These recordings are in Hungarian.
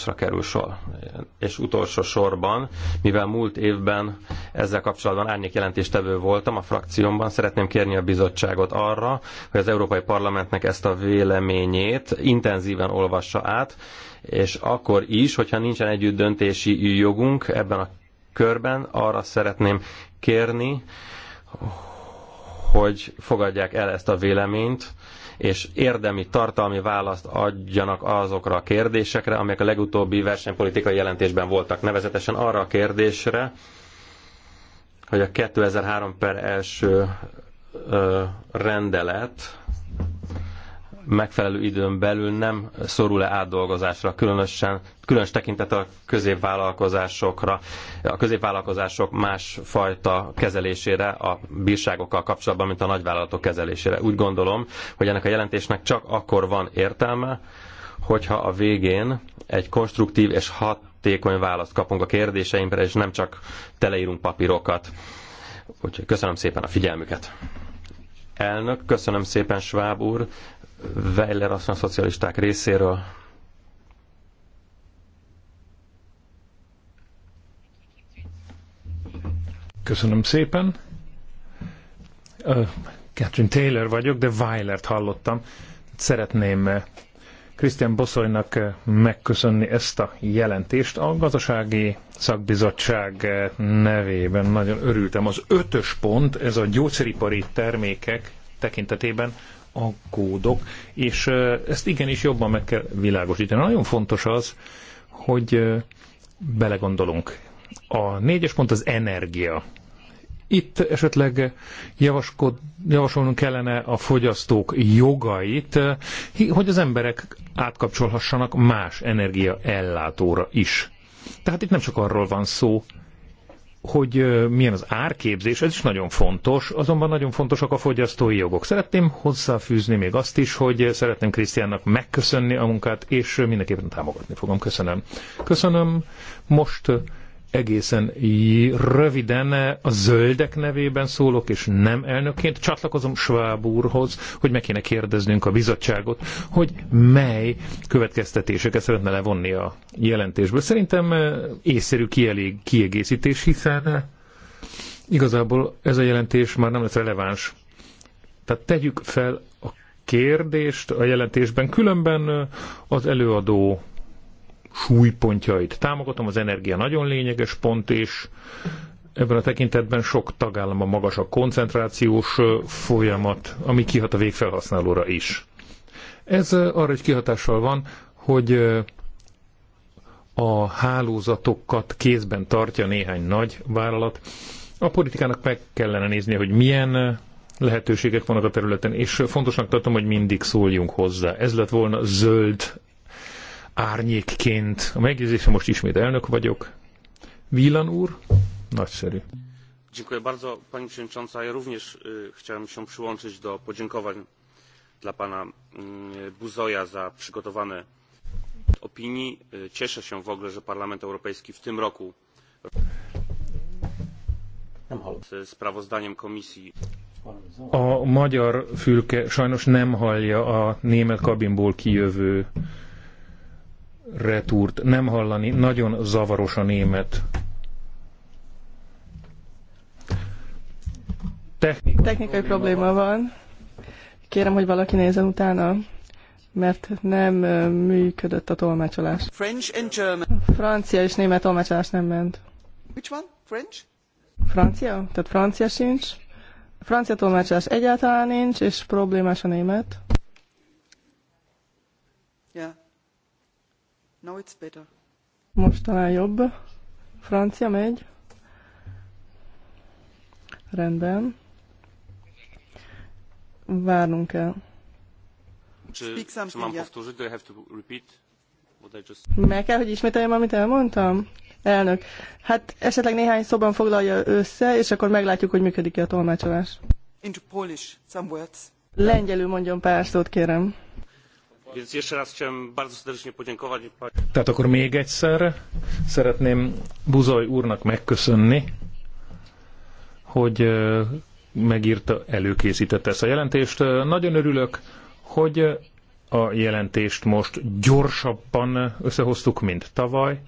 Sra kerül sor. És utolsó sorban, mivel múlt évben ezzel kapcsolatban árnyék jelentéstevő voltam a frakciómban, szeretném kérni a bizottságot arra, hogy az Európai Parlamentnek ezt a véleményét intenzíven olvassa át, és akkor is, hogyha nincsen együtt döntési jogunk ebben a körben, arra szeretném kérni, hogy fogadják el ezt a véleményt, és érdemi, tartalmi választ adjanak azokra a kérdésekre, amelyek a legutóbbi versenypolitikai jelentésben voltak. Nevezetesen arra a kérdésre, hogy a 2003 per első rendelet megfelelő időn belül nem szorul-e átdolgozásra, különösen, különös tekintet a középvállalkozásokra, a középvállalkozások másfajta kezelésére a bírságokkal kapcsolatban, mint a nagyvállalatok kezelésére. Úgy gondolom, hogy ennek a jelentésnek csak akkor van értelme, hogyha a végén egy konstruktív és hatékony választ kapunk a kérdéseimre, és nem csak teleírunk papírokat. Úgyhogy köszönöm szépen a figyelmüket. Elnök, köszönöm szépen, Schwab úr. Weiler asszony szocialisták részéről. Köszönöm szépen. Catherine Taylor vagyok, de Weilert hallottam. Szeretném Krisztián Boszolynak megköszönni ezt a jelentést a gazdasági szakbizottság nevében. Nagyon örültem. Az ötös pont, ez a gyógyszeripari termékek tekintetében kódok, és ezt igenis jobban meg kell világosítani. Nagyon fontos az, hogy belegondolunk. A négyes pont az energia. Itt esetleg javasolnunk kellene a fogyasztók jogait, hogy az emberek átkapcsolhassanak más energiaellátóra is. Tehát itt nem csak arról van szó, hogy milyen az árképzés, ez is nagyon fontos, azonban nagyon fontosak a fogyasztói jogok. Szeretném hozzáfűzni még azt is, hogy szeretném Krisztiánnak megköszönni a munkát, és mindenképpen támogatni fogom. Köszönöm. Köszönöm. Most egészen röviden a zöldek nevében szólok, és nem elnökként. Csatlakozom Schwab úrhoz, hogy meg kéne kérdeznünk a bizottságot, hogy mely következtetéseket szeretne levonni a jelentésből. Szerintem eh, észszerű kielég, kiegészítés, hiszen eh, igazából ez a jelentés már nem lesz releváns. Tehát tegyük fel a kérdést a jelentésben, különben eh, az előadó súlypontjait támogatom, az energia nagyon lényeges pont, és ebben a tekintetben sok tagállam a magas a koncentrációs folyamat, ami kihat a végfelhasználóra is. Ez arra egy kihatással van, hogy a hálózatokat kézben tartja néhány nagy vállalat. A politikának meg kellene nézni, hogy milyen lehetőségek vannak a területen, és fontosnak tartom, hogy mindig szóljunk hozzá. Ez lett volna zöld árnyékként. A megjegyzésem most ismét elnök vagyok. Vílan úr, nagyszerű. Dziękuję bardzo, pani przewodnicząca. Ja również y, chciałem się przyłączyć do podziękowań dla pana y, mm, Buzoja za przygotowane opinii. Y, Cieszę się w ogóle, że Parlament Europejski w tym roku z sprawozdaniem komisji a magyar fülke sajnos nem hallja a német kabinból kijövő retúrt nem hallani, nagyon zavaros a német. Technikai, Technikai probléma, probléma van. Kérem, hogy valaki nézzen utána, mert nem működött a tolmácsolás. French and German. Francia és német tolmácsolás nem ment. Which one? French? Francia? Tehát francia sincs. Francia tolmácsolás egyáltalán nincs, és problémás a német. Now it's better. Most talán jobb. Francia megy. Rendben. Várnunk kell. Czy, Meg kell, hogy ismételjem, amit elmondtam? Elnök. Hát esetleg néhány szóban foglalja össze, és akkor meglátjuk, hogy működik-e a tolmácsolás. Into Polish, some words. Lengyelül mondjon pár szót, kérem. Tehát akkor még egyszer szeretném Buzaj úrnak megköszönni, hogy megírta, előkészítette ezt a jelentést. Nagyon örülök, hogy a jelentést most gyorsabban összehoztuk, mint tavaly,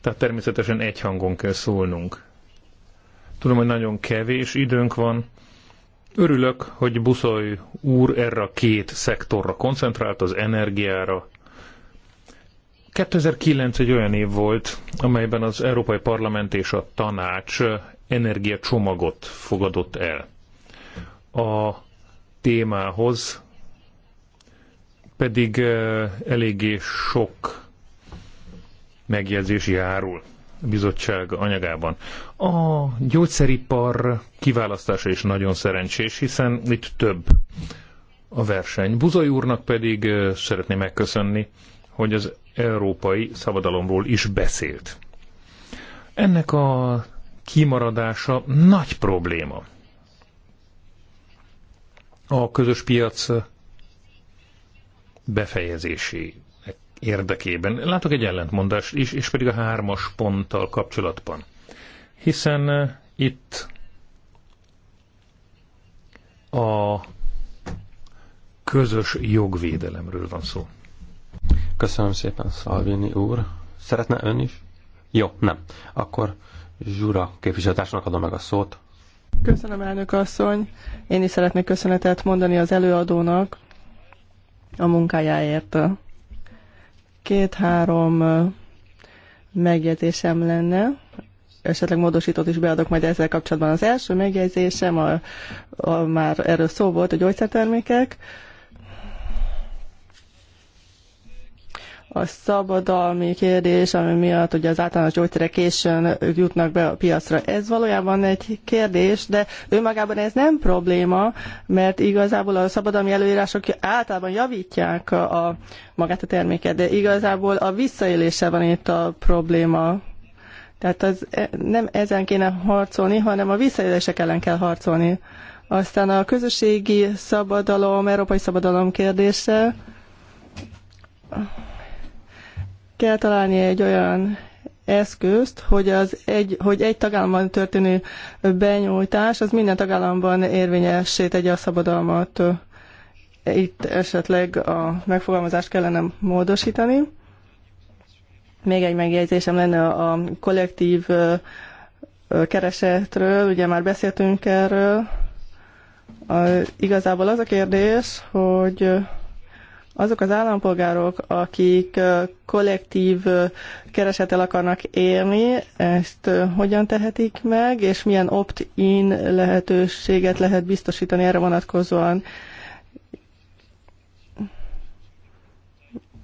tehát természetesen egy hangon kell szólnunk. Tudom, hogy nagyon kevés időnk van, Örülök, hogy Buszaj úr erre a két szektorra koncentrált, az energiára. 2009 egy olyan év volt, amelyben az Európai Parlament és a Tanács energiacsomagot fogadott el. A témához pedig eh, eléggé sok megjegyzés járul bizottság anyagában. A gyógyszeripar kiválasztása is nagyon szerencsés, hiszen itt több a verseny. Buzai úrnak pedig szeretném megköszönni, hogy az európai szabadalomról is beszélt. Ennek a kimaradása nagy probléma. A közös piac befejezéséig érdekében. Látok egy ellentmondást is, és pedig a hármas ponttal kapcsolatban. Hiszen eh, itt a közös jogvédelemről van szó. Köszönöm szépen, Szalvini úr. Szeretne ön is? Jó, nem. Akkor Zsura képviselőtársnak adom meg a szót. Köszönöm, elnök asszony. Én is szeretnék köszönetet mondani az előadónak a munkájáért. Két-három megjegyzésem lenne, esetleg módosítót is beadok majd ezzel kapcsolatban. Az első megjegyzésem, a, a már erről szó volt, a gyógyszertermékek. termékek a szabadalmi kérdés, ami miatt ugye az általános gyógyszerek későn jutnak be a piacra. Ez valójában egy kérdés, de önmagában ez nem probléma, mert igazából a szabadalmi előírások általában javítják a, a magát a terméket, de igazából a visszaélése van itt a probléma. Tehát az, e, nem ezen kéne harcolni, hanem a visszaélések ellen kell harcolni. Aztán a közösségi szabadalom, európai szabadalom kérdése kell találni egy olyan eszközt, hogy, az egy, hogy egy tagállamban történő benyújtás, az minden tagállamban érvényessé tegye a szabadalmat. Itt esetleg a megfogalmazást kellene módosítani. Még egy megjegyzésem lenne a kollektív keresetről, ugye már beszéltünk erről. igazából az a kérdés, hogy azok az állampolgárok, akik kollektív keresettel akarnak élni, ezt hogyan tehetik meg, és milyen opt-in lehetőséget lehet biztosítani erre vonatkozóan?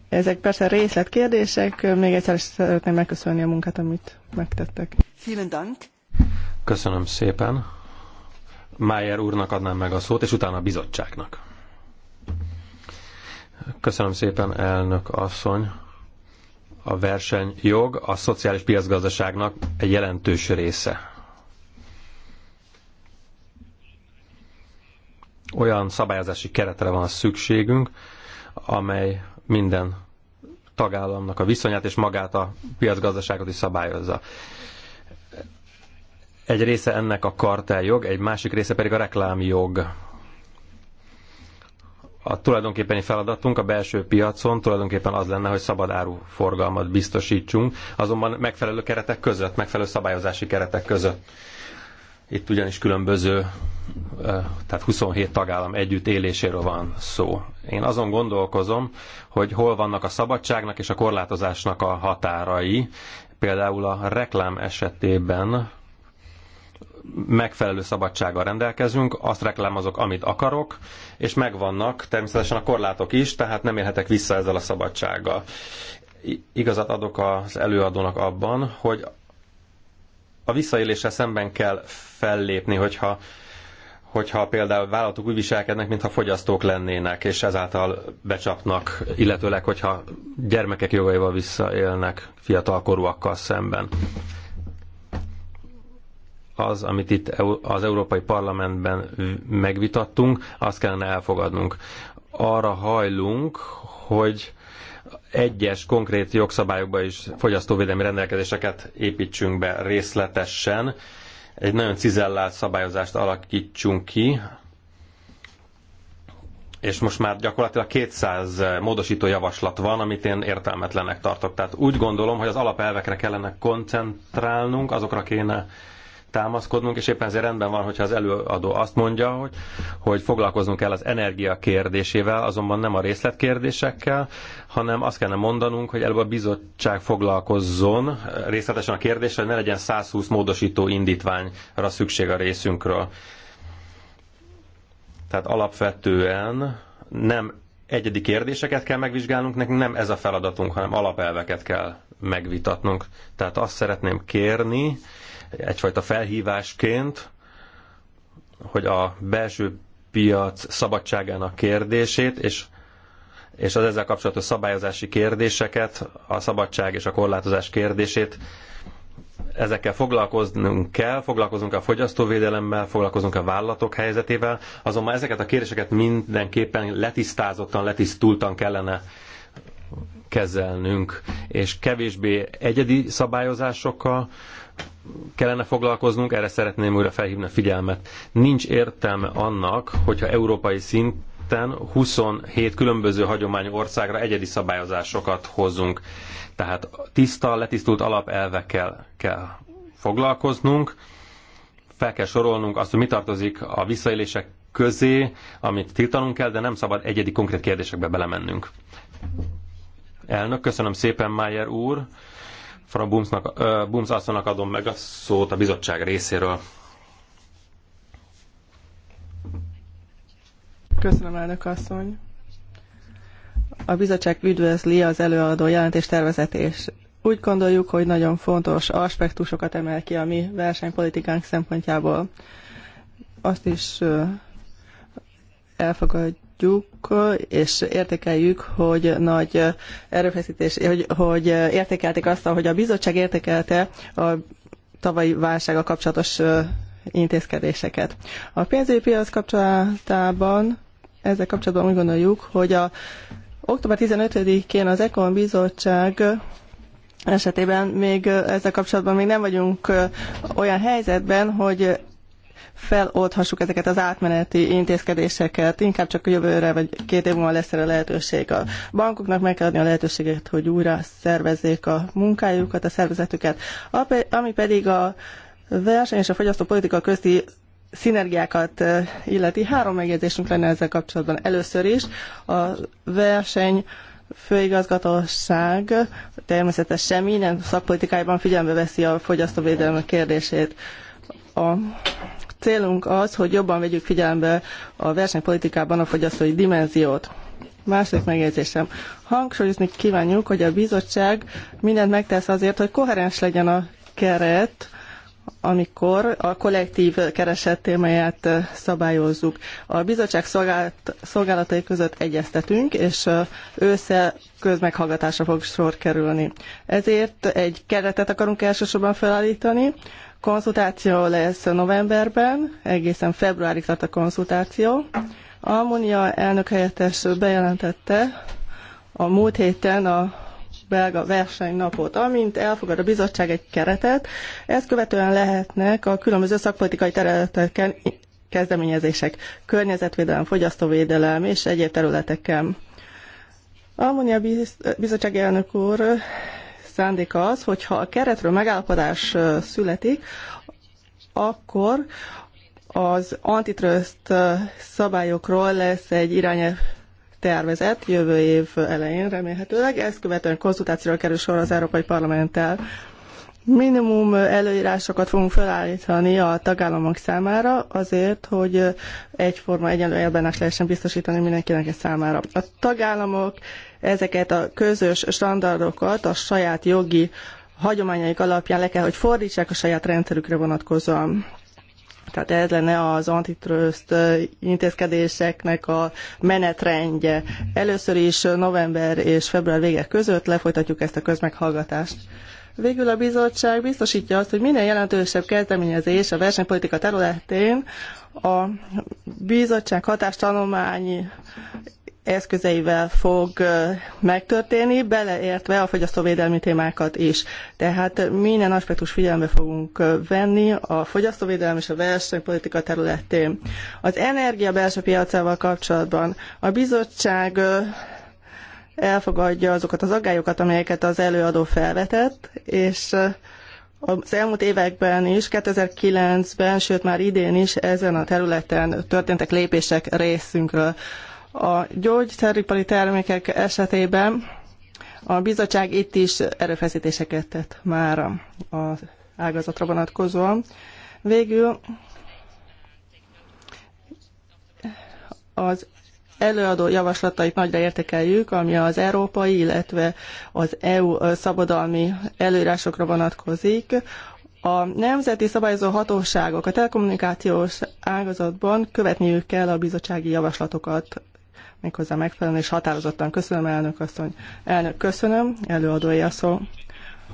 Ezek persze részletkérdések, még egyszer szeretném megköszönni a munkát, amit megtettek. Vielen Dank. Köszönöm szépen. Májer úrnak adnám meg a szót, és utána a bizottságnak. Köszönöm szépen, elnök asszony. A versenyjog a szociális piacgazdaságnak egy jelentős része. Olyan szabályozási keretre van szükségünk, amely minden tagállamnak a viszonyát és magát a piacgazdaságot is szabályozza. Egy része ennek a karteljog, egy másik része pedig a reklámjog a tulajdonképpeni feladatunk a belső piacon tulajdonképpen az lenne, hogy szabad áru forgalmat biztosítsunk, azonban megfelelő keretek között, megfelelő szabályozási keretek között. Itt ugyanis különböző, tehát 27 tagállam együtt éléséről van szó. Én azon gondolkozom, hogy hol vannak a szabadságnak és a korlátozásnak a határai. Például a reklám esetében megfelelő szabadsággal rendelkezünk, azt reklámozok, amit akarok, és megvannak természetesen a korlátok is, tehát nem élhetek vissza ezzel a szabadsággal. Igazat adok az előadónak abban, hogy a visszaéléssel szemben kell fellépni, hogyha hogyha például vállalatok úgy viselkednek, mintha fogyasztók lennének, és ezáltal becsapnak, illetőleg, hogyha gyermekek jogaival visszaélnek fiatalkorúakkal szemben az, amit itt az Európai Parlamentben megvitattunk, azt kellene elfogadnunk. Arra hajlunk, hogy egyes konkrét jogszabályokba is fogyasztóvédelmi rendelkezéseket építsünk be részletesen, egy nagyon cizellált szabályozást alakítsunk ki, és most már gyakorlatilag 200 módosító javaslat van, amit én értelmetlenek tartok. Tehát úgy gondolom, hogy az alapelvekre kellene koncentrálnunk, azokra kéne támaszkodnunk, és éppen ezért rendben van, hogyha az előadó azt mondja, hogy, hogy foglalkoznunk kell az energia kérdésével, azonban nem a részletkérdésekkel, hanem azt kellene mondanunk, hogy előbb a bizottság foglalkozzon részletesen a kérdéssel, hogy ne legyen 120 módosító indítványra szükség a részünkről. Tehát alapvetően nem egyedi kérdéseket kell megvizsgálnunk, nekünk nem ez a feladatunk, hanem alapelveket kell megvitatnunk. Tehát azt szeretném kérni, egyfajta felhívásként, hogy a belső piac szabadságának kérdését és, és az ezzel kapcsolatos szabályozási kérdéseket, a szabadság és a korlátozás kérdését ezekkel foglalkoznunk kell, foglalkozunk a fogyasztóvédelemmel, foglalkozunk a vállalatok helyzetével, azonban ezeket a kérdéseket mindenképpen letisztázottan, letisztultan kellene kezelnünk, és kevésbé egyedi szabályozásokkal, kellene foglalkoznunk, erre szeretném újra felhívni a figyelmet. Nincs értelme annak, hogyha európai szinten 27 különböző hagyományú országra egyedi szabályozásokat hozzunk. Tehát tiszta, letisztult alapelvekkel kell foglalkoznunk, fel kell sorolnunk azt, hogy mi tartozik a visszaélések közé, amit tiltanunk kell, de nem szabad egyedi konkrét kérdésekbe belemennünk. Elnök, köszönöm szépen, Májer úr. Frau Bumsnak, Bums asszonynak adom meg a szót a bizottság részéről. Köszönöm, elnök asszony. A bizottság üdvözli az előadó jelentés tervezetés. Úgy gondoljuk, hogy nagyon fontos aspektusokat emel ki a mi versenypolitikánk szempontjából. Azt is elfogadjuk, látjuk és értékeljük, hogy nagy erőfeszítés, hogy, hogy értékelték azt, hogy a bizottság értékelte a tavalyi válsága kapcsolatos intézkedéseket. A pénzügyi piac kapcsolatában ezzel kapcsolatban úgy gondoljuk, hogy a október 15-én az Ekon Bizottság esetében még ezzel kapcsolatban még nem vagyunk olyan helyzetben, hogy feloldhassuk ezeket az átmeneti intézkedéseket, inkább csak a jövőre vagy két év múlva lesz erre lehetőség. A bankoknak meg kell adni a lehetőséget, hogy újra szervezzék a munkájukat, a szervezetüket. Ami pedig a verseny és a fogyasztópolitika közti szinergiákat eh, illeti. Három megjegyzésünk lenne ezzel kapcsolatban. Először is a verseny főigazgatóság természetesen minden szakpolitikájában figyelme veszi a fogyasztóvédelem kérdését. A célunk az, hogy jobban vegyük figyelembe a versenypolitikában a fogyasztói dimenziót. Második megjegyzésem. Hangsúlyozni kívánjuk, hogy a bizottság mindent megtesz azért, hogy koherens legyen a keret, amikor a kollektív keresett témáját szabályozzuk. A bizottság szolgálat, szolgálatai között egyeztetünk, és ősszel közmeghallgatásra fog sor kerülni. Ezért egy keretet akarunk elsősorban felállítani, Konzultáció lesz novemberben, egészen februárig tart a konzultáció. Almunia elnök helyettes bejelentette a múlt héten a belga versenynapot, amint elfogad a bizottság egy keretet, ezt követően lehetnek a különböző szakpolitikai területeken kezdeményezések, környezetvédelem, fogyasztóvédelem és egyéb területeken. Almunia bizottsági elnök úr szándéka az, hogyha a keretről megállapodás születik, akkor az antitrust szabályokról lesz egy irányelv tervezet jövő év elején remélhetőleg. Ezt követően konzultációra kerül sor az Európai Parlamenttel. Minimum előírásokat fogunk felállítani a tagállamok számára azért, hogy egyforma egyenlő elbánás lehessen biztosítani mindenkinek számára. A tagállamok ezeket a közös standardokat a saját jogi hagyományaik alapján le kell, hogy fordítsák a saját rendszerükre vonatkozóan. Tehát ez lenne az antitrust intézkedéseknek a menetrendje. Először is november és február vége között lefolytatjuk ezt a közmeghallgatást. Végül a bizottság biztosítja azt, hogy minden jelentősebb kezdeményezés a versenypolitika területén a bizottság hatástanulmányi eszközeivel fog megtörténni, beleértve a fogyasztóvédelmi témákat is. Tehát minden aspektus figyelembe fogunk venni a fogyasztóvédelem és a versenypolitika területén. Az energia belső piacával kapcsolatban a bizottság elfogadja azokat az aggályokat, amelyeket az előadó felvetett, és az elmúlt években is, 2009-ben, sőt már idén is ezen a területen történtek lépések részünkről. A gyógyszeripari termékek esetében a bizottság itt is erőfeszítéseket tett már az ágazatra vonatkozóan. Végül az előadó javaslatait nagyra értékeljük, ami az európai, illetve az EU szabadalmi előírásokra vonatkozik. A nemzeti szabályozó hatóságok a telekommunikációs ágazatban követniük kell a bizottsági javaslatokat méghozzá megfelelően és határozottan. Köszönöm, elnök asszony. Elnök, köszönöm, előadói a szó.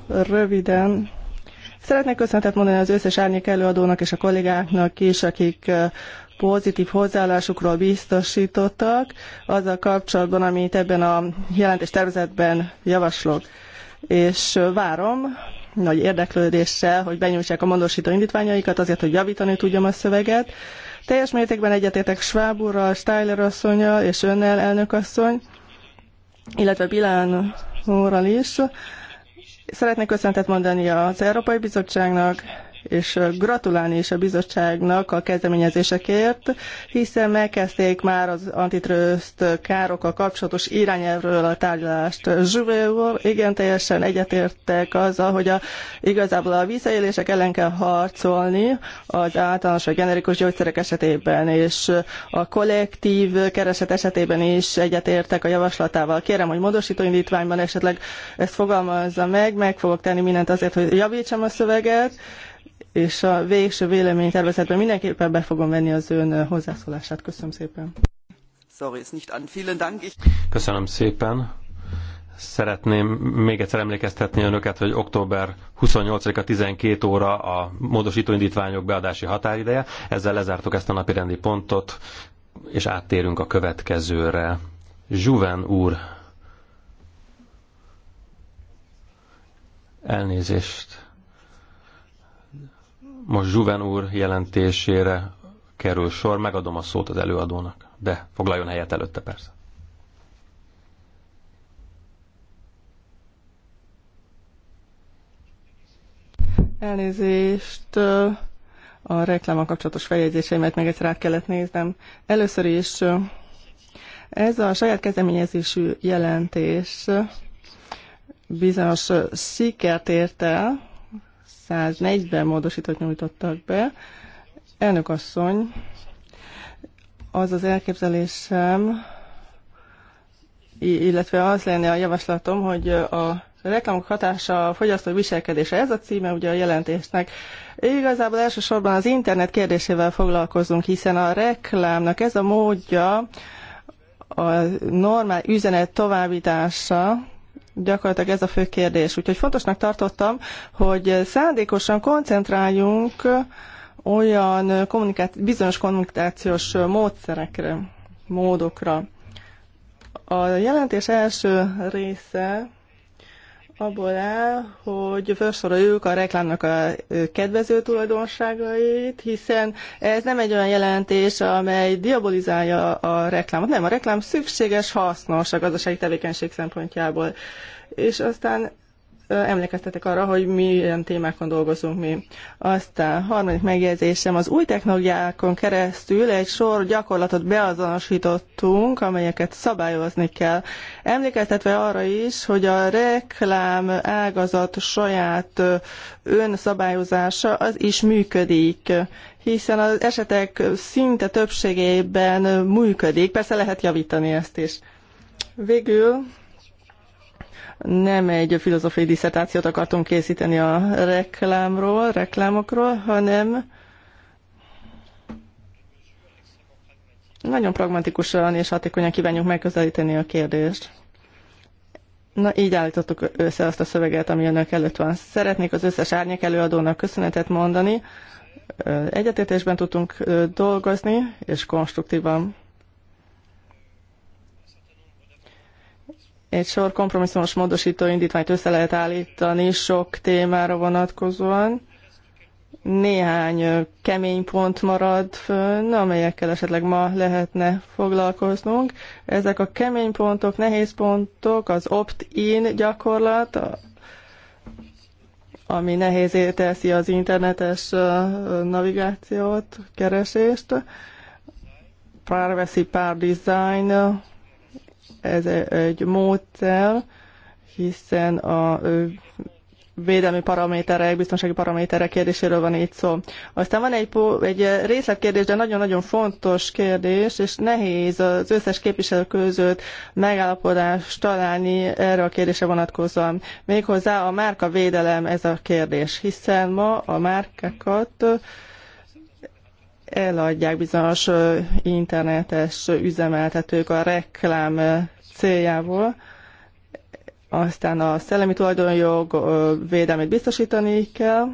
Röviden, Szeretnék köszönetet mondani az összes árnyék előadónak és a kollégáknak is, akik pozitív hozzáállásukról biztosítottak azzal kapcsolatban, amit ebben a jelentés tervezetben javaslok. És várom nagy érdeklődéssel, hogy benyújtsák a mondósító indítványaikat azért, hogy javítani tudjam a szöveget, teljes mértékben egyetértek Schwab úrral, Steiler asszonya és önnel, elnök asszony, illetve Bilán úrral is. Szeretnék köszöntet mondani az Európai Bizottságnak, és gratulálni is a bizottságnak a kezdeményezésekért, hiszen megkezdték már az antitröszt károkkal kapcsolatos irányelvről a tárgyalást. Zsüvéval igen teljesen egyetértek azzal, hogy a, igazából a visszaélések ellen kell harcolni az általános vagy generikus gyógyszerek esetében, és a kollektív kereset esetében is egyetértek a javaslatával. Kérem, hogy módosító indítványban esetleg ezt fogalmazza meg, meg fogok tenni mindent azért, hogy javítsam a szöveget, és a végső véleménytervezetben mindenképpen be fogom venni az ön hozzászólását. Köszönöm szépen. Sorry, ist nicht an. Vielen Dank. Köszönöm szépen. Szeretném még egyszer emlékeztetni önöket, hogy október 28-a 12 óra a módosítóindítványok beadási határideje. Ezzel lezártuk ezt a napi rendi pontot, és áttérünk a következőre. Zsuven úr, elnézést most Zsuven úr jelentésére kerül sor, megadom a szót az előadónak, de foglaljon helyet előtte persze. Elnézést, a reklámmal kapcsolatos feljegyzéseimet meg egyszer át kellett néznem. Először is ez a saját kezdeményezésű jelentés bizonyos sikert ért el, 140 módosítót nyújtottak be. Elnök asszony, az az elképzelésem, illetve az lenne a javaslatom, hogy a reklámok hatása a fogyasztói viselkedése, ez a címe ugye a jelentésnek. Igazából elsősorban az internet kérdésével foglalkozunk, hiszen a reklámnak ez a módja a normál üzenet továbbítása, Gyakorlatilag ez a fő kérdés. Úgyhogy fontosnak tartottam, hogy szándékosan koncentráljunk olyan kommunikáci- bizonyos kommunikációs módszerekre, módokra. A jelentés első része abból áll, hogy felsoroljuk a reklámnak a kedvező tulajdonságait, hiszen ez nem egy olyan jelentés, amely diabolizálja a reklámot. Nem, a reklám szükséges, hasznos a gazdasági tevékenység szempontjából. És aztán emlékeztetek arra, hogy milyen témákon dolgozunk mi. Aztán harmadik megjegyzésem, az új technológiákon keresztül egy sor gyakorlatot beazonosítottunk, amelyeket szabályozni kell. Emlékeztetve arra is, hogy a reklám ágazat saját önszabályozása az is működik hiszen az esetek szinte többségében működik, persze lehet javítani ezt is. Végül nem egy filozófiai diszertációt akartunk készíteni a reklámról, reklámokról, hanem nagyon pragmatikusan és hatékonyan kívánjuk megközelíteni a kérdést. Na, így állítottuk össze azt a szöveget, ami önök előtt van. Szeretnék az összes árnyék előadónak köszönetet mondani. Egyetértésben tudtunk dolgozni, és konstruktívan Egy sor kompromisszumos módosító indítványt össze lehet állítani sok témára vonatkozóan. Néhány kemény pont marad fönn, amelyekkel esetleg ma lehetne foglalkoznunk. Ezek a kemény pontok, nehéz pontok, az opt-in gyakorlat, ami nehézé teszi az internetes navigációt, keresést, privacy par design ez egy módszer, hiszen a védelmi paraméterek, biztonsági paraméterek kérdéséről van itt szó. Aztán van egy, egy részletkérdés, de nagyon-nagyon fontos kérdés, és nehéz az összes képviselő között megállapodást találni erre a kérdésre vonatkozóan. Méghozzá a márkavédelem ez a kérdés, hiszen ma a márkákat eladják bizonyos internetes üzemeltetők a reklám céljából. Aztán a szellemi tulajdonjog védelmét biztosítani kell,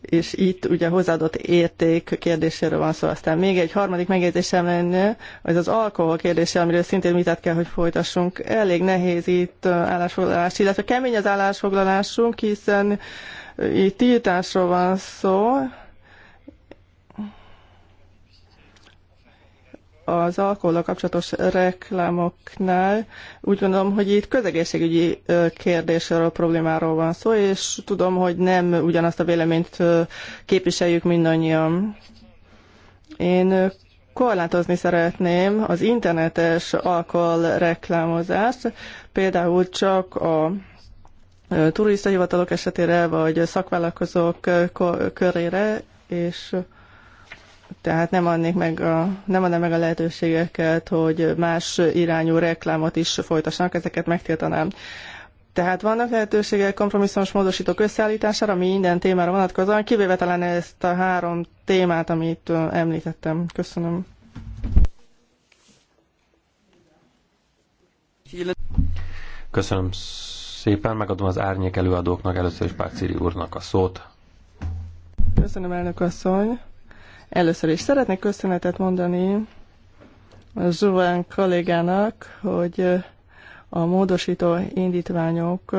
és itt ugye hozzáadott érték kérdéséről van szó. Aztán még egy harmadik megjegyzésem lenne, az az alkohol kérdése, amiről szintén vitát kell, hogy folytassunk. Elég nehéz itt állásfoglalás, illetve kemény az állásfoglalásunk, hiszen itt tiltásról van szó, az alkohol kapcsolatos reklámoknál úgy gondolom, hogy itt közegészségügyi kérdésről, problémáról van szó, és tudom, hogy nem ugyanazt a véleményt képviseljük mindannyian. Én korlátozni szeretném az internetes reklámozást, például csak a turistahivatalok esetére, vagy szakvállalkozók körére, és tehát nem, adnék meg a, nem adnék meg a lehetőségeket, hogy más irányú reklámot is folytassanak, ezeket megtiltanám. Tehát vannak lehetőségek kompromisszumos módosítók összeállítására minden témára vonatkozóan, kivéve talán ezt a három témát, amit említettem. Köszönöm. Köszönöm szépen, megadom az árnyék előadóknak, először is Páciri úrnak a szót. Köszönöm, elnök asszony. Először is szeretnék köszönetet mondani a Zsuván kollégának, hogy a módosító indítványok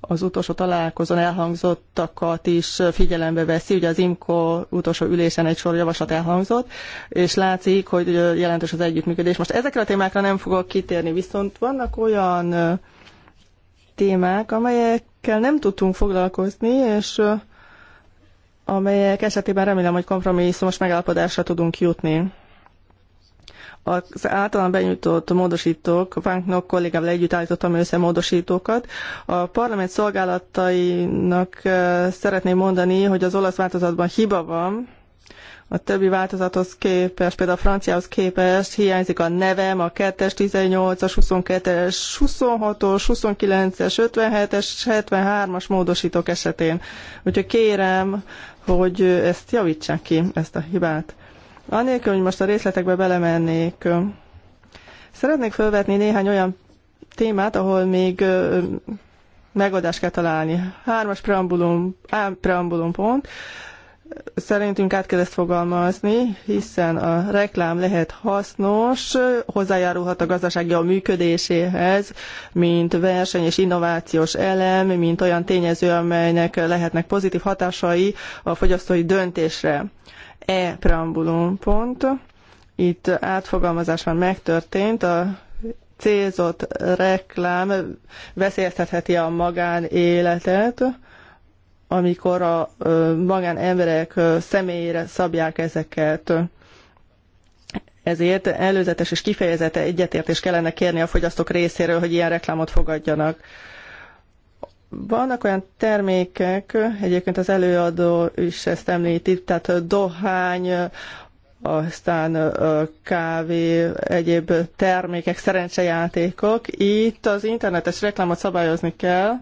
az utolsó találkozón elhangzottakat is figyelembe veszi. Ugye az IMCO utolsó ülésen egy sor javaslat elhangzott, és látszik, hogy jelentős az együttműködés. Most ezekre a témákra nem fogok kitérni, viszont vannak olyan témák, amelyekkel nem tudtunk foglalkozni, és amelyek esetében remélem, hogy kompromisszumos megállapodásra tudunk jutni. Az általán benyújtott módosítók, Vánknok kollégával együtt állítottam össze módosítókat. A parlament szolgálatainak szeretném mondani, hogy az olasz változatban hiba van, a többi változathoz képest, például a franciához képest hiányzik a nevem, a 2-es, 18-as, 22-es, 26-os, 29-es, 57-es, 73-as módosítók esetén. Úgyhogy kérem, hogy ezt javítsák ki, ezt a hibát. Anélkül, hogy most a részletekbe belemennék, szeretnék felvetni néhány olyan témát, ahol még megoldást kell találni. Hármas preambulum, preambulum pont, szerintünk át kell ezt fogalmazni, hiszen a reklám lehet hasznos, hozzájárulhat a gazdasági a működéséhez, mint verseny és innovációs elem, mint olyan tényező, amelynek lehetnek pozitív hatásai a fogyasztói döntésre. E preambulum pont. Itt átfogalmazás már megtörtént, a célzott reklám veszélyeztetheti a magánéletet, amikor a magánemberek személyére szabják ezeket. Ezért előzetes és kifejezete egyetértés kellene kérni a fogyasztók részéről, hogy ilyen reklámot fogadjanak. Vannak olyan termékek, egyébként az előadó is ezt említi, tehát dohány, aztán kávé, egyéb termékek, szerencsejátékok. Itt az internetes reklámot szabályozni kell,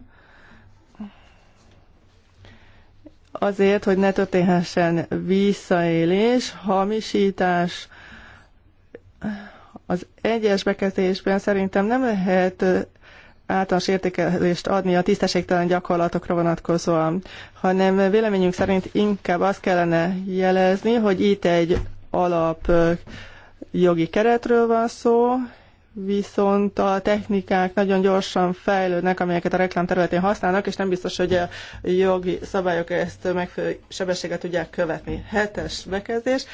azért, hogy ne történhessen visszaélés, hamisítás. Az egyes bekezdésben szerintem nem lehet általános értékelést adni a tisztességtelen gyakorlatokra vonatkozóan, hanem véleményünk szerint inkább azt kellene jelezni, hogy itt egy alap jogi keretről van szó, viszont a technikák nagyon gyorsan fejlődnek, amelyeket a reklám területén használnak, és nem biztos, hogy a jogi szabályok ezt megfelelő sebességet tudják követni. Hetes bekezdés.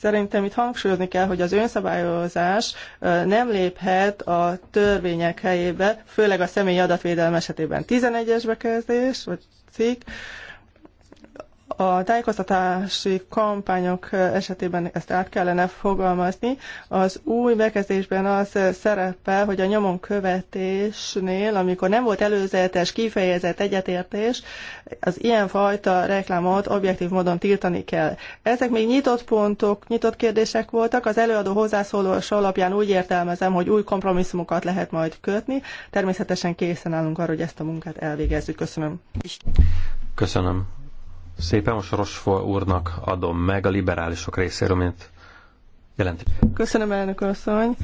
Szerintem itt hangsúlyozni kell, hogy az önszabályozás nem léphet a törvények helyébe, főleg a személyi adatvédelem esetében. 11-es bekezdés, vagy cikk a tájékoztatási kampányok esetében ezt át kellene fogalmazni. Az új bekezdésben az szerepel, hogy a nyomon követésnél, amikor nem volt előzetes, kifejezett egyetértés, az ilyenfajta reklámot objektív módon tiltani kell. Ezek még nyitott pontok, nyitott kérdések voltak. Az előadó hozzászólása alapján úgy értelmezem, hogy új kompromisszumokat lehet majd kötni. Természetesen készen állunk arra, hogy ezt a munkát elvégezzük. Köszönöm. Köszönöm szépen, most Rosfó úrnak adom meg a liberálisok részéről, mint jelenti. Köszönöm, elnök asszony.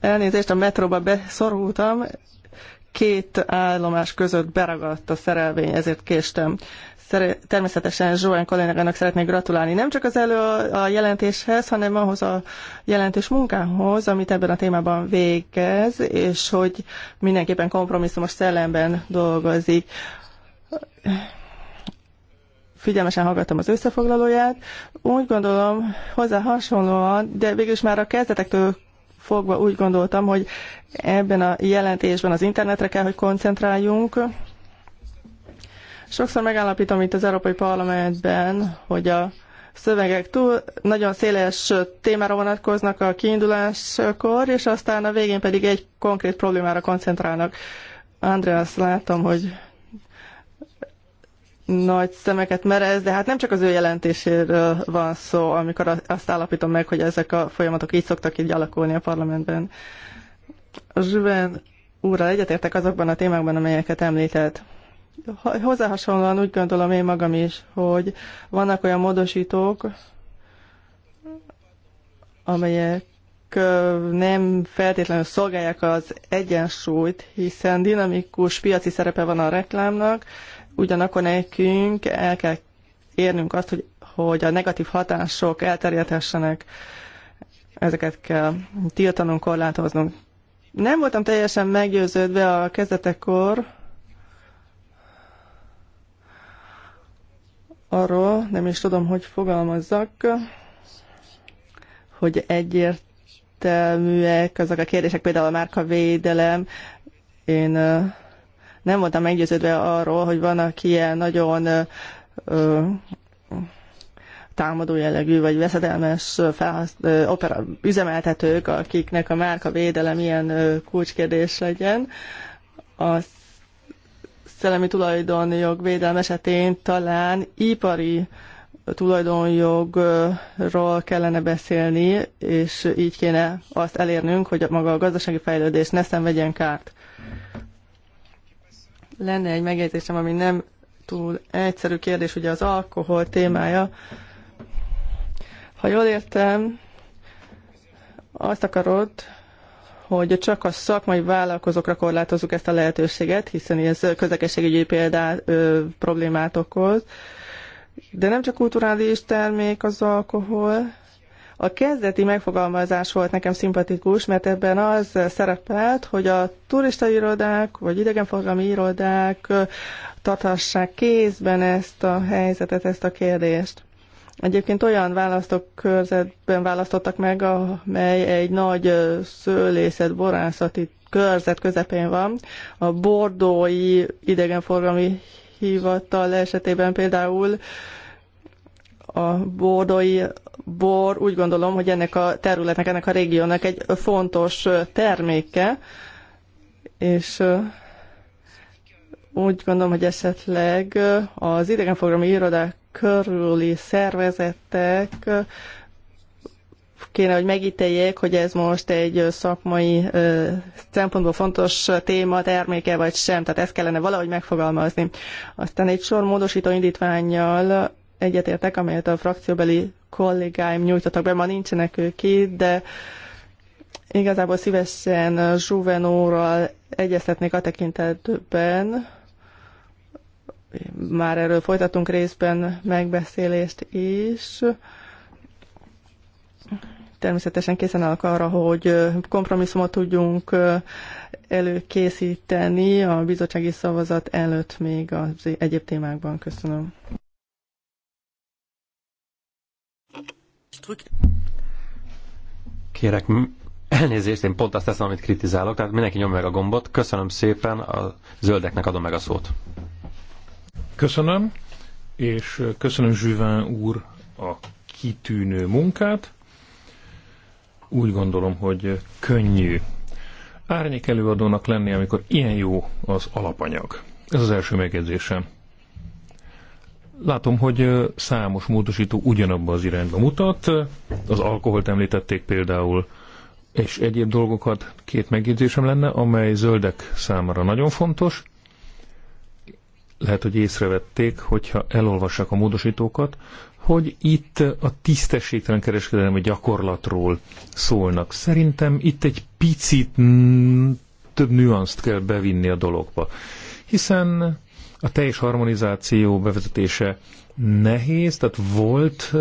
Elnézést, a metróba beszorultam. Két állomás között beragadt a szerelvény, ezért késtem. Szere- természetesen Zsóán kollégának szeretnék gratulálni nem csak az elő a jelentéshez, hanem ahhoz a jelentés munkához, amit ebben a témában végez, és hogy mindenképpen kompromisszumos szellemben dolgozik figyelmesen hallgattam az összefoglalóját. Úgy gondolom, hozzá hasonlóan, de végülis már a kezdetektől fogva úgy gondoltam, hogy ebben a jelentésben az internetre kell, hogy koncentráljunk. Sokszor megállapítom itt az Európai Parlamentben, hogy a szövegek túl nagyon széles témára vonatkoznak a kiinduláskor, és aztán a végén pedig egy konkrét problémára koncentrálnak. Andreas, látom, hogy nagy szemeket merez, de hát nem csak az ő jelentéséről van szó, amikor azt állapítom meg, hogy ezek a folyamatok így szoktak így alakulni a parlamentben. Zsüven úrral egyetértek azokban a témákban, amelyeket említett. hasonlóan úgy gondolom én magam is, hogy vannak olyan módosítók, amelyek nem feltétlenül szolgálják az egyensúlyt, hiszen dinamikus piaci szerepe van a reklámnak, Ugyanakkor nekünk el kell érnünk azt, hogy, hogy a negatív hatások elterjedhessenek, ezeket kell tiltanunk, korlátoznunk. Nem voltam teljesen meggyőződve a kezdetekor arról, nem is tudom, hogy fogalmazzak, hogy egyértelműek azok a kérdések, például a márkavédelem. Én nem voltam meggyőződve arról, hogy aki ilyen nagyon ö, támadó jellegű vagy veszedelmes felhaszt, ö, opera, üzemeltetők, akiknek a márka védelem ilyen ö, kulcskérdés legyen. A szellemi tulajdonjog védelem esetén talán ipari tulajdonjogról kellene beszélni, és így kéne azt elérnünk, hogy maga a gazdasági fejlődés ne szenvedjen kárt. Lenne egy megjegyzésem, ami nem túl egyszerű kérdés, ugye az alkohol témája. Ha jól értem, azt akarod, hogy csak a szakmai vállalkozókra korlátozzuk ezt a lehetőséget, hiszen ez közlekedségügyi példá ö, problémát okoz. De nem csak kulturális termék az alkohol, a kezdeti megfogalmazás volt nekem szimpatikus, mert ebben az szerepelt, hogy a turista irodák vagy idegenforgalmi irodák tartassák kézben ezt a helyzetet, ezt a kérdést. Egyébként olyan körzetben választottak meg, amely egy nagy szőlészet, borászati körzet közepén van. A bordói idegenforgalmi hivatal esetében például a bordói bor úgy gondolom, hogy ennek a területnek, ennek a régiónak egy fontos terméke, és úgy gondolom, hogy esetleg az idegenforgalmi irodák körüli szervezetek kéne, hogy megítéljék, hogy ez most egy szakmai szempontból fontos téma, terméke vagy sem. Tehát ezt kellene valahogy megfogalmazni. Aztán egy sor módosító indítványjal egyetértek, amelyet a frakcióbeli kollégáim nyújtottak be, ma nincsenek ők itt, de igazából szívesen Zsuvenóral egyeztetnék a tekintetben, már erről folytatunk részben megbeszélést is. Természetesen készen állok arra, hogy kompromisszumot tudjunk előkészíteni a bizottsági szavazat előtt még az egyéb témákban. Köszönöm. Kérek elnézést, én pont azt teszem, amit kritizálok, tehát mindenki nyom meg a gombot. Köszönöm szépen, a zöldeknek adom meg a szót. Köszönöm, és köszönöm Zsüven úr a kitűnő munkát. Úgy gondolom, hogy könnyű árnyék előadónak lenni, amikor ilyen jó az alapanyag. Ez az első megjegyzésem. Látom, hogy számos módosító ugyanabba az irányba mutat. Az alkoholt említették például, és egyéb dolgokat két megjegyzésem lenne, amely zöldek számára nagyon fontos. Lehet, hogy észrevették, hogyha elolvassák a módosítókat, hogy itt a tisztességtelen kereskedelmi gyakorlatról szólnak. Szerintem itt egy picit több nüanszt kell bevinni a dologba. Hiszen a teljes harmonizáció bevezetése nehéz, tehát volt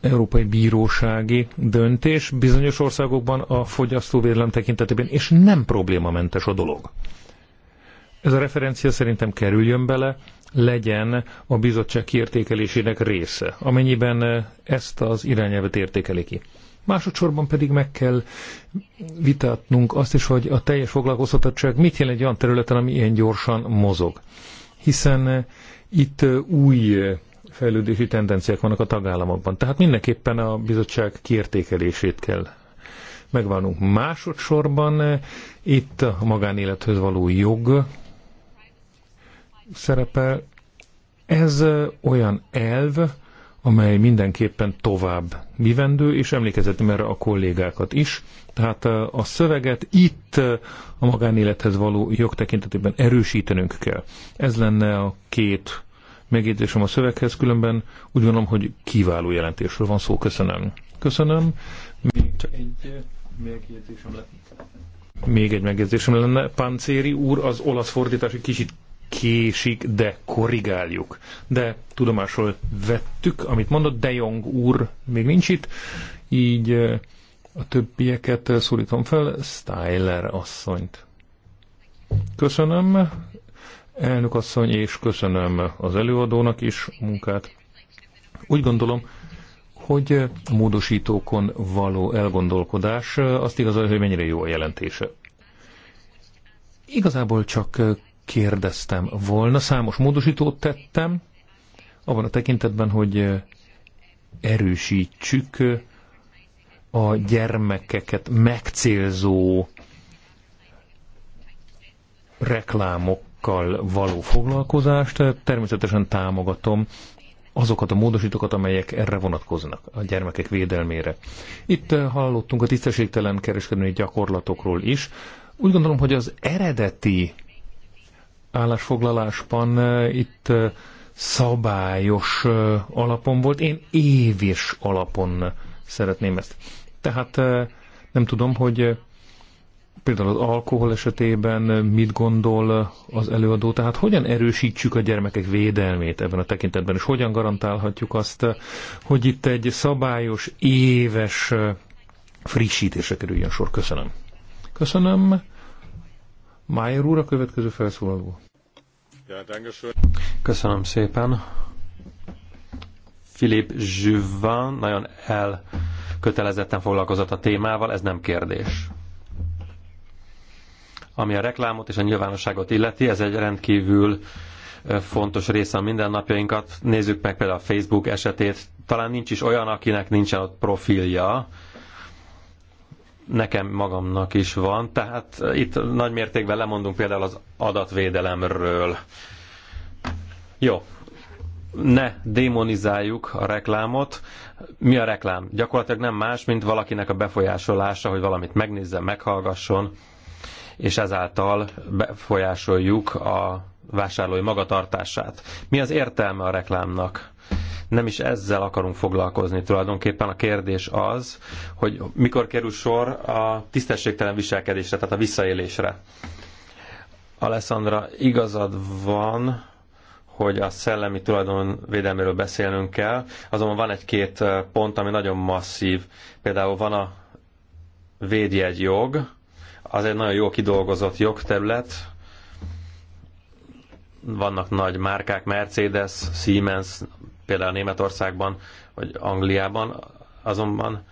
Európai Bírósági döntés bizonyos országokban a fogyasztóvédelem tekintetében, és nem problémamentes a dolog. Ez a referencia szerintem kerüljön bele, legyen a bizottság kiértékelésének része, amennyiben ezt az irányelvet értékeli ki. Másodszorban pedig meg kell vitatnunk azt is, hogy a teljes foglalkoztatottság mit jelent egy olyan területen, ami ilyen gyorsan mozog. Hiszen eh, itt eh, új eh, fejlődési tendenciák vannak a tagállamokban. Tehát mindenképpen a bizottság kiértékelését kell megválnunk. Másodszorban itt a magánélethez való jog szerepel. Ez olyan elv, amely mindenképpen tovább vivendő, és emlékezettem erre a kollégákat is. Tehát eh, a szöveget itt eh, a magánélethez való jog tekintetében erősítenünk kell. Ez lenne a két megjegyzésem a szöveghez, különben úgy gondolom, hogy kiváló jelentésről van szó. Köszönöm. Köszönöm. Még Csak egy megjegyzésem lenne. Még egy megjegyzésem lenne. Pancéri úr az olasz fordítás egy kicsit késik, de korrigáljuk. De tudomásról vettük, amit mondott, De Jong úr még nincs itt, így a többieket szólítom fel, Styler asszonyt. Köszönöm, elnök asszony, és köszönöm az előadónak is a munkát. Úgy gondolom, hogy a módosítókon való elgondolkodás azt igazolja, hogy mennyire jó a jelentése. Igazából csak kérdeztem volna, számos módosítót tettem, abban a tekintetben, hogy eh, erősítsük eh, a gyermekeket megcélzó reklámokkal való foglalkozást. Természetesen támogatom azokat a módosítókat, amelyek erre vonatkoznak, a gyermekek védelmére. Itt eh, hallottunk a tisztességtelen kereskedői gyakorlatokról is. Úgy gondolom, hogy az eredeti állásfoglalásban itt szabályos alapon volt, én éves alapon szeretném ezt. Tehát nem tudom, hogy például az alkohol esetében mit gondol az előadó, tehát hogyan erősítsük a gyermekek védelmét ebben a tekintetben, és hogyan garantálhatjuk azt, hogy itt egy szabályos, éves frissítése kerüljön sor. Köszönöm. Köszönöm. Májer úr a következő felszólaló. Köszönöm szépen. Filip Zsüvvan nagyon elkötelezetten foglalkozott a témával, ez nem kérdés. Ami a reklámot és a nyilvánosságot illeti, ez egy rendkívül fontos része a mindennapjainkat. Nézzük meg például a Facebook esetét. Talán nincs is olyan, akinek nincsen ott profilja, nekem magamnak is van. Tehát eh, itt nagy mértékben lemondunk például az adatvédelemről. Jó, ne démonizáljuk a reklámot. Mi a reklám? Gyakorlatilag nem más, mint valakinek a befolyásolása, hogy valamit megnézzen, meghallgasson, és ezáltal befolyásoljuk a vásárlói magatartását. Mi az értelme a reklámnak? nem is ezzel akarunk foglalkozni tulajdonképpen. A kérdés az, hogy mikor kerül sor a tisztességtelen viselkedésre, tehát a visszaélésre. Alessandra, igazad van, hogy a szellemi tulajdon beszélnünk kell, azonban van egy-két pont, ami nagyon masszív. Például van a védjegyjog, az egy nagyon jó kidolgozott jogterület, vannak nagy márkák, Mercedes, Siemens, például Németországban, vagy Angliában, azonban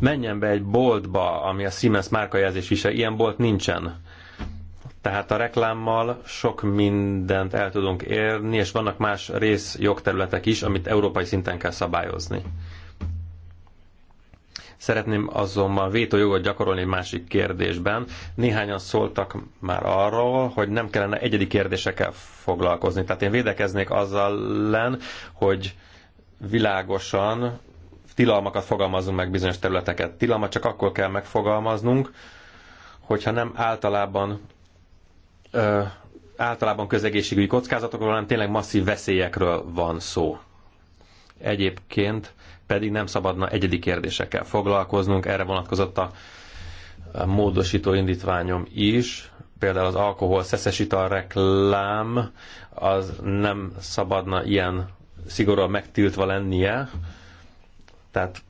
menjen be egy boltba, ami a Siemens márkajelzés is, ilyen bolt nincsen. Tehát a reklámmal sok mindent el tudunk érni, és vannak más rész jogterületek is, amit európai szinten kell szabályozni. Szeretném azonban vétójogot gyakorolni egy másik kérdésben. Néhányan szóltak már arról, hogy nem kellene egyedi kérdésekkel foglalkozni. Tehát én védekeznék azzal ellen, hogy világosan tilalmakat fogalmazunk meg bizonyos területeket. Tilalmat csak akkor kell megfogalmaznunk, hogyha nem általában ö, általában közegészségügyi kockázatokról, hanem tényleg masszív veszélyekről van szó. Egyébként pedig nem szabadna egyedi kérdésekkel foglalkoznunk. Erre vonatkozott a módosító indítványom is, például az alkohol szeszesital reklám, az nem szabadna ilyen szigorúan megtiltva lennie. Tehát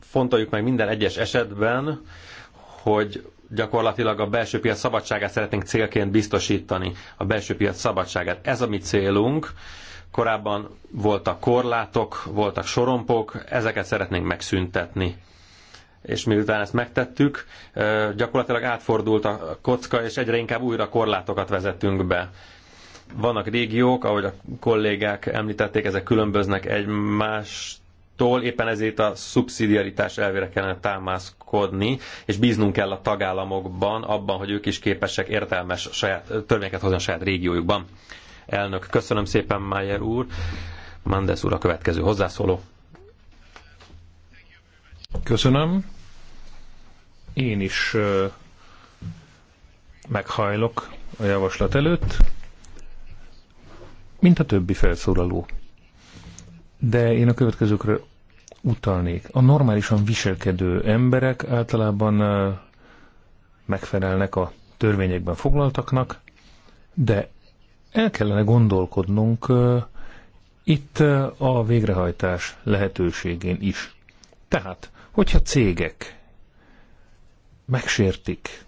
fontoljuk meg minden egyes esetben, hogy gyakorlatilag a belső piac szabadságát szeretnénk célként biztosítani, a belső piac szabadságát. Ez a mi célunk, Korábban voltak korlátok, voltak sorompok, ezeket szeretnénk megszüntetni. És miután ezt megtettük, gyakorlatilag átfordult a kocka, és egyre inkább újra korlátokat vezetünk be. Vannak régiók, ahogy a kollégák említették, ezek különböznek egymástól, éppen ezért a szubszidiaritás elvére kellene támaszkodni, és bíznunk kell a tagállamokban, abban, hogy ők is képesek értelmes saját, törvényeket hozni a saját régiójukban. Elnök, köszönöm szépen, Mayer úr. Mandes úr a következő hozzászóló. Köszönöm. Én is meghajlok a javaslat előtt, mint a többi felszólaló. De én a következőkre utalnék. A normálisan viselkedő emberek általában megfelelnek a törvényekben foglaltaknak, de el kellene gondolkodnunk itt a végrehajtás lehetőségén is. Tehát, hogyha cégek megsértik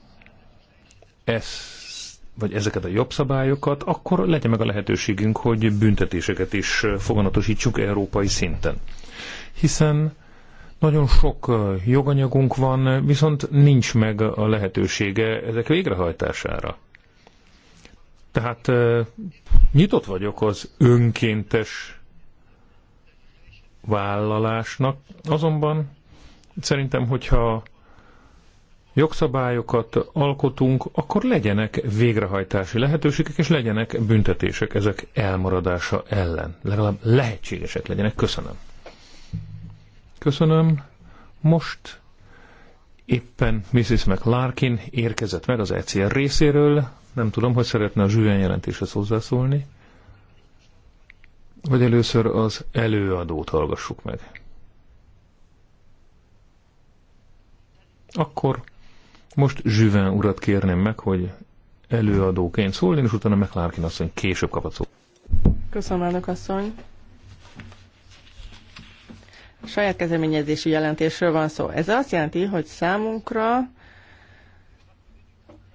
ezt, vagy ezeket a jobb szabályokat, akkor legyen meg a lehetőségünk, hogy büntetéseket is foganatosítsuk európai szinten. Hiszen nagyon sok joganyagunk van, viszont nincs meg a lehetősége ezek végrehajtására. Tehát nyitott vagyok az önkéntes vállalásnak, azonban szerintem, hogyha jogszabályokat alkotunk, akkor legyenek végrehajtási lehetőségek, és legyenek büntetések ezek elmaradása ellen. Legalább lehetségesek legyenek. Köszönöm. Köszönöm. Most éppen Mrs. McLarkin érkezett meg az ECR részéről. Nem tudom, hogy szeretne a zsűven jelentéshez hozzászólni, vagy először az előadót hallgassuk meg. Akkor most Zsüven urat kérném meg, hogy előadóként szóljon, és utána McLarkin asszony később kapat szó. Köszönöm, elnök asszony. saját kezdeményezésű jelentésről van szó. Ez azt jelenti, hogy számunkra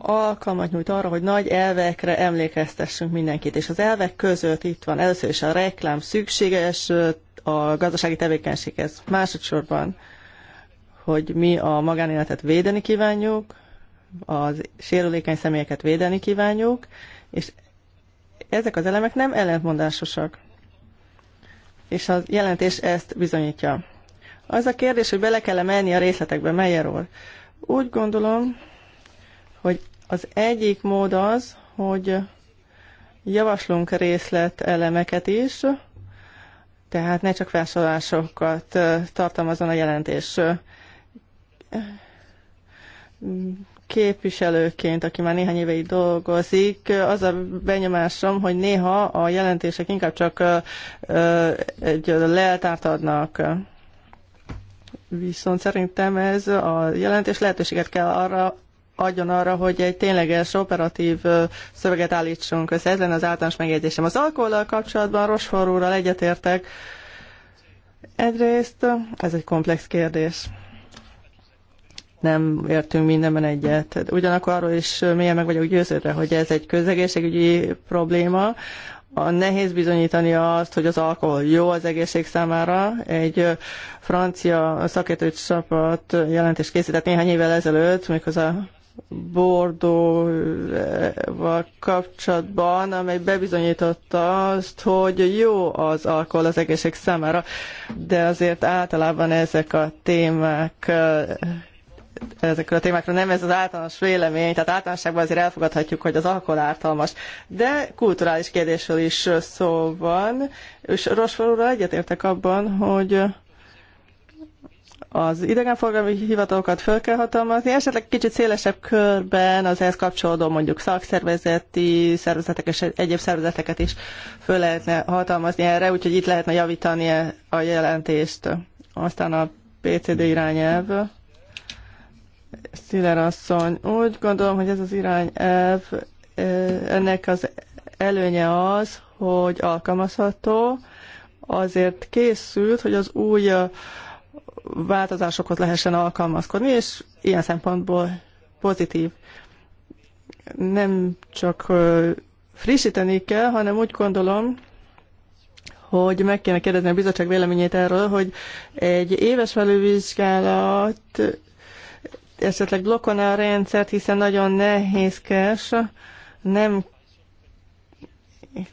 alkalmat nyújt arra, hogy nagy elvekre emlékeztessünk mindenkit. És az elvek között itt van először is a reklám szükséges a gazdasági tevékenységhez. Másodszorban, hogy mi a magánéletet védeni kívánjuk, a sérülékeny személyeket védeni kívánjuk, és ezek az elemek nem ellentmondásosak. És a jelentés ezt bizonyítja. Az a kérdés, hogy bele kell -e menni a részletekbe, Meyer úr. Úgy gondolom, hogy az egyik mód az, hogy javaslunk részlet elemeket is, tehát ne csak felsorolásokat tartalmazon a jelentés. Képviselőként, aki már néhány éve itt dolgozik, az a benyomásom, hogy néha a jelentések inkább csak egy leltárt adnak. Viszont szerintem ez a jelentés lehetőséget kell arra adjon arra, hogy egy tényleges operatív szöveget állítsunk össze. Ez lenne az általános megjegyzésem. Az alkohollal kapcsolatban Rosfor úrral egyetértek. Egyrészt ez egy komplex kérdés. Nem értünk mindenben egyet. Ugyanakkor arról is mélyen meg vagyok győződve, hogy ez egy közegészségügyi probléma, a nehéz bizonyítani azt, hogy az alkohol jó az egészség számára. Egy francia szakértői csapat jelentést készített néhány évvel ezelőtt, méghozzá Bordóval kapcsolatban, amely bebizonyította azt, hogy jó az alkohol az egészség számára, de azért általában ezek a témák ezekről a témákról nem ez az általános vélemény, tehát általánosságban azért elfogadhatjuk, hogy az alkohol ártalmas. De kulturális kérdésről is szó van, és Rosfor úrral egyetértek abban, hogy az idegenforgalmi hivatalokat föl kell hatalmazni, esetleg kicsit szélesebb körben az ehhez kapcsolódó mondjuk szakszervezeti szervezetek és egyéb szervezeteket is föl lehetne hatalmazni erre, úgyhogy itt lehetne javítani e a jelentést. Aztán a PCD irányelv. Sziler asszony, úgy gondolom, hogy ez az irányelv, e, ennek az előnye az, hogy alkalmazható, azért készült, hogy az új változásokhoz lehessen alkalmazkodni, és ilyen szempontból pozitív. Nem csak frissíteni kell, hanem úgy gondolom, hogy meg kéne kérdezni a bizottság véleményét erről, hogy egy éves felülvizsgálat esetleg blokkolna a rendszert, hiszen nagyon nehézkes, nem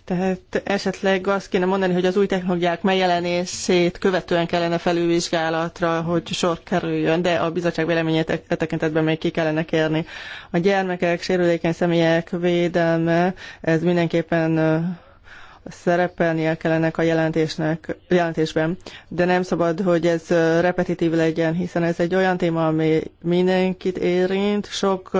tehát esetleg azt kéne mondani, hogy az új technológiák megjelenését követően kellene felülvizsgálatra, hogy sor kerüljön, de a bizottság véleményét e, e tekintetben még ki kellene kérni. A gyermekek, sérülékeny személyek védelme, ez mindenképpen szerepelnie kellene a jelentésnek, jelentésben, de nem szabad, hogy ez repetitív legyen, hiszen ez egy olyan téma, ami mindenkit érint, sok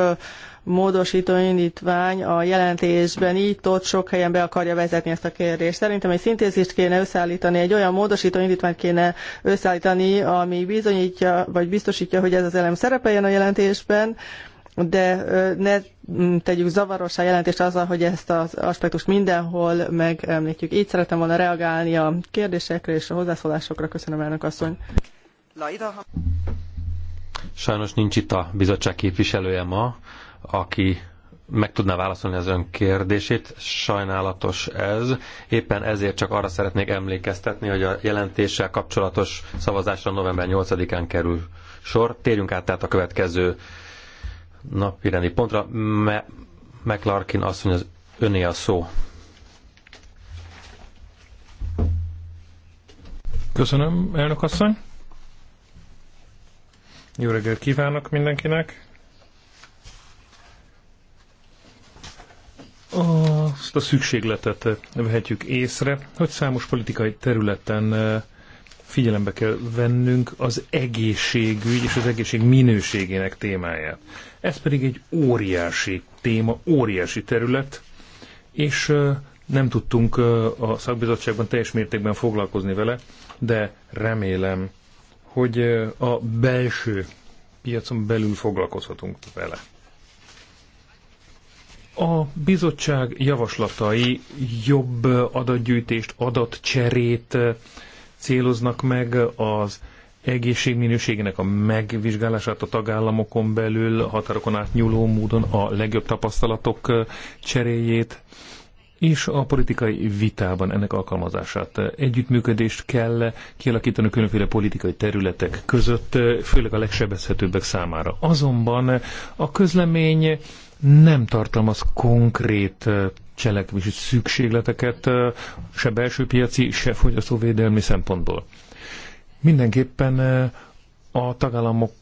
módosító indítvány a jelentésben itt ott sok helyen be akarja vezetni ezt a kérdést. Szerintem egy szintézist kéne összeállítani, egy olyan módosító indítványt kéne összeállítani, ami bizonyítja, vagy biztosítja, hogy ez az elem szerepeljen a jelentésben, de ne tegyük zavarossá jelentést azzal, hogy ezt az aspektust mindenhol megemlítjük. Így szeretem volna reagálni a kérdésekre és a hozzászólásokra. Köszönöm, elnök asszony. Sajnos nincs itt a bizottság képviselője ma, aki meg tudná válaszolni az ön kérdését. Sajnálatos ez. Éppen ezért csak arra szeretnék emlékeztetni, hogy a jelentéssel kapcsolatos szavazásra november 8-án kerül sor. Térjünk át tehát a következő napi rendi pontra. Me- McLarkin azt mondja, az öné a szó. Köszönöm, elnök asszony. Jó reggelt kívánok mindenkinek. azt a szükségletet vehetjük észre, hogy számos politikai területen eh, figyelembe kell vennünk az egészségügy és az egészség minőségének témáját. Ez pedig egy óriási téma, óriási terület, és eh, nem tudtunk eh, a szakbizottságban teljes mértékben foglalkozni vele, de remélem, hogy a belső piacon belül foglalkozhatunk vele. A bizottság javaslatai jobb adatgyűjtést, adatcserét céloznak meg az egészségminőségének a megvizsgálását a tagállamokon belül, határokon átnyúló módon a legjobb tapasztalatok cseréjét, és a politikai vitában ennek alkalmazását. Együttműködést kell kialakítani különféle politikai területek között, főleg a legsebezhetőbbek számára. Azonban a közlemény nem tartalmaz konkrét cselekvési szükségleteket, se belső piaci, se fogyasztóvédelmi szempontból. Mindenképpen a tagállamok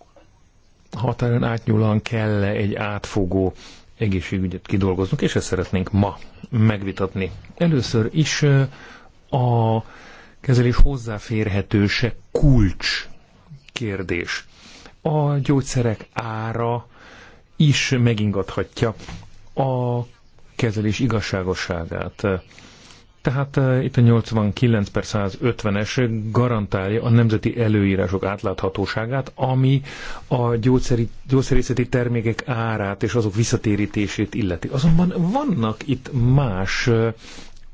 határon átnyúlóan kell -e egy átfogó egészségügyet kidolgoznunk, és ezt szeretnénk ma megvitatni. Először is a kezelés hozzáférhetőse kulcs kérdés. A gyógyszerek ára is megingathatja a kezelés igazságosságát. Tehát eh, itt a 89 per 150-es garantálja a nemzeti előírások átláthatóságát, ami a gyógyszeri, gyógyszerészeti termékek árát és azok visszatérítését illeti. Azonban vannak itt más eh,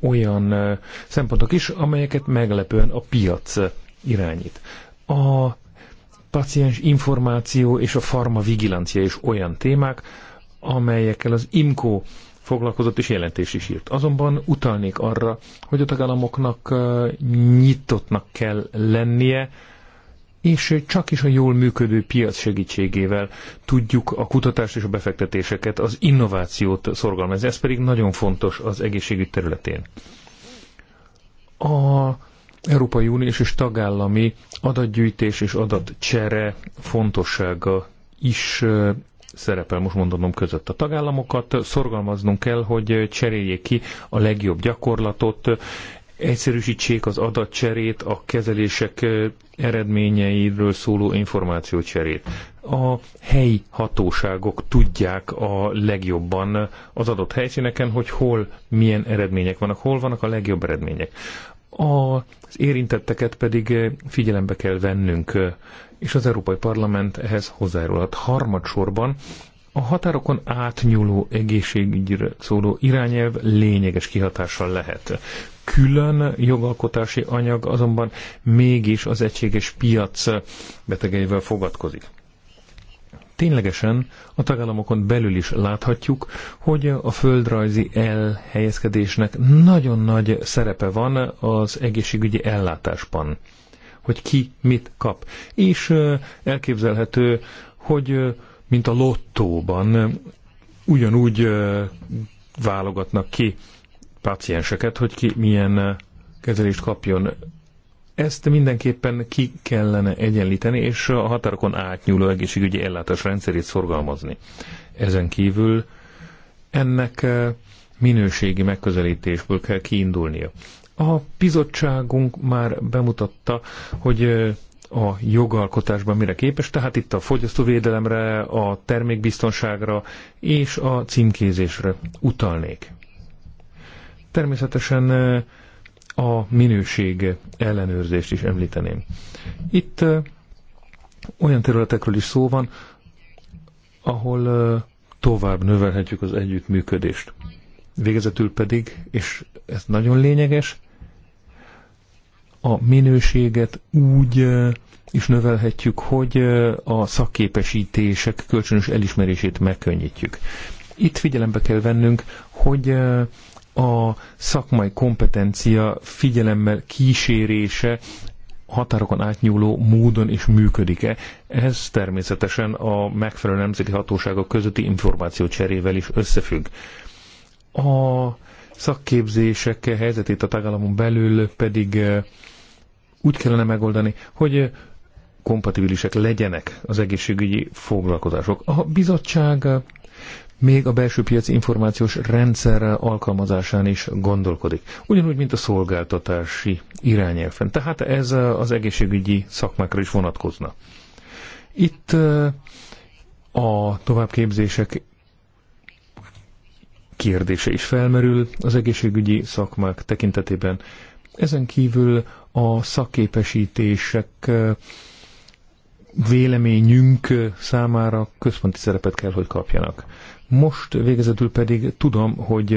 olyan eh, szempontok is, amelyeket meglepően a piac irányít. A paciens információ és a farma vigilancia is olyan témák, amelyekkel az IMCO foglalkozott és jelentés is írt. Azonban utalnék arra, hogy a tagállamoknak nyitottnak kell lennie, és csak is a jól működő piac segítségével tudjuk a kutatást és a befektetéseket, az innovációt szorgalmazni. Ez pedig nagyon fontos az egészségügy területén. A Európai Uniós és tagállami adatgyűjtés és adatcsere fontossága is szerepel, most mondanom között a tagállamokat. Szorgalmaznunk kell, hogy cseréljék ki a legjobb gyakorlatot, egyszerűsítsék az adatcserét, a kezelések eredményeiről szóló információcserét. A helyi hatóságok tudják a legjobban az adott helyszíneken, hogy hol milyen eredmények vannak, hol vannak a legjobb eredmények. Az érintetteket pedig eh, figyelembe kell vennünk, eh, és az Európai Parlament ehhez hozzájárulhat. Harmadsorban a határokon átnyúló egészségügyre szóló irányelv lényeges kihatással lehet. Külön jogalkotási anyag azonban mégis az egységes piac betegeivel fogadkozik ténylegesen a tagállamokon belül is láthatjuk, hogy a földrajzi elhelyezkedésnek nagyon nagy szerepe van az egészségügyi ellátásban, hogy ki mit kap. És elképzelhető, hogy mint a lottóban ugyanúgy válogatnak ki pácienseket, hogy ki milyen kezelést kapjon. Ezt mindenképpen ki kellene egyenlíteni, és a határokon átnyúló egészségügyi ellátás rendszerét szorgalmazni. Ezen kívül ennek eh, minőségi megközelítésből kell kiindulnia. A bizottságunk már bemutatta, hogy eh, a jogalkotásban mire képes, tehát itt a fogyasztóvédelemre, a termékbiztonságra és a címkézésre utalnék. Természetesen eh, a minőség ellenőrzést is említeném. Itt olyan területekről is szó van, ahol tovább növelhetjük az együttműködést. Végezetül pedig, és ez nagyon lényeges, a minőséget úgy is növelhetjük, hogy a szakképesítések kölcsönös elismerését megkönnyítjük. Itt figyelembe kell vennünk, hogy a szakmai kompetencia figyelemmel kísérése határokon átnyúló módon is működik-e. Ez természetesen a megfelelő nemzeti hatóságok közötti információ cserével is összefügg. A szakképzések helyzetét a tagállamon belül pedig eh, úgy kellene megoldani, hogy eh, kompatibilisek legyenek az egészségügyi foglalkozások. A bizottság eh, még a belső piaci információs rendszer alkalmazásán is gondolkodik. Ugyanúgy, mint a szolgáltatási irányelven. Tehát ez az egészségügyi szakmákra is vonatkozna. Itt eh, a továbbképzések kérdése is felmerül az egészségügyi szakmák tekintetében. Ezen kívül a szakképesítések eh, véleményünk eh, számára központi szerepet kell, hogy kapjanak. Most végezetül pedig tudom, hogy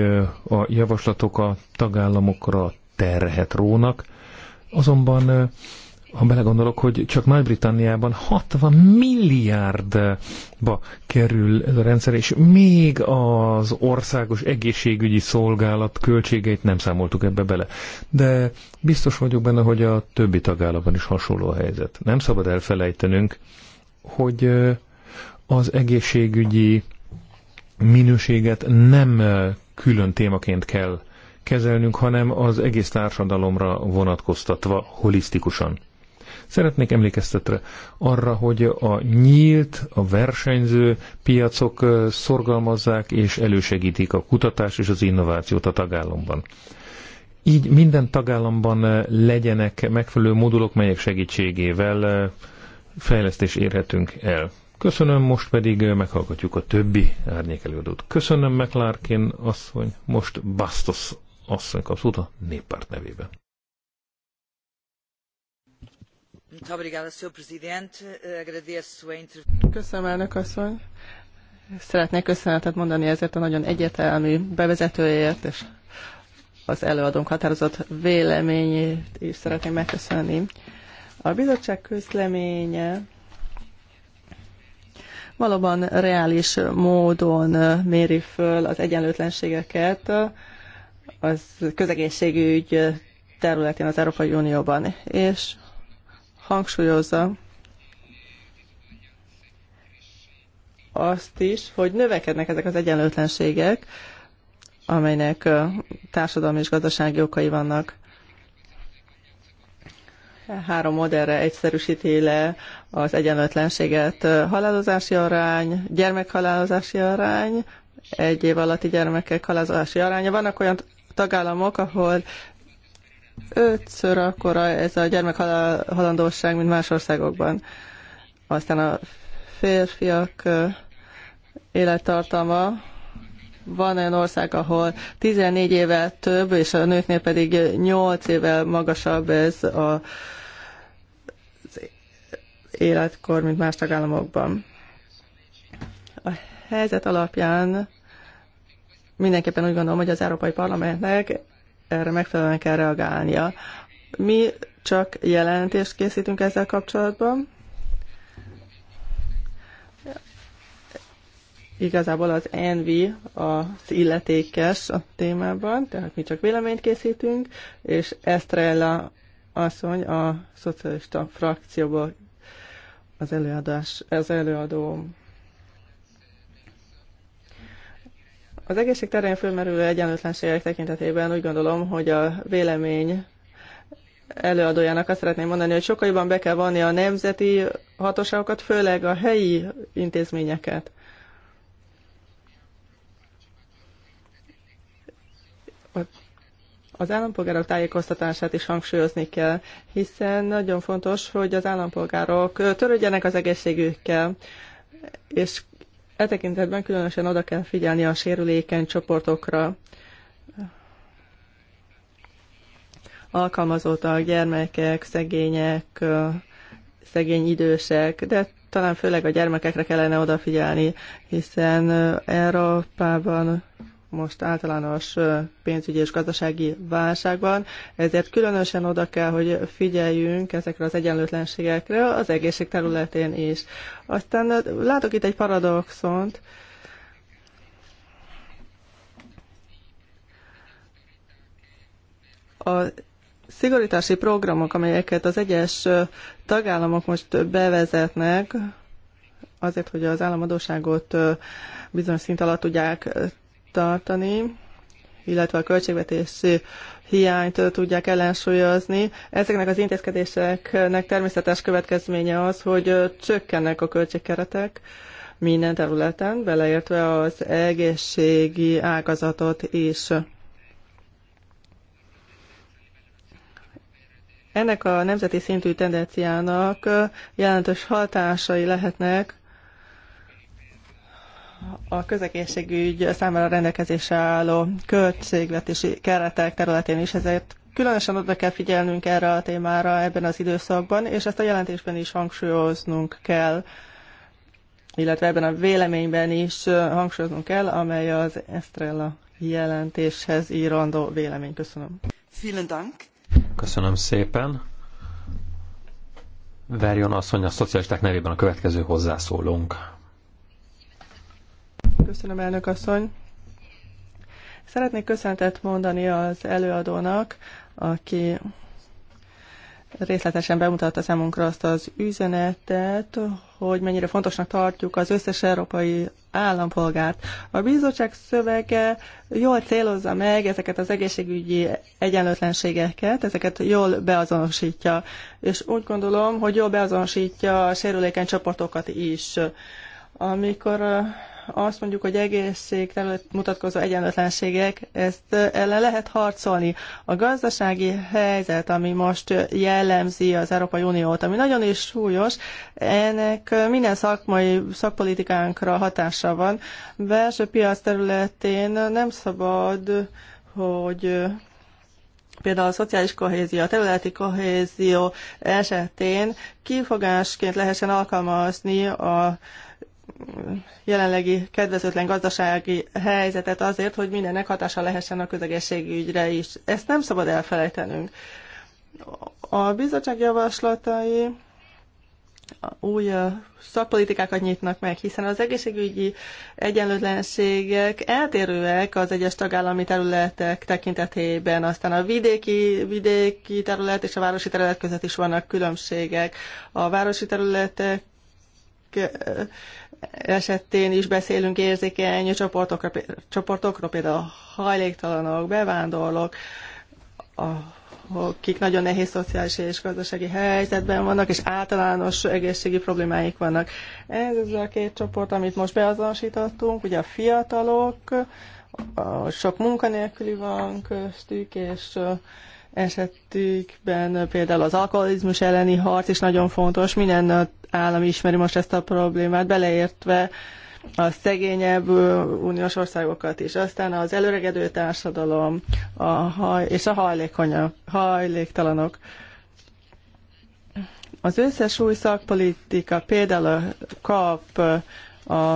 a javaslatok a tagállamokra terhet rónak, azonban ha belegondolok, hogy csak Nagy-Britanniában 60 milliárdba kerül ez a rendszer, és még az országos egészségügyi szolgálat költségeit nem számoltuk ebbe bele. De biztos vagyok benne, hogy a többi tagállamban is hasonló a helyzet. Nem szabad elfelejtenünk, hogy az egészségügyi minőséget nem külön témaként kell kezelnünk, hanem az egész társadalomra vonatkoztatva holisztikusan. Szeretnék emlékeztetre arra, hogy a nyílt, a versenyző piacok szorgalmazzák és elősegítik a kutatást és az innovációt a tagállamban. Így minden tagállamban legyenek megfelelő modulok, melyek segítségével fejlesztés érhetünk el. Köszönöm, most pedig meghallgatjuk a többi árnyékelőadót. Köszönöm, McLarkin asszony, most Bastos asszony kapszót a néppárt nevében. Eh, Köszönöm, elnök asszony. Szeretnék köszönetet mondani ezért a nagyon egyetelmű bevezetőért, és az előadónk határozott véleményét is szeretném megköszönni. A bizottság közleménye valóban reális módon méri föl az egyenlőtlenségeket az közegészségügy területén az Európai Unióban, és hangsúlyozza azt is, hogy növekednek ezek az egyenlőtlenségek, amelynek társadalmi és gazdasági okai vannak három modellre egyszerűsíti le az egyenlőtlenséget. Halálozási arány, gyermekhalálozási arány, egy év alatti gyermekek halálozási aránya. Vannak olyan tagállamok, ahol ötször akkora ez a gyermekhalandóság, mint más országokban. Aztán a férfiak élettartama van olyan ország, ahol 14 évvel több, és a nőknél pedig 8 évvel magasabb ez a életkor, mint más tagállamokban. A helyzet alapján mindenképpen úgy gondolom, hogy az Európai Parlamentnek erre megfelelően kell reagálnia. Mi csak jelentést készítünk ezzel kapcsolatban, Igazából az ENVI az illetékes a témában, tehát mi csak véleményt készítünk, és Estrella asszony a szocialista frakcióból az előadás, az előadó Az egészség terén fölmerülő egyenlőtlenségek tekintetében úgy gondolom, hogy a vélemény előadójának azt szeretném mondani, hogy sokkal jobban be kell vonni a nemzeti hatóságokat, főleg a helyi intézményeket. az állampolgárok tájékoztatását is hangsúlyozni kell, hiszen nagyon fontos, hogy az állampolgárok törődjenek az egészségükkel, és e tekintetben különösen oda kell figyelni a sérülékeny csoportokra. Alkalmazottak, gyermekek, szegények, szegény idősek, de talán főleg a gyermekekre kellene odafigyelni, hiszen Európában most általános pénzügyi és gazdasági válságban, ezért különösen oda kell, hogy figyeljünk ezekre az egyenlőtlenségekre az egészség területén is. Aztán látok itt egy paradoxont, a szigorítási programok, amelyeket az egyes tagállamok most bevezetnek, azért, hogy az államadóságot bizonyos szint alatt tudják tartani, illetve a költségvetési hiányt tudják ellensúlyozni. Ezeknek az intézkedéseknek természetes következménye az, hogy csökkennek a költségkeretek minden területen, beleértve az egészségi ágazatot is. Ennek a nemzeti szintű tendenciának jelentős hatásai lehetnek a közegészségügy számára rendelkezésre álló költségvetési keretek területén is, ezért különösen oda kell figyelnünk erre a témára ebben az időszakban, és ezt a jelentésben is hangsúlyoznunk kell, illetve ebben a véleményben is hangsúlyoznunk kell, amely az Estrella jelentéshez írandó vélemény. Köszönöm. Vielen Dank. Köszönöm szépen. Verjon asszony a szocialisták nevében a következő hozzászólónk. Köszönöm, elnök asszony. Szeretnék köszöntet mondani az előadónak, aki részletesen bemutatta számunkra azt az üzenetet, hogy mennyire fontosnak tartjuk az összes európai állampolgárt. A bizottság szövege jól célozza meg ezeket az egészségügyi egyenlőtlenségeket, ezeket jól beazonosítja, és úgy gondolom, hogy jól beazonosítja a sérülékeny csoportokat is. Amikor azt mondjuk, hogy egészség terület mutatkozó egyenlőtlenségek, ezt ellen lehet harcolni. A gazdasági helyzet, ami most jellemzi az Európai Uniót, ami nagyon is súlyos, ennek minden szakmai szakpolitikánkra hatása van. Belső piac területén nem szabad, hogy például a szociális kohézió, a területi kohézió esetén kifogásként lehessen alkalmazni a jelenlegi kedvezőtlen gazdasági helyzetet azért, hogy mindennek hatása lehessen a közegészségügyre is. Ezt nem szabad elfelejtenünk. A bizottság javaslatai új szakpolitikákat nyitnak meg, hiszen az egészségügyi egyenlőtlenségek eltérőek az egyes tagállami területek tekintetében, aztán a vidéki, vidéki terület és a városi terület között is vannak különbségek. A városi területek esetén is beszélünk érzékeny csoportokra, csoportokról, például a hajléktalanok, bevándorlók, akik nagyon nehéz szociális és gazdasági helyzetben vannak, és általános egészségi problémáik vannak. Ez az a két csoport, amit most beazonosítottunk, ugye a fiatalok, a sok munkanélküli van köztük, és esetükben például az alkoholizmus elleni harc is nagyon fontos. Minden állam ismeri most ezt a problémát, beleértve a szegényebb uniós országokat is. Aztán az előregedő társadalom a haj, és a hajlékonyabb, hajléktalanok. Az összes új szakpolitika, például a KAP, a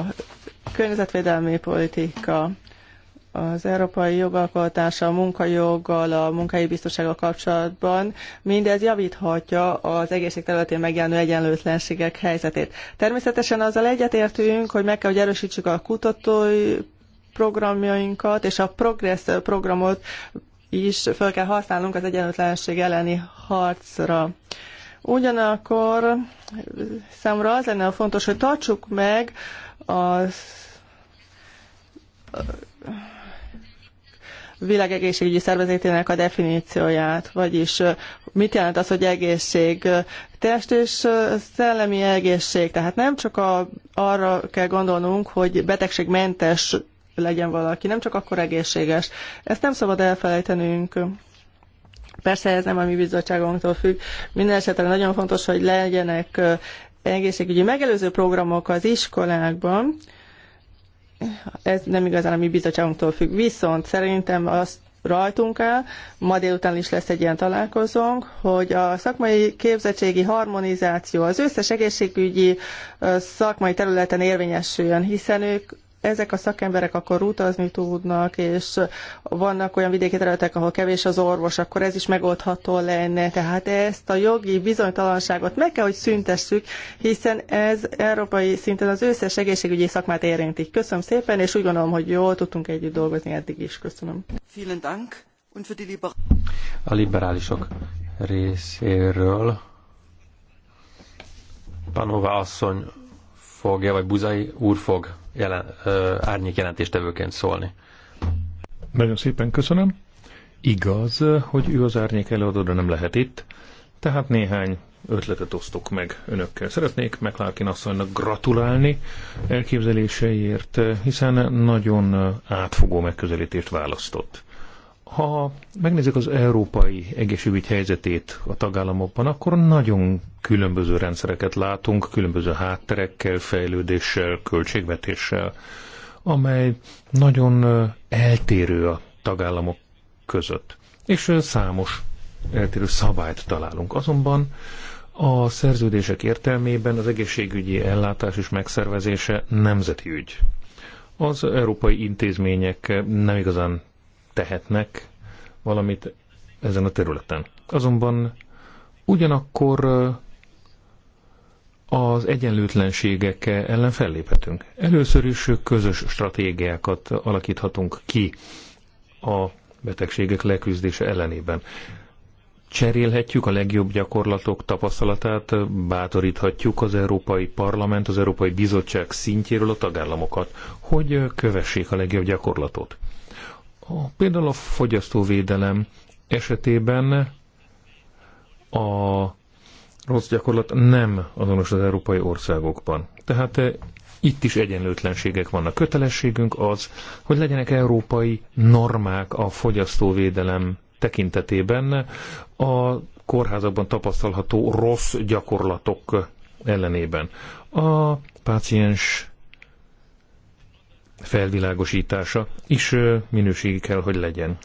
környezetvédelmi politika, az európai jogalkotása a munkajoggal, a munkai biztonsággal kapcsolatban, mindez javíthatja az egészség területén megjelenő egyenlőtlenségek helyzetét. Természetesen azzal egyetértünk, hogy meg kell, hogy erősítsük a kutatói programjainkat, és a Progress programot is fel kell használnunk az egyenlőtlenség elleni harcra. Ugyanakkor számomra az lenne a fontos, hogy tartsuk meg az világegészségügyi szervezetének a definícióját, vagyis mit jelent az, hogy egészség, test és szellemi egészség. Tehát nem csak a, arra kell gondolnunk, hogy betegségmentes legyen valaki, nem csak akkor egészséges. Ezt nem szabad elfelejtenünk. Persze ez nem a mi bizottságunktól függ. Minden esetre nagyon fontos, hogy legyenek egészségügyi megelőző programok az iskolákban, ez nem igazán a mi bizottságunktól függ. Viszont szerintem azt rajtunk el, ma délután is lesz egy ilyen találkozónk, hogy a szakmai képzettségi harmonizáció az összes egészségügyi szakmai területen érvényesüljön, hiszen ők ezek a szakemberek akkor utazni tudnak, és vannak olyan vidéki területek, ahol kevés az orvos, akkor ez is megoldható lenne. Tehát ezt a jogi bizonytalanságot meg kell, hogy szüntessük, hiszen ez európai szinten az összes egészségügyi szakmát érinti. Köszönöm szépen, és úgy gondolom, hogy jól tudtunk együtt dolgozni eddig is. Köszönöm. A liberálisok részéről Panova asszony fogja, vagy Buzai úr fog jelen, ö, árnyék jelentéstevőként szólni. Nagyon szépen köszönöm. Igaz, hogy ő az árnyék előadó, de nem lehet itt, tehát néhány ötletet osztok meg önökkel. Szeretnék McLarkin asszonynak gratulálni elképzeléseiért, hiszen nagyon átfogó megközelítést választott. Ha megnézzük az európai egészségügy helyzetét a tagállamokban, akkor nagyon különböző rendszereket látunk, különböző hátterekkel, fejlődéssel, költségvetéssel, amely nagyon eltérő a tagállamok között. És számos eltérő szabályt találunk. Azonban a szerződések értelmében az egészségügyi ellátás és megszervezése nemzeti ügy. Az európai intézmények nem igazán tehetnek valamit ezen a területen. Azonban ugyanakkor az egyenlőtlenségek ellen felléphetünk. Először is közös stratégiákat alakíthatunk ki a betegségek leküzdése ellenében. Cserélhetjük a legjobb gyakorlatok tapasztalatát, bátoríthatjuk az Európai Parlament, az Európai Bizottság szintjéről a tagállamokat, hogy kövessék a legjobb gyakorlatot például a fogyasztóvédelem esetében a rossz gyakorlat nem azonos az európai országokban. Tehát e, itt is egyenlőtlenségek vannak. Kötelességünk az, hogy legyenek európai normák a fogyasztóvédelem tekintetében a kórházakban tapasztalható rossz gyakorlatok ellenében. A páciens felvilágosítása is minőségi kell, hogy legyen.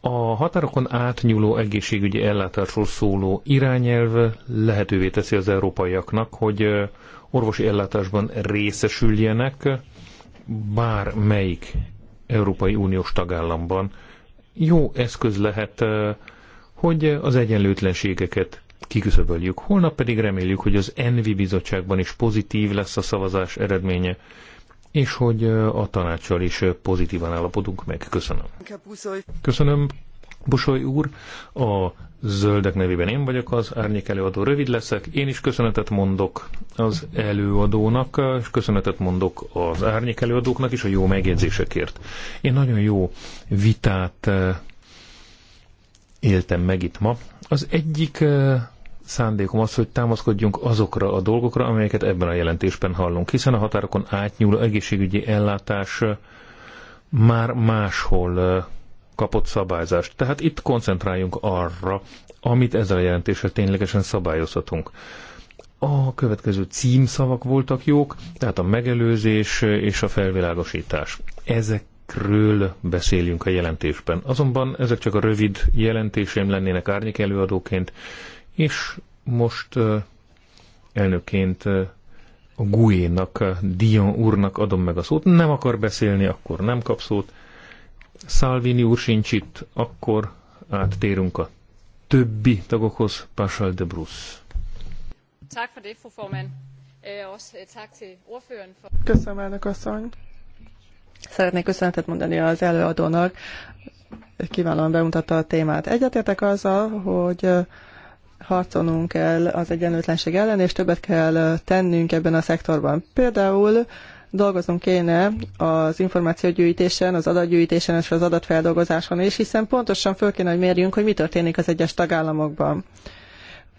A határokon átnyúló egészségügyi ellátásról szóló irányelv lehetővé teszi az európaiaknak, hogy orvosi ellátásban részesüljenek bármelyik Európai Uniós tagállamban. Jó eszköz lehet, hogy az egyenlőtlenségeket kiküszöböljük. Holnap pedig reméljük, hogy az Envi bizottságban is pozitív lesz a szavazás eredménye, és hogy a tanácssal is pozitívan állapodunk meg. Köszönöm. Köszönöm, Busoly úr. A zöldek nevében én vagyok az árnyék előadó. Rövid leszek. Én is köszönetet mondok az előadónak, és köszönetet mondok az árnyék előadóknak is a jó megjegyzésekért. Én nagyon jó vitát éltem meg itt ma. Az egyik szándékom az, hogy támaszkodjunk azokra a dolgokra, amelyeket ebben a jelentésben hallunk, hiszen a határokon átnyúló egészségügyi ellátás már máshol kapott szabályzást. Tehát itt koncentráljunk arra, amit ezzel a jelentéssel ténylegesen szabályozhatunk. A következő címszavak voltak jók, tehát a megelőzés és a felvilágosítás. Ezek ről beszélünk a jelentésben. Azonban ezek csak a rövid jelentéseim lennének árnyék előadóként, és most elnökként a Guénak, Dion úrnak adom meg a szót. Nem akar beszélni, akkor nem kap szót. Salvini úr sincs itt, akkor áttérünk a többi tagokhoz. Pascal de Bruce. Øh, øh, Köszönöm, elnök asszony. Szeretnék köszönetet mondani az előadónak. Kiválóan bemutatta a témát. Egyetértek azzal, hogy harcolnunk kell az egyenlőtlenség ellen, és többet kell tennünk ebben a szektorban. Például dolgozunk kéne az információgyűjtésen, az adatgyűjtésen és az adatfeldolgozáson is, hiszen pontosan föl kéne, hogy mérjünk, hogy mi történik az egyes tagállamokban.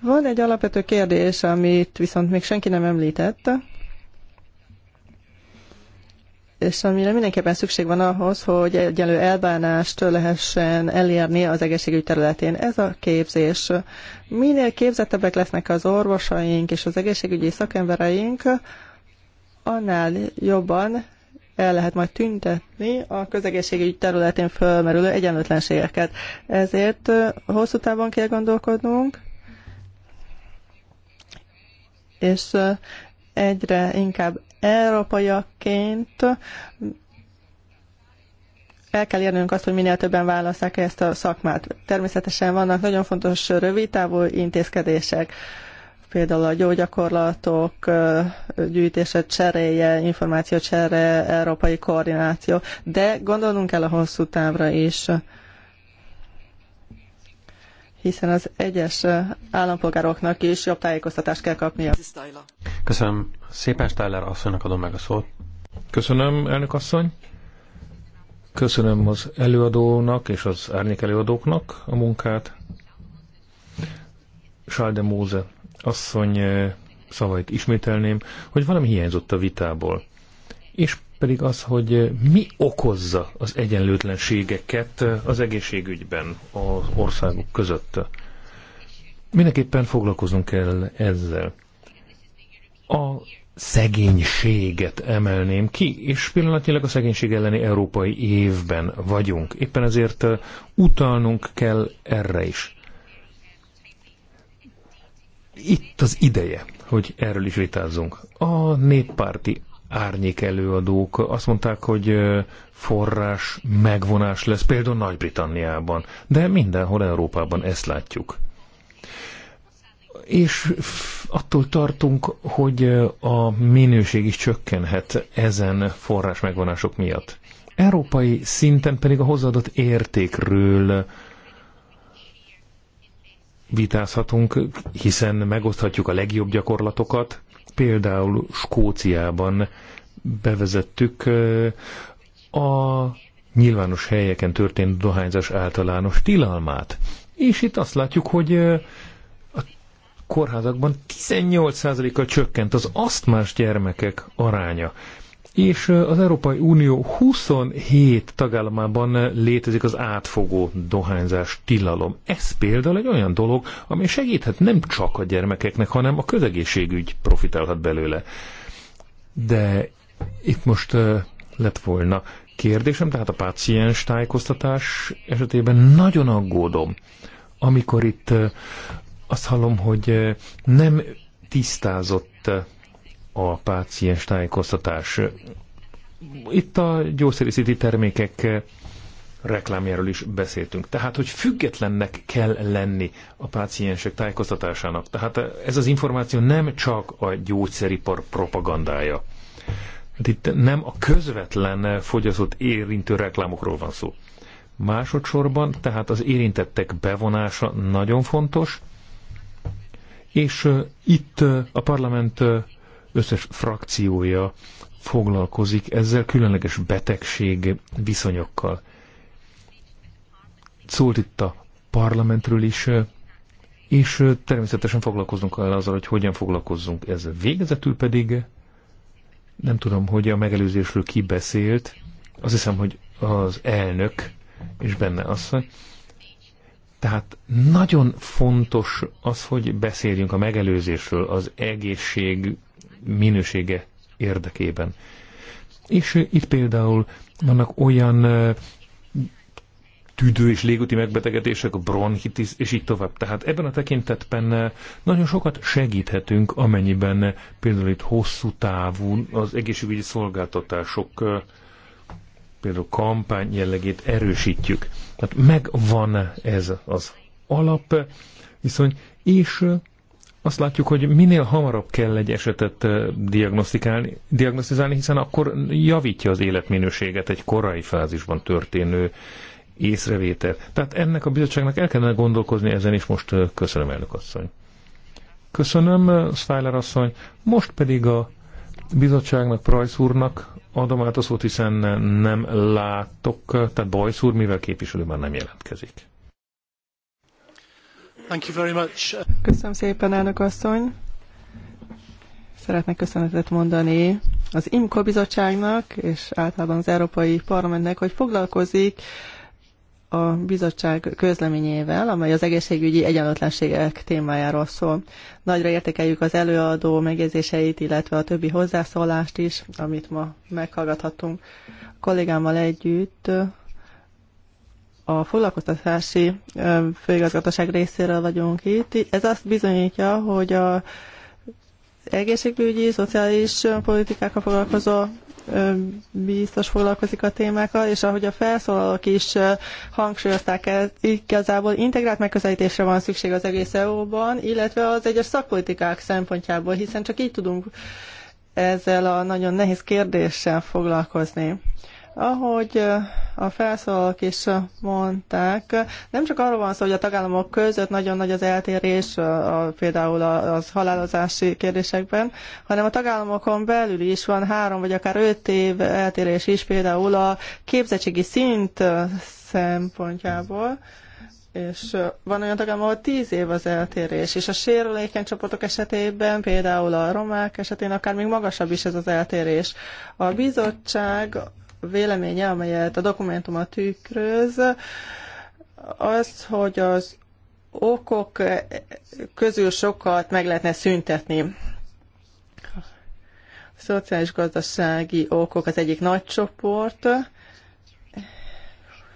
Van egy alapvető kérdés, amit viszont még senki nem említett, és amire mindenképpen szükség van ahhoz, hogy egyenlő elbánást lehessen elérni az egészségügy területén. Ez a képzés. Minél képzettebbek lesznek az orvosaink és az egészségügyi szakembereink, annál jobban el lehet majd tüntetni a közegészségügy területén fölmerülő egyenlőtlenségeket. Ezért hosszú távon kell gondolkodnunk, és egyre inkább európaiaként el kell érnünk azt, hogy minél többen válasszák ezt a szakmát. Természetesen vannak nagyon fontos rövidtávú intézkedések, például a gyógyakorlatok gyűjtése, cseréje, információ cseréje, európai koordináció, de gondolnunk kell a hosszú távra is hiszen az egyes állampolgároknak is jobb tájékoztatást kell kapnia. Köszönöm szépen, Steiner asszonynak adom meg a szót. Köszönöm, elnök asszony. Köszönöm az előadónak és az árnyék előadóknak a munkát. Sálde Móze asszony szavait ismételném, hogy valami hiányzott a vitából. És pedig az, hogy mi okozza az egyenlőtlenségeket az egészségügyben az országok között. Mindenképpen foglalkozunk kell ezzel. A szegénységet emelném ki, és pillanatnyilag a szegénység elleni európai évben vagyunk. Éppen ezért uh, utalnunk kell erre is. Itt az ideje, hogy erről is vitázzunk. A néppárti árnyék előadók azt mondták, hogy forrás megvonás lesz, például Nagy-Britanniában, de mindenhol Európában ezt látjuk. És attól tartunk, hogy a minőség is csökkenhet ezen forrás megvonások miatt. Európai szinten pedig a hozzáadott értékről vitázhatunk, hiszen megoszthatjuk a legjobb gyakorlatokat, Például Skóciában bevezettük a nyilvános helyeken történő dohányzás általános tilalmát. És itt azt látjuk, hogy a kórházakban 18%-kal csökkent az asztmás gyermekek aránya és az Európai Unió 27 tagállamában létezik az átfogó dohányzás tilalom. Ez például egy olyan dolog, ami segíthet nem csak a gyermekeknek, hanem a közegészségügy profitálhat belőle. De itt most lett volna kérdésem, tehát a páciens tájékoztatás esetében nagyon aggódom, amikor itt azt hallom, hogy nem tisztázott a páciens tájékoztatás. Itt a gyógyszerészeti termékek reklámjáról is beszéltünk. Tehát, hogy függetlennek kell lenni a páciensek tájékoztatásának. Tehát ez az információ nem csak a gyógyszeripar propagandája. Hát itt nem a közvetlen fogyasztott érintő reklámokról van szó. Másodszorban tehát az érintettek bevonása nagyon fontos, és itt a parlament összes frakciója foglalkozik ezzel különleges betegség viszonyokkal. Szólt itt a parlamentről is, és természetesen foglalkozunk el azzal, hogy hogyan foglalkozzunk ezzel. Végezetül pedig nem tudom, hogy a megelőzésről ki beszélt, azt hiszem, hogy az elnök és benne asszony. Tehát nagyon fontos az, hogy beszéljünk a megelőzésről, az egészség minősége érdekében. És eh, itt például vannak olyan eh, tüdő és légúti megbetegedések, bronchitis, és így tovább. Tehát ebben a tekintetben eh, nagyon sokat segíthetünk, amennyiben például itt hosszú távú az egészségügyi szolgáltatások például kampány jellegét erősítjük. Tehát megvan ez az alap, viszony, és azt látjuk, hogy minél hamarabb kell egy esetet diagnosztikálni, diagnosztizálni, hiszen akkor javítja az életminőséget egy korai fázisban történő észrevétel. Tehát ennek a bizottságnak el kellene gondolkozni ezen is most. Köszönöm, elnök asszony. Köszönöm, Styler asszony. Most pedig a bizottságnak, Prajsz úrnak adom át a szót, hiszen nem látok, tehát Bajsz úr, mivel képviselő már nem jelentkezik. Köszönöm szépen, elnök asszony. Szeretnék köszönetet mondani az IMCO bizottságnak és általában az Európai Parlamentnek, hogy foglalkozik a bizottság közleményével, amely az egészségügyi egyenlőtlenségek témájáról szól. Nagyra értékeljük az előadó megjegyzéseit, illetve a többi hozzászólást is, amit ma meghallgathatunk. A kollégámmal együtt a foglalkoztatási főigazgatóság részéről vagyunk itt. Ez azt bizonyítja, hogy a egészségügyi, szociális politikákkal foglalkozó biztos foglalkozik a témákkal, és ahogy a felszólalók is hangsúlyozták, el, igazából integrált megközelítésre van szükség az egész EU-ban, illetve az egyes szakpolitikák szempontjából, hiszen csak így tudunk ezzel a nagyon nehéz kérdéssel foglalkozni. Ahogy a felszólalók is mondták, nem csak arról van szó, hogy a tagállamok között nagyon nagy az eltérés, a, például az halálozási kérdésekben, hanem a tagállamokon belül is van három vagy akár öt év eltérés is, például a képzettségi szint szempontjából és van olyan tagállam, ahol tíz év az eltérés, és a sérülékeny csoportok esetében, például a romák esetén akár még magasabb is ez az eltérés. A bizottság véleménye, amelyet a dokumentum tükröz, az, hogy az okok közül sokat meg lehetne szüntetni. A szociális-gazdasági okok az egyik nagy csoport,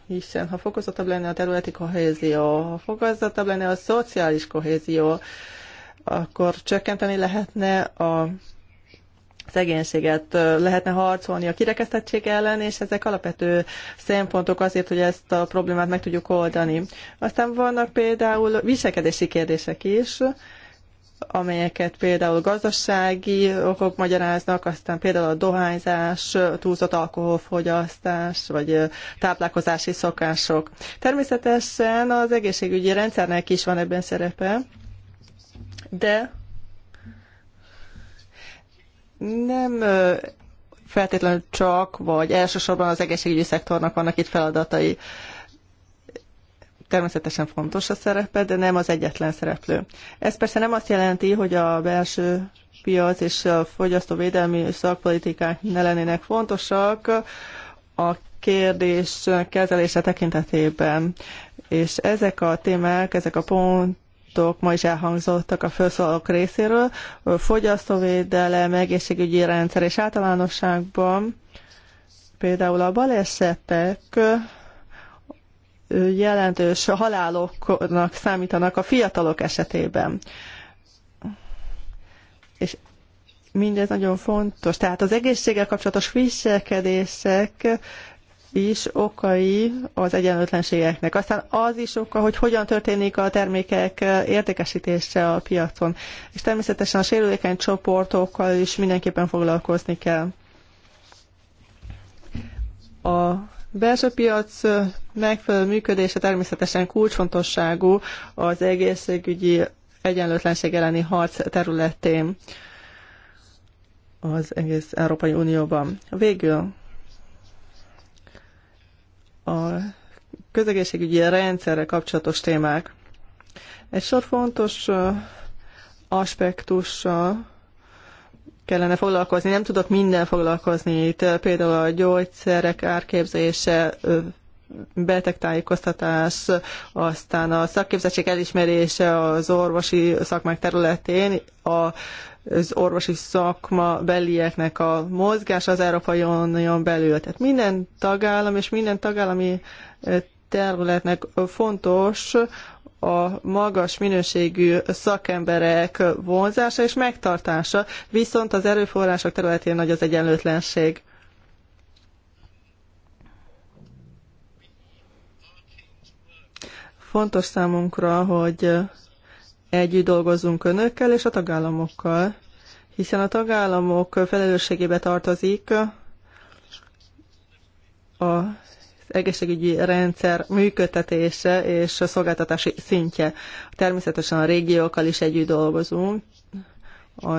hiszen ha fokozottabb lenne a területi kohézió, ha fokozottabb lenne a szociális kohézió, akkor csökkenteni lehetne a szegénységet lehetne harcolni a kirekesztettség ellen, és ezek alapvető szempontok azért, hogy ezt a problémát meg tudjuk oldani. Aztán vannak például viselkedési kérdések is, amelyeket például gazdasági okok magyaráznak, aztán például a dohányzás, túlzott alkoholfogyasztás, vagy táplálkozási szokások. Természetesen az egészségügyi rendszernek is van ebben szerepe, de nem feltétlenül csak, vagy elsősorban az egészségügyi szektornak vannak itt feladatai. Természetesen fontos a szerepe, de nem az egyetlen szereplő. Ez persze nem azt jelenti, hogy a belső piac és a fogyasztóvédelmi szakpolitikák ne lennének fontosak a kérdés kezelése tekintetében. És ezek a témák, ezek a pont, pontok ma is elhangzottak a felszólalók részéről. Fogyasztóvédelem, egészségügyi rendszer és általánosságban például a balesetek jelentős haláloknak számítanak a fiatalok esetében. És mindez nagyon fontos. Tehát az egészséggel kapcsolatos viselkedések is okai az egyenlőtlenségeknek. Aztán az is oka, hogy hogyan történik a termékek értékesítése a piacon. És természetesen a sérülékeny csoportokkal is mindenképpen foglalkozni kell. A belső piac megfelelő működése természetesen kulcsfontosságú az egészségügyi egyenlőtlenség elleni harc területén az egész Európai Unióban. Végül a közegészségügyi rendszerre kapcsolatos témák. Egy sor fontos aspektussal kellene foglalkozni. Nem tudok minden foglalkozni itt, például a gyógyszerek árképzése, betegtájékoztatás, aztán a szakképzettség elismerése az orvosi szakmák területén, a az orvosi szakma belieknek a mozgás az Európai Unión belül. Tehát minden tagállam és minden tagállami területnek fontos a magas minőségű szakemberek vonzása és megtartása, viszont az erőforrások területén nagy az egyenlőtlenség. Fontos számunkra, hogy Együtt dolgozunk önökkel és a tagállamokkal, hiszen a tagállamok felelősségébe tartozik a egészségügyi rendszer működtetése és a szolgáltatási szintje. Természetesen a régiókkal is együtt dolgozunk. A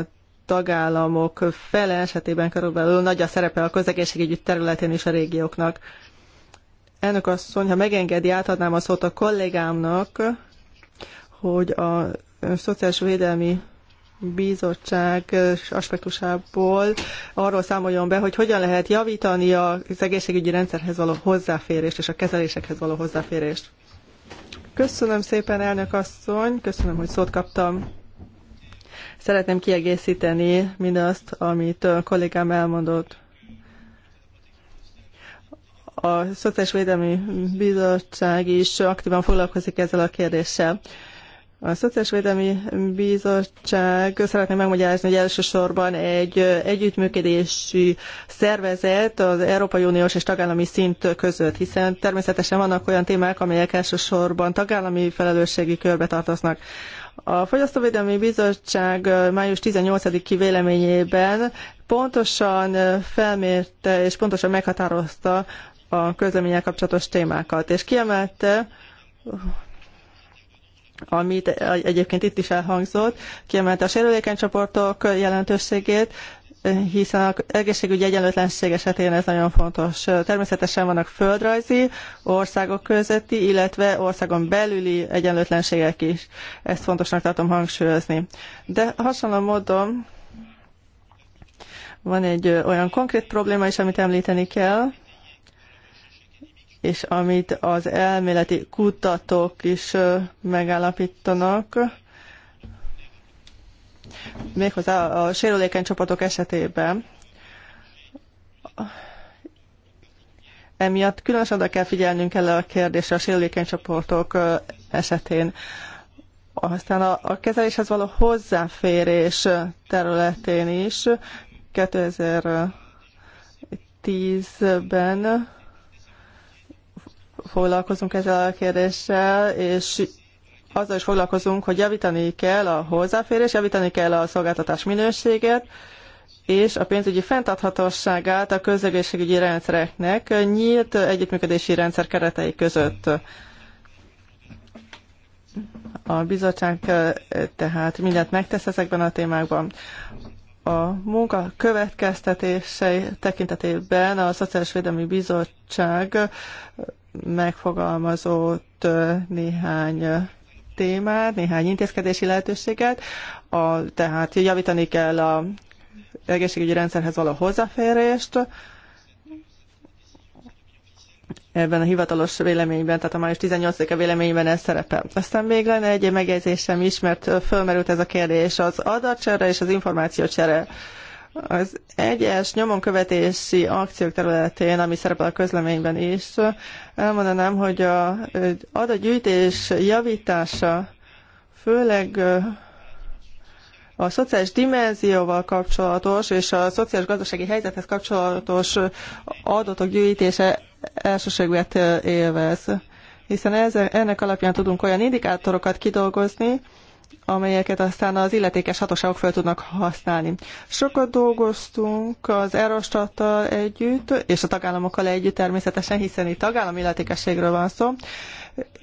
tagállamok fele esetében körülbelül nagy a szerepe a közegészségügyi területén is a régióknak. Elnök asszony, ha megengedi, átadnám a szót a kollégámnak, hogy a Szociális Védelmi Bizottság aspektusából arról számoljon be, hogy hogyan lehet javítani az egészségügyi rendszerhez való hozzáférést és a kezelésekhez való hozzáférést. Köszönöm szépen, elnök asszony, köszönöm, hogy szót kaptam. Szeretném kiegészíteni mindazt, amit a kollégám elmondott. A Szociális Védelmi Bizottság is aktívan foglalkozik ezzel a kérdéssel. A Szociális Védelmi Bizottság szeretném megmagyarázni, hogy elsősorban egy együttműködési szervezet az Európai Uniós és tagállami szint között, hiszen természetesen vannak olyan témák, amelyek elsősorban tagállami felelősségi körbe tartoznak. A Fogyasztóvédelmi Bizottság május 18-i véleményében pontosan felmérte és pontosan meghatározta a közleménye kapcsolatos témákat, és kiemelte, amit egyébként itt is elhangzott, kiemelte a sérülékeny csoportok jelentőségét, hiszen az egészségügyi egyenlőtlenség esetén ez nagyon fontos. Természetesen vannak földrajzi, országok közötti, illetve országon belüli egyenlőtlenségek is. Ezt fontosnak tartom hangsúlyozni. De hasonló módon van egy olyan konkrét probléma is, amit említeni kell, és amit az elméleti kutatók is megállapítanak, méghozzá a sérülékeny csapatok esetében. Emiatt különösen oda kell figyelnünk el a kérdésre a sérülékeny csoportok esetén. Aztán a, a kezeléshez való hozzáférés területén is 2010-ben foglalkozunk ezzel a kérdéssel, és azzal is foglalkozunk, hogy javítani kell a hozzáférés, javítani kell a szolgáltatás minőségét, és a pénzügyi fenntarthatóságát a közegészségügyi rendszereknek nyílt együttműködési rendszer keretei között. A bizottság eh, tehát mindent megtesz ezekben a témákban. A munka következtetései tekintetében a Szociális Védelmi Bizottság megfogalmazott néhány témát, néhány intézkedési lehetőséget, a, tehát javítani kell a egészségügyi rendszerhez való hozzáférést, ebben a hivatalos véleményben, tehát a május 18-a véleményben ez szerepel. Aztán még lenne egy megjegyzésem is, mert fölmerült ez a kérdés, az adatcsere és az információcsere. Az egyes nyomonkövetési akciók területén, ami szerepel a közleményben is, elmondanám, hogy a adatgyűjtés javítása főleg a szociális dimenzióval kapcsolatos és a szociális gazdasági helyzethez kapcsolatos adatok gyűjtése elsőséget élvez. Hiszen ennek alapján tudunk olyan indikátorokat kidolgozni, amelyeket aztán az illetékes hatóságok fel tudnak használni. Sokat dolgoztunk az Erostattal együtt, és a tagállamokkal együtt természetesen, hiszen itt tagállami illetékességről van szó.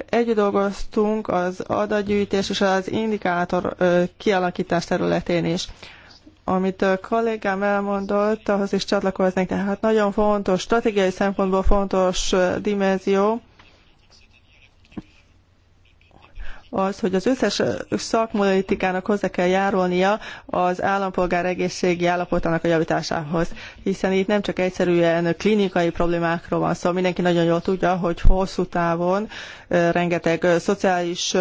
Együtt dolgoztunk az adatgyűjtés és az indikátor kialakítás területén is amit a kollégám elmondott, ahhoz is csatlakoznék. Tehát nagyon fontos, stratégiai szempontból fontos dimenzió, az, hogy az összes szakpolitikának hozzá kell járulnia az állampolgár egészségi állapotának a javításához, hiszen itt nem csak egyszerűen klinikai problémákról van szó, szóval mindenki nagyon jól tudja, hogy hosszú távon rengeteg szociális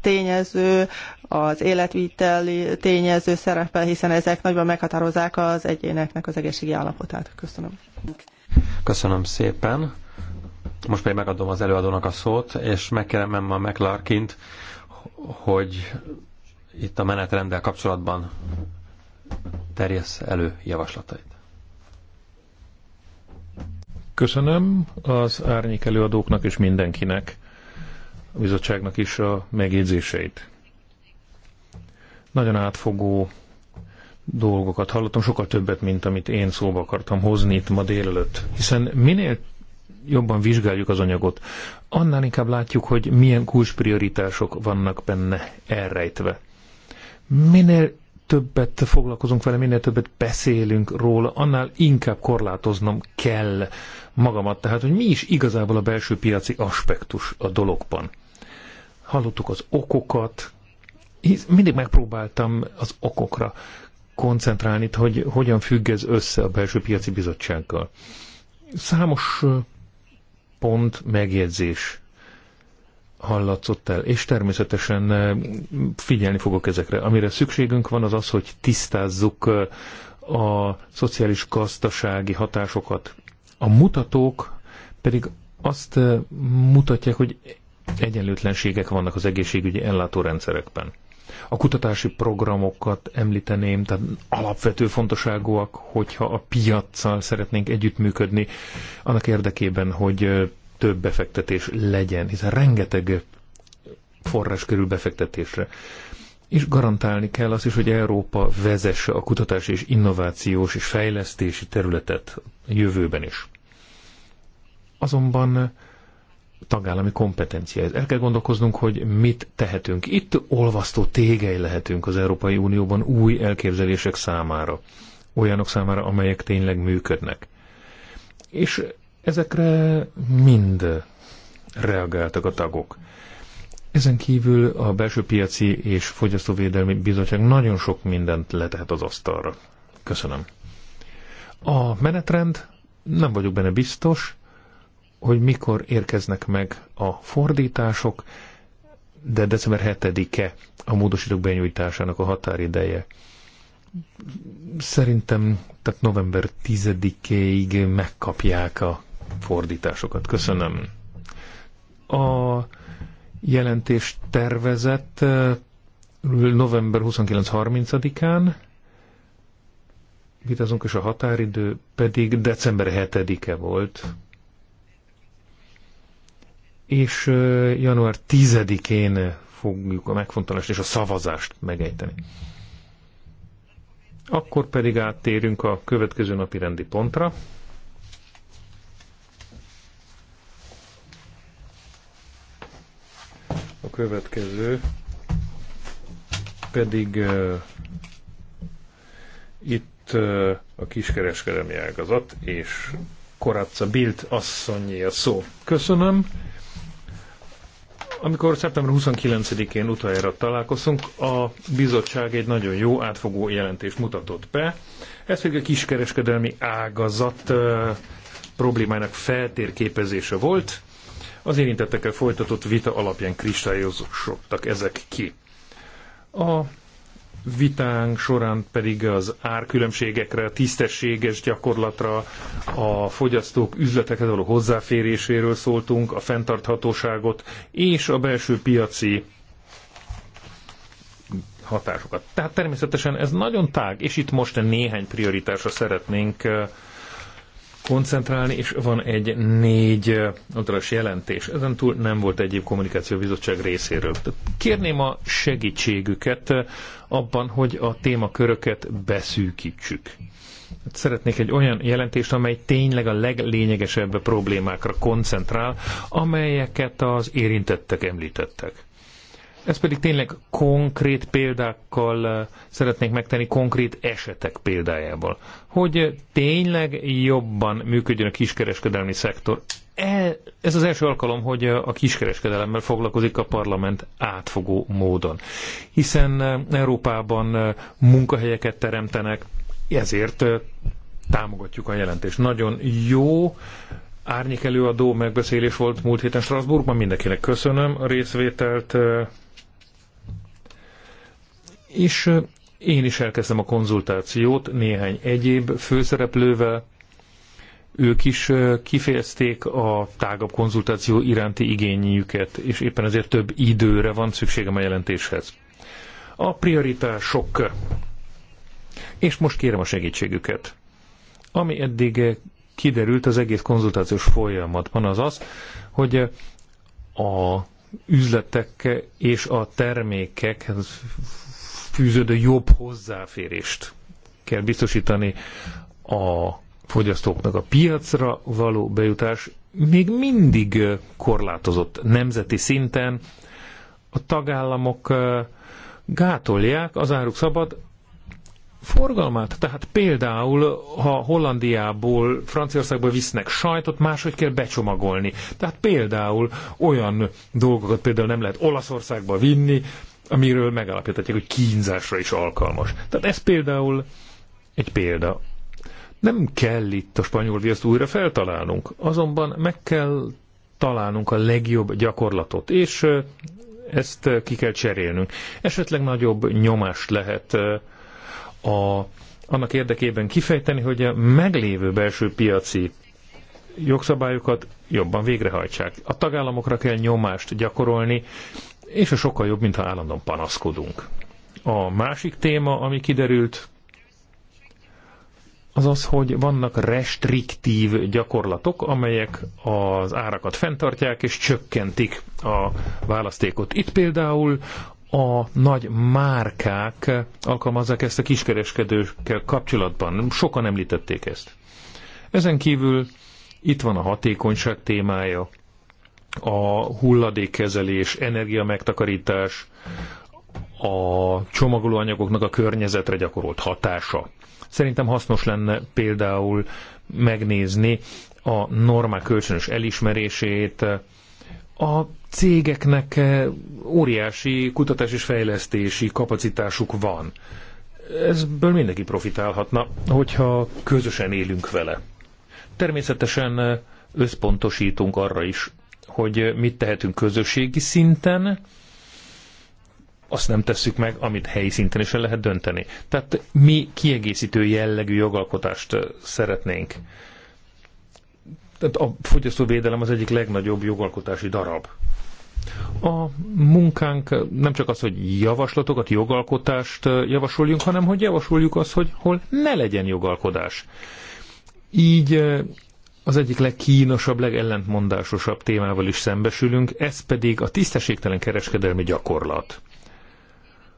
tényező, az életviteli tényező szerepel, hiszen ezek nagyban meghatározzák az egyéneknek az egészségi állapotát. Köszönöm. Köszönöm szépen. Most pedig megadom az előadónak a szót, és megkeremem a McLarkint, hogy itt a menetrenddel kapcsolatban terjesz elő javaslatait. Köszönöm az árnyék előadóknak és mindenkinek, a bizottságnak is a megjegyzéseit. Nagyon átfogó dolgokat hallottam, sokkal többet, mint amit én szóba akartam hozni itt ma délelőtt. Hiszen minél jobban vizsgáljuk az anyagot, annál inkább látjuk, hogy milyen kulcsprioritások vannak benne elrejtve. Minél többet foglalkozunk vele, minél többet beszélünk róla, annál inkább korlátoznom kell magamat. Tehát, hogy mi is igazából a belső piaci aspektus a dologban. Hallottuk az okokat, mindig megpróbáltam az okokra koncentrálni, hogy hogyan függ ez össze a belső piaci bizottsággal. Számos pont, megjegyzés hallatszott el, és természetesen eh, figyelni fogok ezekre. Amire szükségünk van az az, hogy tisztázzuk eh, a szociális gazdasági hatásokat. A mutatók pedig azt eh, mutatják, hogy egyenlőtlenségek vannak az egészségügyi ellátórendszerekben. A kutatási programokat említeném, tehát alapvető fontosságúak, hogyha a piaccal szeretnénk együttműködni, annak érdekében, hogy több befektetés legyen, hiszen rengeteg forrás körül befektetésre. És garantálni kell azt is, hogy Európa vezesse a kutatási és innovációs és fejlesztési területet a jövőben is. Azonban tagállami kompetencia. El kell gondolkoznunk, hogy mit tehetünk. Itt olvasztó tégei lehetünk az Európai Unióban új elképzelések számára. Olyanok számára, amelyek tényleg működnek. És ezekre mind reagáltak a tagok. Ezen kívül a belső piaci és fogyasztóvédelmi bizottság nagyon sok mindent letehet az asztalra. Köszönöm. A menetrend, nem vagyok benne biztos, hogy mikor érkeznek meg a fordítások, de december 7-e a módosítók benyújtásának a határideje. Szerintem tehát november 10-ig megkapják a fordításokat. Köszönöm. A jelentés tervezett eh, november 29-30-án vitázunk, és a határidő pedig december 7-e volt és január 10-én fogjuk a megfontolást és a szavazást megejteni. Akkor pedig áttérünk a következő napi rendi pontra. A következő pedig uh, itt uh, a kiskereskedelmi ágazat, és Koratza Bild asszonyi a szó. Köszönöm, amikor szeptember 29-én utoljára találkozunk, a bizottság egy nagyon jó átfogó jelentést mutatott be. Ez pedig a kiskereskedelmi ágazat problémának feltérképezése volt. Az érintettekkel folytatott vita alapján kristályozottak ezek ki. A vitánk során pedig az árkülönbségekre, a tisztességes gyakorlatra, a fogyasztók üzletekhez való hozzáféréséről szóltunk, a fenntarthatóságot és a belső piaci hatásokat. Tehát természetesen ez nagyon tág, és itt most néhány prioritásra szeretnénk koncentrálni, és van egy négy oldalas jelentés. Ezen túl nem volt egyéb kommunikáció bizottság részéről. Kérném a segítségüket abban, hogy a témaköröket beszűkítsük. Hát szeretnék egy olyan jelentést, amely tényleg a leglényegesebb problémákra koncentrál, amelyeket az érintettek említettek. Ez pedig tényleg konkrét példákkal szeretnék megtenni, konkrét esetek példájával hogy tényleg jobban működjön a kiskereskedelmi szektor. E, ez az első alkalom, hogy a kiskereskedelemmel foglalkozik a parlament átfogó módon. Hiszen e, Európában e, munkahelyeket teremtenek, ezért támogatjuk a jelentést. Nagyon jó árnyék előadó megbeszélés volt múlt héten Strasbourgban, mindenkinek köszönöm a részvételt. És én is elkezdem a konzultációt néhány egyéb főszereplővel. Ők is kifejezték a tágabb konzultáció iránti igényüket, és éppen ezért több időre van szükségem a jelentéshez. A prioritások. És most kérem a segítségüket. Ami eddig kiderült az egész konzultációs folyamatban az az, hogy a üzletek és a termékek fűződő jobb hozzáférést kell biztosítani a fogyasztóknak. A piacra való bejutás még mindig korlátozott nemzeti szinten. A tagállamok gátolják az áruk szabad forgalmát. Tehát például, ha Hollandiából, Franciaországból visznek sajtot, máshogy kell becsomagolni. Tehát például olyan dolgokat például nem lehet Olaszországba vinni, amiről megállapíthatják, hogy kínzásra is alkalmas. Tehát ez például egy példa. Nem kell itt a spanyol viaszt újra feltalálnunk, azonban meg kell találnunk a legjobb gyakorlatot, és ezt ki kell cserélnünk. Esetleg nagyobb nyomást lehet a, annak érdekében kifejteni, hogy a meglévő belső piaci jogszabályokat jobban végrehajtsák. A tagállamokra kell nyomást gyakorolni, és a sokkal jobb, mintha állandóan panaszkodunk. A másik téma, ami kiderült, az az, hogy vannak restriktív gyakorlatok, amelyek az árakat fenntartják és csökkentik a választékot. Itt például a nagy márkák alkalmazzák ezt a kiskereskedőkkel kapcsolatban. Sokan említették ezt. Ezen kívül itt van a hatékonyság témája, a hulladékkezelés, energiamegtakarítás, a csomagolóanyagoknak a környezetre gyakorolt hatása. Szerintem hasznos lenne például megnézni a normák kölcsönös elismerését, a cégeknek óriási kutatás és fejlesztési kapacitásuk van. Ezből mindenki profitálhatna, hogyha közösen élünk vele. Természetesen összpontosítunk arra is, hogy mit tehetünk közösségi szinten, azt nem tesszük meg, amit helyi szinten is el lehet dönteni. Tehát mi kiegészítő jellegű jogalkotást szeretnénk. Tehát a fogyasztóvédelem az egyik legnagyobb jogalkotási darab. A munkánk nem csak az, hogy javaslatokat, jogalkotást javasoljunk, hanem hogy javasoljuk azt, hogy hol ne legyen jogalkodás. Így az egyik legkínosabb, legellentmondásosabb témával is szembesülünk, ez pedig a tisztességtelen kereskedelmi gyakorlat.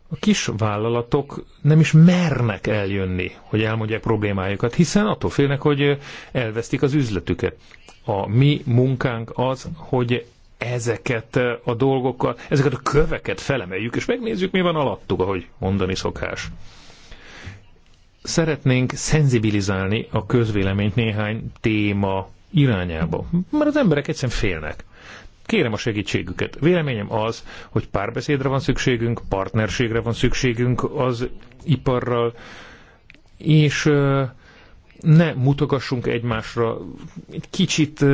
A kis vállalatok nem is mernek eljönni, hogy elmondják problémájukat, hiszen attól félnek, hogy elvesztik az üzletüket. A mi munkánk az, hogy ezeket a dolgokat, ezeket a köveket felemeljük, és megnézzük, mi van alattuk, ahogy mondani szokás szeretnénk szenzibilizálni a közvéleményt néhány téma irányába, mert az emberek egyszerűen félnek. Kérem a segítségüket. Véleményem az, hogy párbeszédre van szükségünk, partnerségre van szükségünk az iparral, és ne mutogassunk egymásra, egy kicsit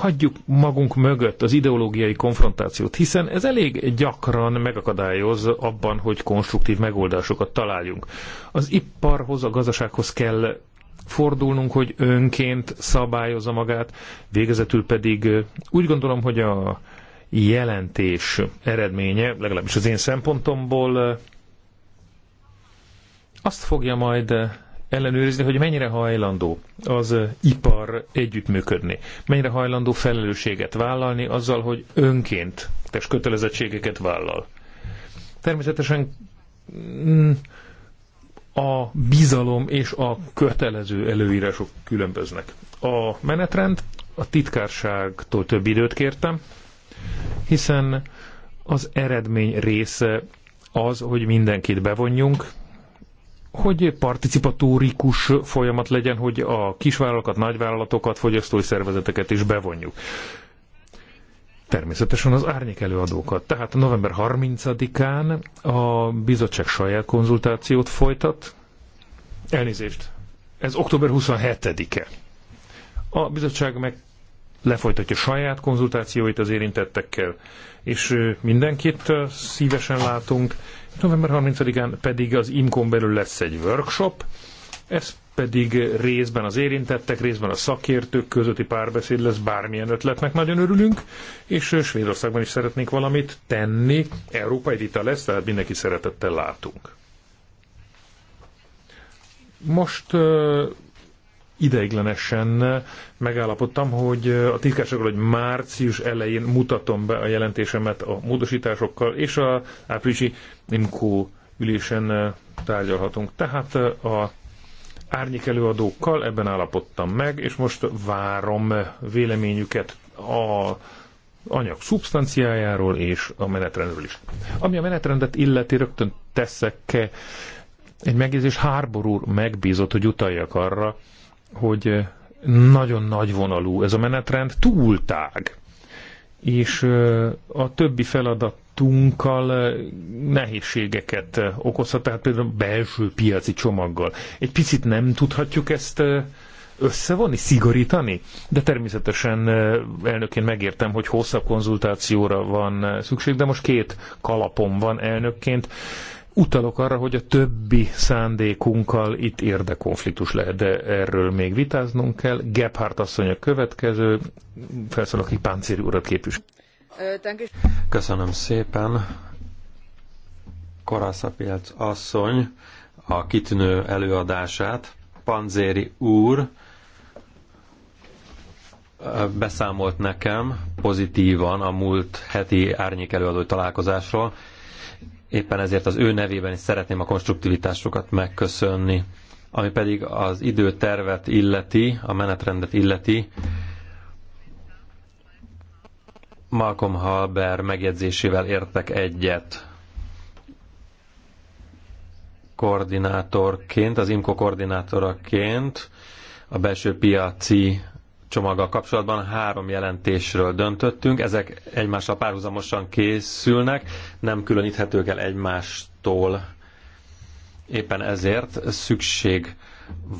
hagyjuk magunk mögött az ideológiai konfrontációt, hiszen ez elég gyakran megakadályoz abban, hogy konstruktív megoldásokat találjunk. Az iparhoz, a gazdasághoz kell fordulnunk, hogy önként szabályozza magát, végezetül pedig úgy gondolom, hogy a jelentés eredménye, legalábbis az én szempontomból, azt fogja majd ellenőrizni, hogy mennyire hajlandó az ipar együttműködni, mennyire hajlandó felelősséget vállalni azzal, hogy önként és kötelezettségeket vállal. Természetesen mm, a bizalom és a kötelező előírások különböznek. A menetrend a titkárságtól több időt kértem, hiszen az eredmény része az, hogy mindenkit bevonjunk, hogy participatórikus folyamat legyen, hogy a kisvállalatokat, nagyvállalatokat, fogyasztói szervezeteket is bevonjuk. Természetesen az árnyék előadókat. Tehát november 30-án a bizottság saját konzultációt folytat. Elnézést, ez október 27-e. A bizottság meg lefolytatja saját konzultációit az érintettekkel, és mindenkit szívesen látunk, November 30-án pedig az IMKON belül lesz egy workshop, ez pedig részben az érintettek, részben a szakértők közötti párbeszéd lesz, bármilyen ötletnek nagyon örülünk, és Svédországban is szeretnénk valamit tenni. Európai vita lesz, tehát mindenki szeretettel látunk. Most ideiglenesen megállapodtam, hogy a titkársággal, hogy március elején mutatom be a jelentésemet a módosításokkal, és a áprilisi NIMCO ülésen tárgyalhatunk. Tehát a árnyék előadókkal ebben állapodtam meg, és most várom véleményüket a anyag szubstanciájáról és a menetrendről is. Ami a menetrendet illeti, rögtön teszek egy megjegyzés, Harbor úr megbízott, hogy utaljak arra, hogy eh, nagyon nagy vonalú ez a menetrend, túl tág. És eh, a többi feladat Tunkkal eh, nehézségeket okozhat, tehát például a belső piaci csomaggal. Egy picit nem tudhatjuk ezt összevonni, szigorítani? De természetesen elnökként megértem, hogy hosszabb konzultációra van szükség, de most két kalapom van elnökként, utalok arra, hogy a többi szándékunkkal itt érdekonfliktus lehet, de erről még vitáznunk kell. Gebhardt asszony a következő, felszól, aki páncéri urat képvisel. Köszönöm szépen. Koraszapilc asszony a kitűnő előadását. Panzéri úr beszámolt nekem pozitívan a múlt heti árnyék előadó találkozásról. Éppen ezért az ő nevében is szeretném a konstruktivitásokat megköszönni. Ami pedig az időtervet illeti, a menetrendet illeti, Malcolm Halber megjegyzésével értek egyet. Koordinátorként, az IMCO koordinátoraként a belső piaci csomaggal kapcsolatban három jelentésről döntöttünk, ezek egymással párhuzamosan készülnek, nem különíthetők el egymástól. Éppen ezért szükség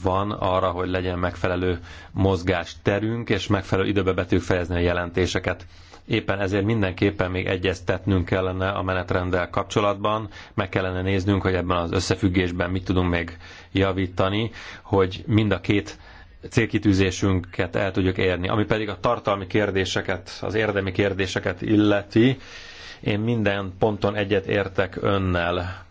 van arra, hogy legyen megfelelő mozgás terünk és megfelelő időbe betűk fejezni a jelentéseket. Éppen ezért mindenképpen még egyeztetnünk kellene a menetrenddel kapcsolatban, meg kellene néznünk, hogy ebben az összefüggésben mit tudunk még javítani, hogy mind a két célkitűzésünket el tudjuk érni. Ami pedig a tartalmi kérdéseket, az érdemi kérdéseket illeti, én minden ponton egyet értek önnel.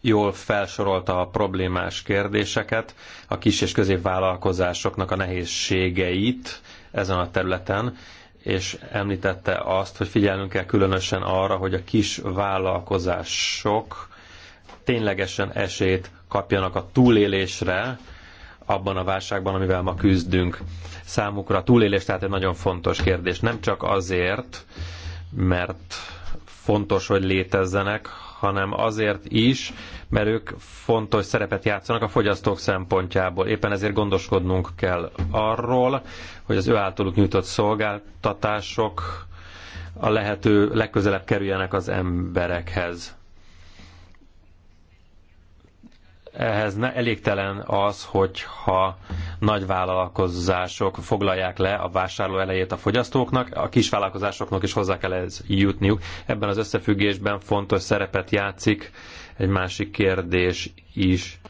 Jól felsorolta a problémás kérdéseket, a kis és középvállalkozásoknak a nehézségeit ezen a területen, és említette azt, hogy figyelnünk kell különösen arra, hogy a kis vállalkozások ténylegesen esélyt kapjanak a túlélésre, abban a válságban, amivel ma küzdünk. Számukra a túlélés tehát egy nagyon fontos kérdés. Nem csak azért, mert fontos, hogy létezzenek, hanem azért is, mert ők fontos szerepet játszanak a fogyasztók szempontjából. Éppen ezért gondoskodnunk kell arról, hogy az ő általuk nyújtott szolgáltatások a lehető legközelebb kerüljenek az emberekhez. ehhez ne, elégtelen az, hogyha nagy vállalkozások foglalják le a vásárló elejét a fogyasztóknak, a kis vállalkozásoknak is hozzá kell ez jutniuk. Ebben az összefüggésben fontos szerepet játszik egy másik kérdés is.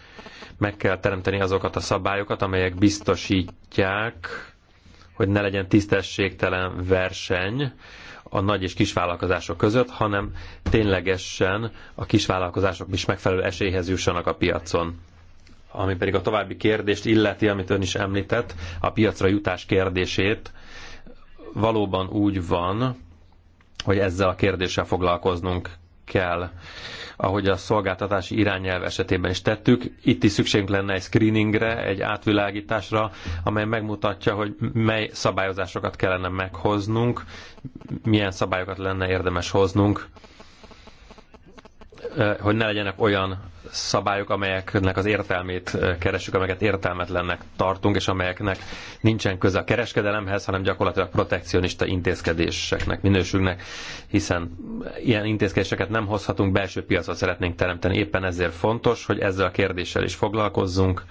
Meg kell teremteni azokat a szabályokat, amelyek biztosítják, hogy ne legyen tisztességtelen verseny a nagy és kisvállalkozások között, hanem ténylegesen a kisvállalkozások is megfelelő esélyhez jussanak a piacon. Ami pedig a további kérdést illeti, amit ön is említett, a piacra jutás kérdését, valóban úgy van, hogy ezzel a kérdéssel foglalkoznunk kell, ahogy a szolgáltatási irányelv esetében is tettük. Itt is szükségünk lenne egy screeningre, egy átvilágításra, amely megmutatja, hogy mely szabályozásokat kellene meghoznunk, milyen szabályokat lenne érdemes hoznunk hogy ne legyenek olyan szabályok, amelyeknek az értelmét keresünk, amelyeket értelmetlennek tartunk, és amelyeknek nincsen köze a kereskedelemhez, hanem gyakorlatilag protekcionista intézkedéseknek minősülnek, hiszen ilyen intézkedéseket nem hozhatunk, belső piacot szeretnénk teremteni. Éppen ezért fontos, hogy ezzel a kérdéssel is foglalkozzunk,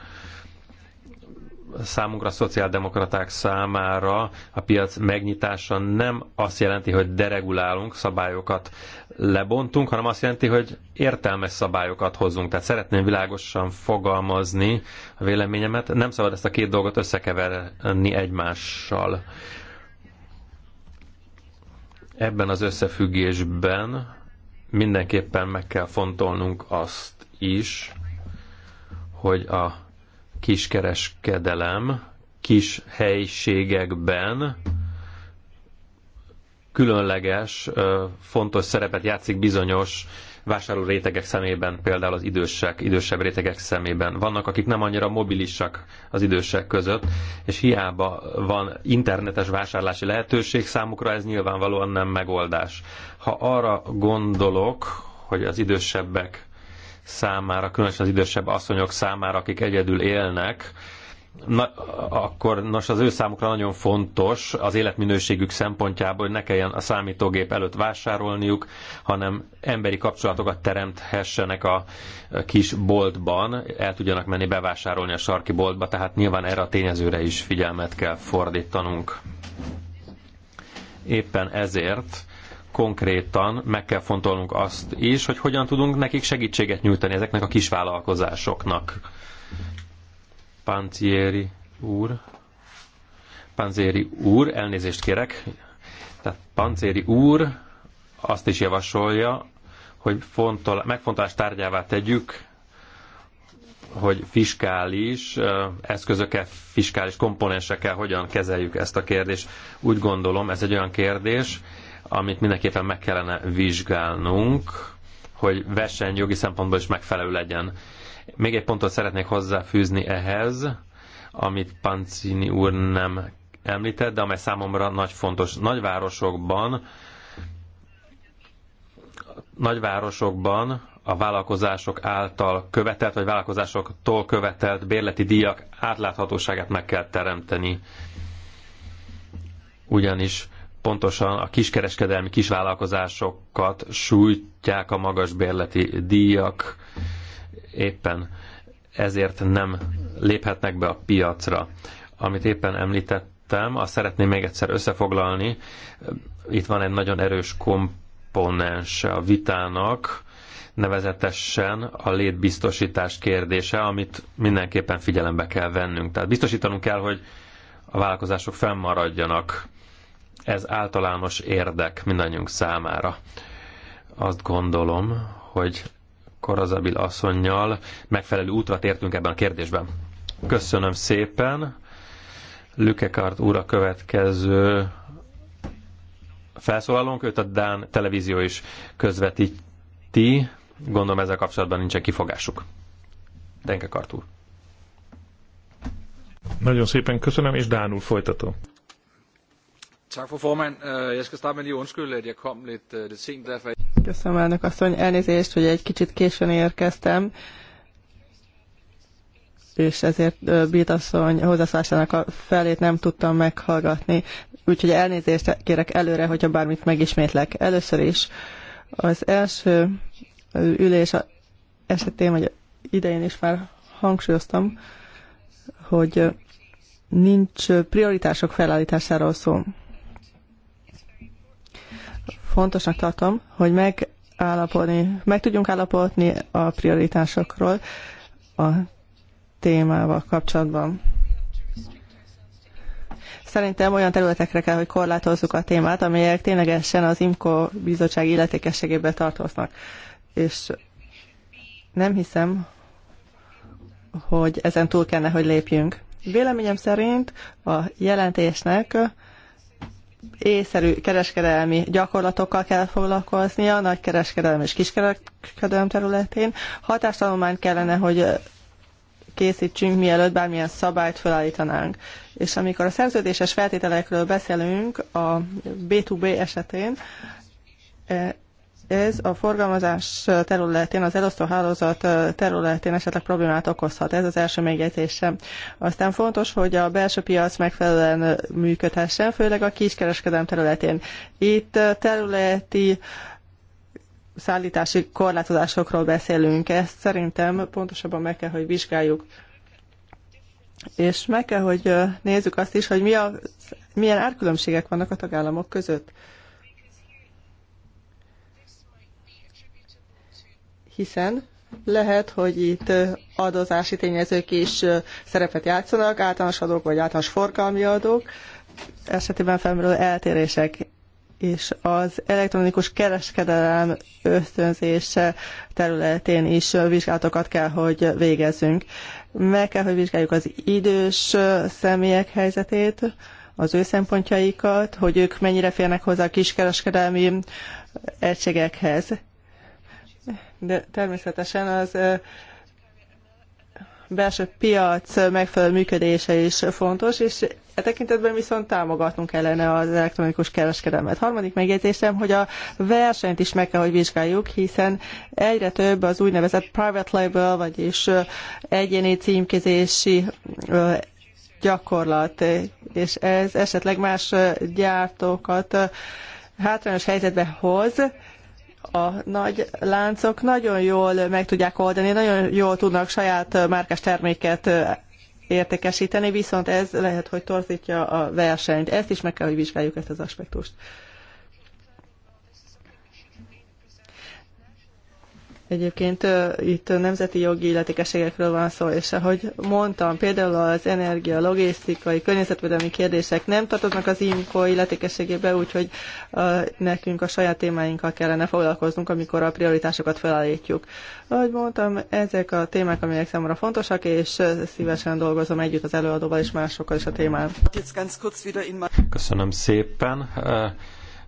számunkra, a szociáldemokraták számára a piac megnyitása nem azt jelenti, hogy deregulálunk, szabályokat lebontunk, hanem azt jelenti, hogy értelmes szabályokat hozunk. Tehát szeretném világosan fogalmazni a véleményemet. Nem szabad ezt a két dolgot összekeverni egymással. Ebben az összefüggésben mindenképpen meg kell fontolnunk azt is, hogy a kiskereskedelem kis helységekben különleges, fontos szerepet játszik bizonyos vásárló rétegek szemében, például az idősek, idősebb rétegek szemében. Vannak, akik nem annyira mobilisak az idősek között, és hiába van internetes vásárlási lehetőség, számukra ez nyilvánvalóan nem megoldás. Ha arra gondolok, hogy az idősebbek számára, különösen az idősebb asszonyok számára, akik egyedül élnek, na, akkor nos, az ő számukra nagyon fontos az életminőségük szempontjából, hogy ne kelljen a számítógép előtt vásárolniuk, hanem emberi kapcsolatokat teremthessenek a kis boltban, el tudjanak menni bevásárolni a sarki boltba, tehát nyilván erre a tényezőre is figyelmet kell fordítanunk. Éppen ezért konkrétan meg kell fontolnunk azt is, hogy hogyan tudunk nekik segítséget nyújtani ezeknek a kisvállalkozásoknak. Pancieri úr. Panzéri úr, elnézést kérek. Tehát Pancéri úr azt is javasolja, hogy fontol, megfontolás tárgyává tegyük, hogy fiskális eszközökkel, fiskális komponensekkel hogyan kezeljük ezt a kérdést. Úgy gondolom, ez egy olyan kérdés, amit mindenképpen meg kellene vizsgálnunk, hogy verseny jogi szempontból is megfelelő legyen. Még egy pontot szeretnék hozzáfűzni ehhez, amit Pancini úr nem említett, de amely számomra nagy fontos. Nagyvárosokban nagyvárosokban a vállalkozások által követelt, vagy vállalkozásoktól követelt bérleti díjak átláthatóságát meg kell teremteni. Ugyanis pontosan a kiskereskedelmi kisvállalkozásokat sújtják a magas bérleti díjak, éppen ezért nem léphetnek be a piacra. Amit éppen említettem, azt szeretném még egyszer összefoglalni. Itt van egy nagyon erős komponens a vitának, nevezetesen a létbiztosítás kérdése, amit mindenképpen figyelembe kell vennünk. Tehát biztosítanunk kell, hogy a vállalkozások fennmaradjanak ez általános érdek mindannyiunk számára. Azt gondolom, hogy Korazabil asszonynal megfelelő útra tértünk ebben a kérdésben. Köszönöm szépen. Lükekart úr a következő felszólalónk, őt a Dán televízió is közvetíti. Gondolom ezzel kapcsolatban nincsen kifogásuk. Denke Kart úr. Nagyon szépen köszönöm, és Dánul folytatom. Tak for formand. Øh, jeg skal starte med lige undskylde, at jeg kom lidt, øh, lidt sent derfor. Köszönöm elnök asszony, elnézést, hogy egy kicsit későn érkeztem, és ezért Bít asszony hozzászólásának a felét nem tudtam meghallgatni. Úgyhogy elnézést kérek előre, hogyha bármit megismétlek. Először is az első ülés esetén, vagy idején is már hangsúlyoztam, hogy nincs prioritások felállításáról szó fontosnak tartom, hogy megállapodni, meg tudjunk állapodni a prioritásokról a témával kapcsolatban. Szerintem olyan területekre kell, hogy korlátozzuk a témát, amelyek ténylegesen az IMCO bizottság illetékességébe tartoznak. És nem hiszem, hogy ezen túl kellene, hogy lépjünk. Véleményem szerint a jelentésnek észszerű kereskedelmi gyakorlatokkal kell foglalkoznia, nagy kereskedelem és kiskereskedelem területén. Hatástanulmányt kellene, hogy készítsünk, mielőtt bármilyen szabályt felállítanánk. És amikor a szerződéses feltételekről beszélünk a B2B esetén, ez a forgalmazás területén, az elosztó hálózat területén esetleg problémát okozhat. Ez az első megjegyzésem. Aztán fontos, hogy a belső piac megfelelően működhessen, főleg a kiskereskedelem területén. Itt területi szállítási korlátozásokról beszélünk. Ezt szerintem pontosabban meg kell, hogy vizsgáljuk. És meg kell, hogy nézzük azt is, hogy mi a, milyen árkülönbségek vannak a tagállamok között. hiszen lehet, hogy itt adózási tényezők is szerepet játszanak, általános adók vagy általános forgalmi adók esetében felmerül eltérések és az elektronikus kereskedelem ösztönzése területén is vizsgálatokat kell, hogy végezzünk. Meg kell, hogy vizsgáljuk az idős személyek helyzetét, az ő szempontjaikat, hogy ők mennyire férnek hozzá a kiskereskedelmi egységekhez de természetesen az belső piac megfelelő működése is fontos, és e tekintetben viszont támogatnunk kellene az elektronikus kereskedelmet. Harmadik megjegyzésem, hogy a versenyt is meg kell, hogy vizsgáljuk, hiszen egyre több az úgynevezett private label, vagyis egyéni címkézési gyakorlat, és ez esetleg más gyártókat hátrányos helyzetbe hoz, a nagy láncok nagyon jól meg tudják oldani, nagyon jól tudnak saját márkás terméket értékesíteni, viszont ez lehet, hogy torzítja a versenyt. Ezt is meg kell, hogy vizsgáljuk ezt az aspektust. Egyébként itt nemzeti jogi illetékeségekről van szó, és ahogy mondtam, például az energia, logisztikai, környezetvédelmi kérdések nem tartoznak az IMCO illetékességébe, úgyhogy uh, nekünk a saját témáinkkal kellene foglalkoznunk, amikor a prioritásokat felállítjuk. Ahogy mondtam, ezek a témák, amelyek számomra fontosak, és szívesen dolgozom együtt az előadóval és másokkal is a témán. Köszönöm szépen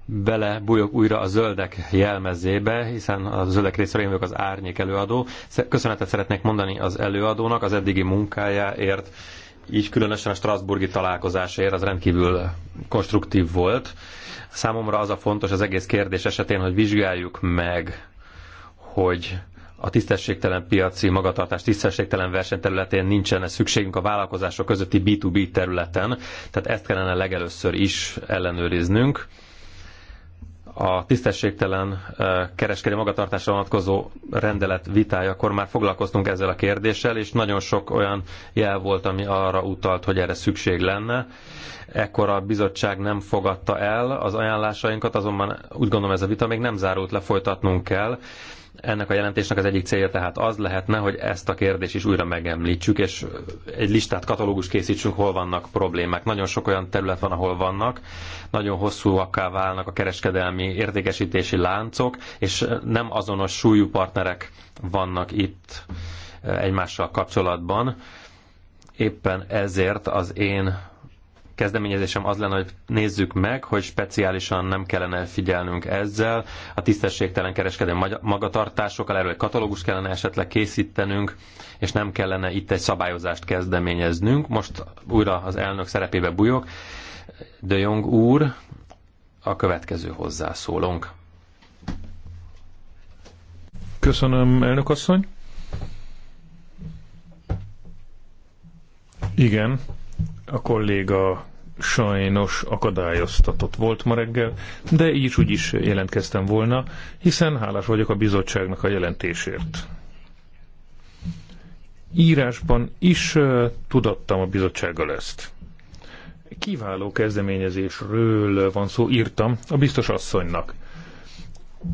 bele bújok újra a zöldek jelmezébe, hiszen a zöldek részéről én vagyok az árnyék előadó. Köszönetet szeretnék mondani az előadónak az eddigi munkájáért, így különösen a Strasburgi találkozásért, az rendkívül konstruktív volt. Számomra az a fontos az egész kérdés esetén, hogy vizsgáljuk meg, hogy a tisztességtelen piaci magatartás, tisztességtelen versenyterületén nincsen -e szükségünk a vállalkozások közötti B2B területen, tehát ezt kellene legelőször is ellenőriznünk a tisztességtelen kereskedelmi magatartásra vonatkozó rendelet vitájakor már foglalkoztunk ezzel a kérdéssel, és nagyon sok olyan jel volt, ami arra utalt, hogy erre szükség lenne. Ekkor a bizottság nem fogadta el az ajánlásainkat, azonban úgy gondolom ez a vita még nem zárult le, folytatnunk kell. Ennek a jelentésnek az egyik célja tehát az lehetne, hogy ezt a kérdést is újra megemlítsük, és egy listát, katalógus készítsünk, hol vannak problémák. Nagyon sok olyan terület van, ahol vannak, nagyon hosszúakká válnak a kereskedelmi értékesítési láncok, és nem azonos súlyú partnerek vannak itt eh, egymással kapcsolatban. Éppen ezért az én kezdeményezésem az lenne, hogy nézzük meg, hogy speciálisan nem kellene figyelnünk ezzel. A tisztességtelen kereskedő magatartásokkal erről egy katalógus kellene esetleg készítenünk, és nem kellene itt egy szabályozást kezdeményeznünk. Most újra az elnök szerepébe bujok. De Jong úr, a következő hozzászólónk. Köszönöm, elnök asszony. Igen, a kolléga sajnos akadályoztatott volt ma reggel, de így is úgy is jelentkeztem volna, hiszen hálás vagyok a bizottságnak a jelentésért. Írásban is tudattam a bizottsággal ezt. Kiváló kezdeményezésről van szó, írtam a biztos asszonynak.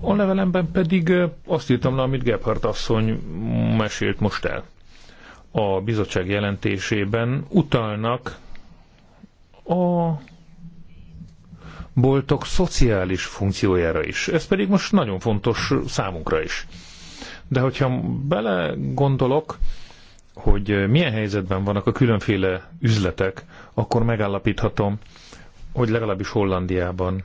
A levelemben pedig azt írtam le, amit Gebhardt asszony mesélt most el a bizottság jelentésében utalnak a boltok szociális funkciójára is. Ez pedig most nagyon fontos számunkra is. De hogyha bele gondolok, hogy milyen helyzetben vannak a különféle üzletek, akkor megállapíthatom, hogy legalábbis Hollandiában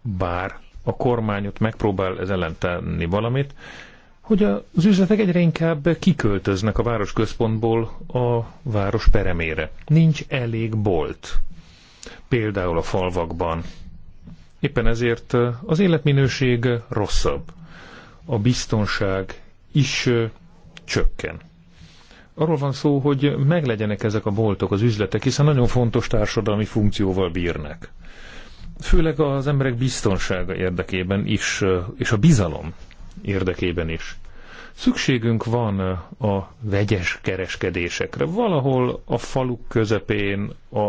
bár a kormányot megpróbál ez ellen tenni valamit, hogy az üzletek egyre inkább kiköltöznek a városközpontból a város peremére. Nincs elég bolt. Például a falvakban. Éppen ezért az életminőség rosszabb. A biztonság is csökken. Arról van szó, hogy meglegyenek ezek a boltok, az üzletek, hiszen nagyon fontos társadalmi funkcióval bírnak. Főleg az emberek biztonsága érdekében is, és a bizalom érdekében is. Szükségünk van eh, a vegyes kereskedésekre, valahol a faluk közepén, a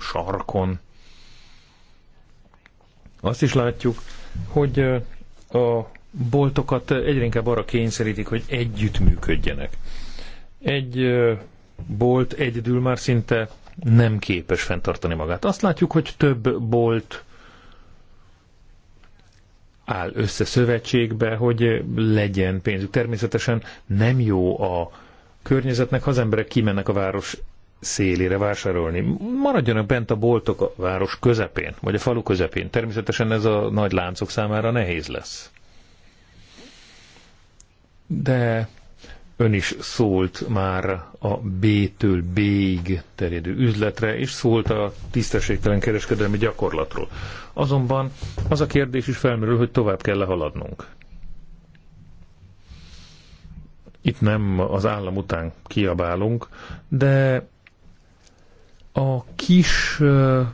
sarkon. Azt is látjuk, hogy eh, a boltokat egyre inkább arra kényszerítik, hogy együttműködjenek. Egy eh, bolt egyedül már szinte nem képes fenntartani magát. Azt látjuk, hogy több bolt áll össze szövetségbe, hogy legyen pénzük. Természetesen nem jó a környezetnek, ha az emberek kimennek a város szélére vásárolni. Maradjanak bent a boltok a város közepén, vagy a falu közepén. Természetesen ez a nagy láncok számára nehéz lesz. De Ön is szólt már a B-től B-ig terjedő üzletre, és szólt a tisztességtelen kereskedelmi gyakorlatról. Azonban az a kérdés is felmerül, hogy tovább kell haladnunk. Itt nem az állam után kiabálunk, de a kis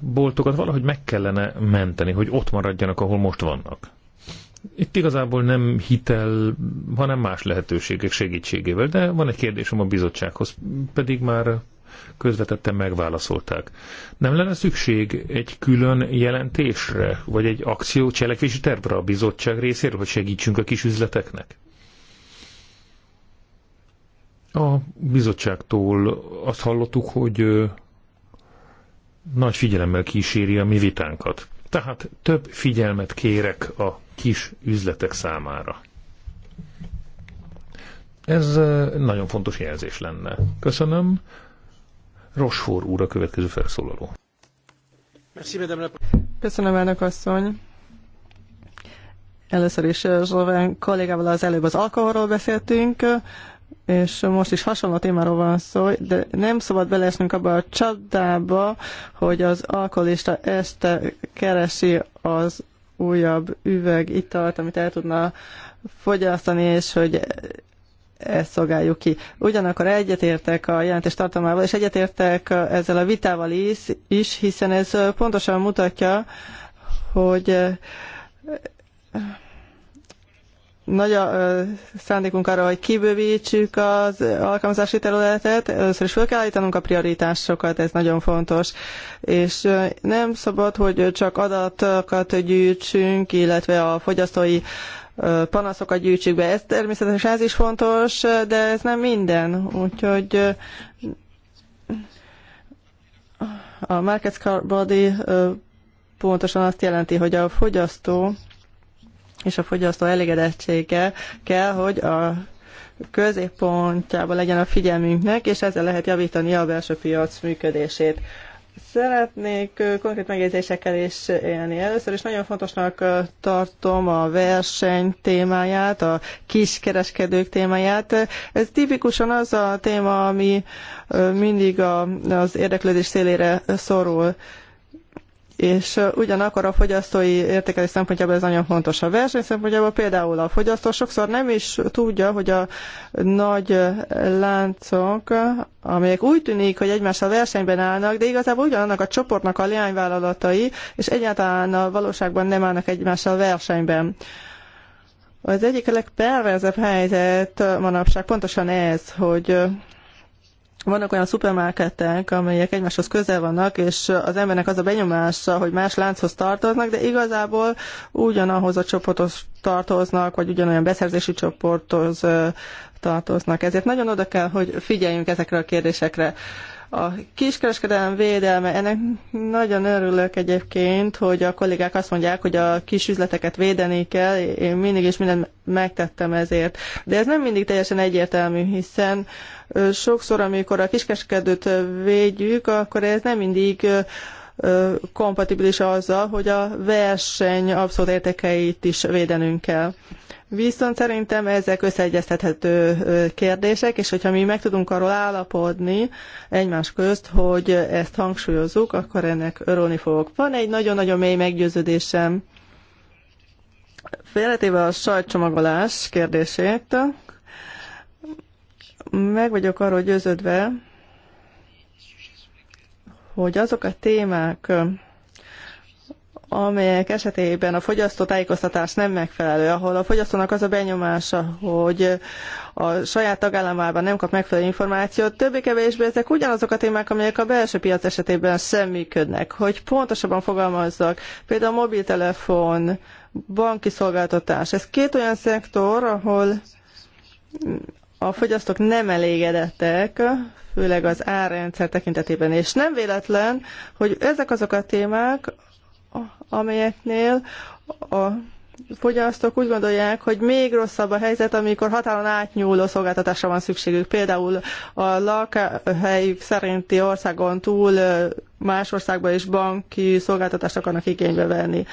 boltokat valahogy meg kellene menteni, hogy ott maradjanak, ahol most vannak. Itt igazából nem hitel, hanem más lehetőségek segítségével, de van egy kérdésem a bizottsághoz, pedig már közvetetten megválaszolták. Nem lenne szükség egy külön jelentésre, vagy egy akció cselekvési tervre a bizottság részéről, hogy segítsünk a kis üzleteknek? A bizottságtól azt hallottuk, hogy nagy figyelemmel kíséri a mi vitánkat. Tehát több figyelmet kérek a kis üzletek számára. Ez nagyon fontos jelzés lenne. Köszönöm. Rosfor úr a következő felszólaló. Köszönöm, elnök asszony. Először is Zsolván kollégával az előbb az alkoholról beszéltünk, és most is hasonló témáról van szó, de nem szabad beleesnünk abba a csapdába, hogy az alkoholista este keresi az újabb üveg italt, amit el tudna fogyasztani, és hogy ezt szolgáljuk ki. Ugyanakkor egyetértek a jelentés tartalmával, és egyetértek ezzel a vitával is, is hiszen ez pontosan mutatja, hogy nagy a szándékunk arra, hogy kibővítsük az alkalmazási területet. Először is fel kell állítanunk a prioritásokat, ez nagyon fontos. És nem szabad, hogy csak adatokat gyűjtsünk, illetve a fogyasztói panaszokat gyűjtsük be. Ez természetesen ez is fontos, de ez nem minden. Úgyhogy a Market Body pontosan azt jelenti, hogy a fogyasztó és a fogyasztó elégedettsége kell, hogy a középpontjában legyen a figyelmünknek, és ezzel lehet javítani a belső piac működését. Szeretnék konkrét megjegyzésekkel is élni. Először is nagyon fontosnak tartom a verseny témáját, a kiskereskedők témáját. Ez tipikusan az a téma, ami mindig az érdeklődés szélére szorul és ugyanakkor a fogyasztói értékelés szempontjából ez nagyon fontos. A verseny szempontjából például a fogyasztó sokszor nem is tudja, hogy a nagy láncok, amelyek úgy tűnik, hogy egymással versenyben állnak, de igazából ugyanannak a csoportnak a leányvállalatai, és egyáltalán a valóságban nem állnak egymással versenyben. Az egyik legperverzebb helyzet manapság pontosan ez, hogy vannak olyan szupermarketek, amelyek egymáshoz közel vannak, és az embernek az a benyomása, hogy más lánchoz tartoznak, de igazából ugyanahhoz a csoporthoz tartoznak, vagy ugyanolyan beszerzési csoporthoz tartoznak. Ezért nagyon oda kell, hogy figyeljünk ezekre a kérdésekre. A kiskereskedelem védelme, ennek nagyon örülök egyébként, hogy a kollégák azt mondják, hogy a kis üzleteket védeni kell, én mindig is mindent megtettem ezért. De ez nem mindig teljesen egyértelmű, hiszen sokszor, amikor a kiskereskedőt védjük, akkor ez nem mindig kompatibilis azzal, hogy a verseny abszolút értékeit is védenünk kell. Viszont szerintem ezek összeegyeztethető kérdések, és hogyha mi meg tudunk arról állapodni egymás közt, hogy ezt hangsúlyozzuk, akkor ennek örülni fogok. Van egy nagyon-nagyon mély meggyőződésem, félretéve a sajtcsomagolás kérdését, meg vagyok arról győződve, hogy azok a témák, amelyek esetében a fogyasztó tájékoztatás nem megfelelő, ahol a fogyasztónak az a benyomása, hogy a saját tagállamában nem kap megfelelő információt, többé-kevésbé ezek ugyanazok a témák, amelyek a belső piac esetében sem működnek. Hogy pontosabban fogalmazzak, például a mobiltelefon, banki szolgáltatás, ez két olyan szektor, ahol a fogyasztók nem elégedettek, főleg az árrendszer tekintetében. És nem véletlen, hogy ezek azok a témák, amelyeknél a fogyasztók úgy gondolják, hogy még rosszabb a helyzet, amikor határon átnyúló szolgáltatásra van szükségük. Például a lakhelyük szerinti országon túl más országban is banki szolgáltatást akarnak igénybe venni.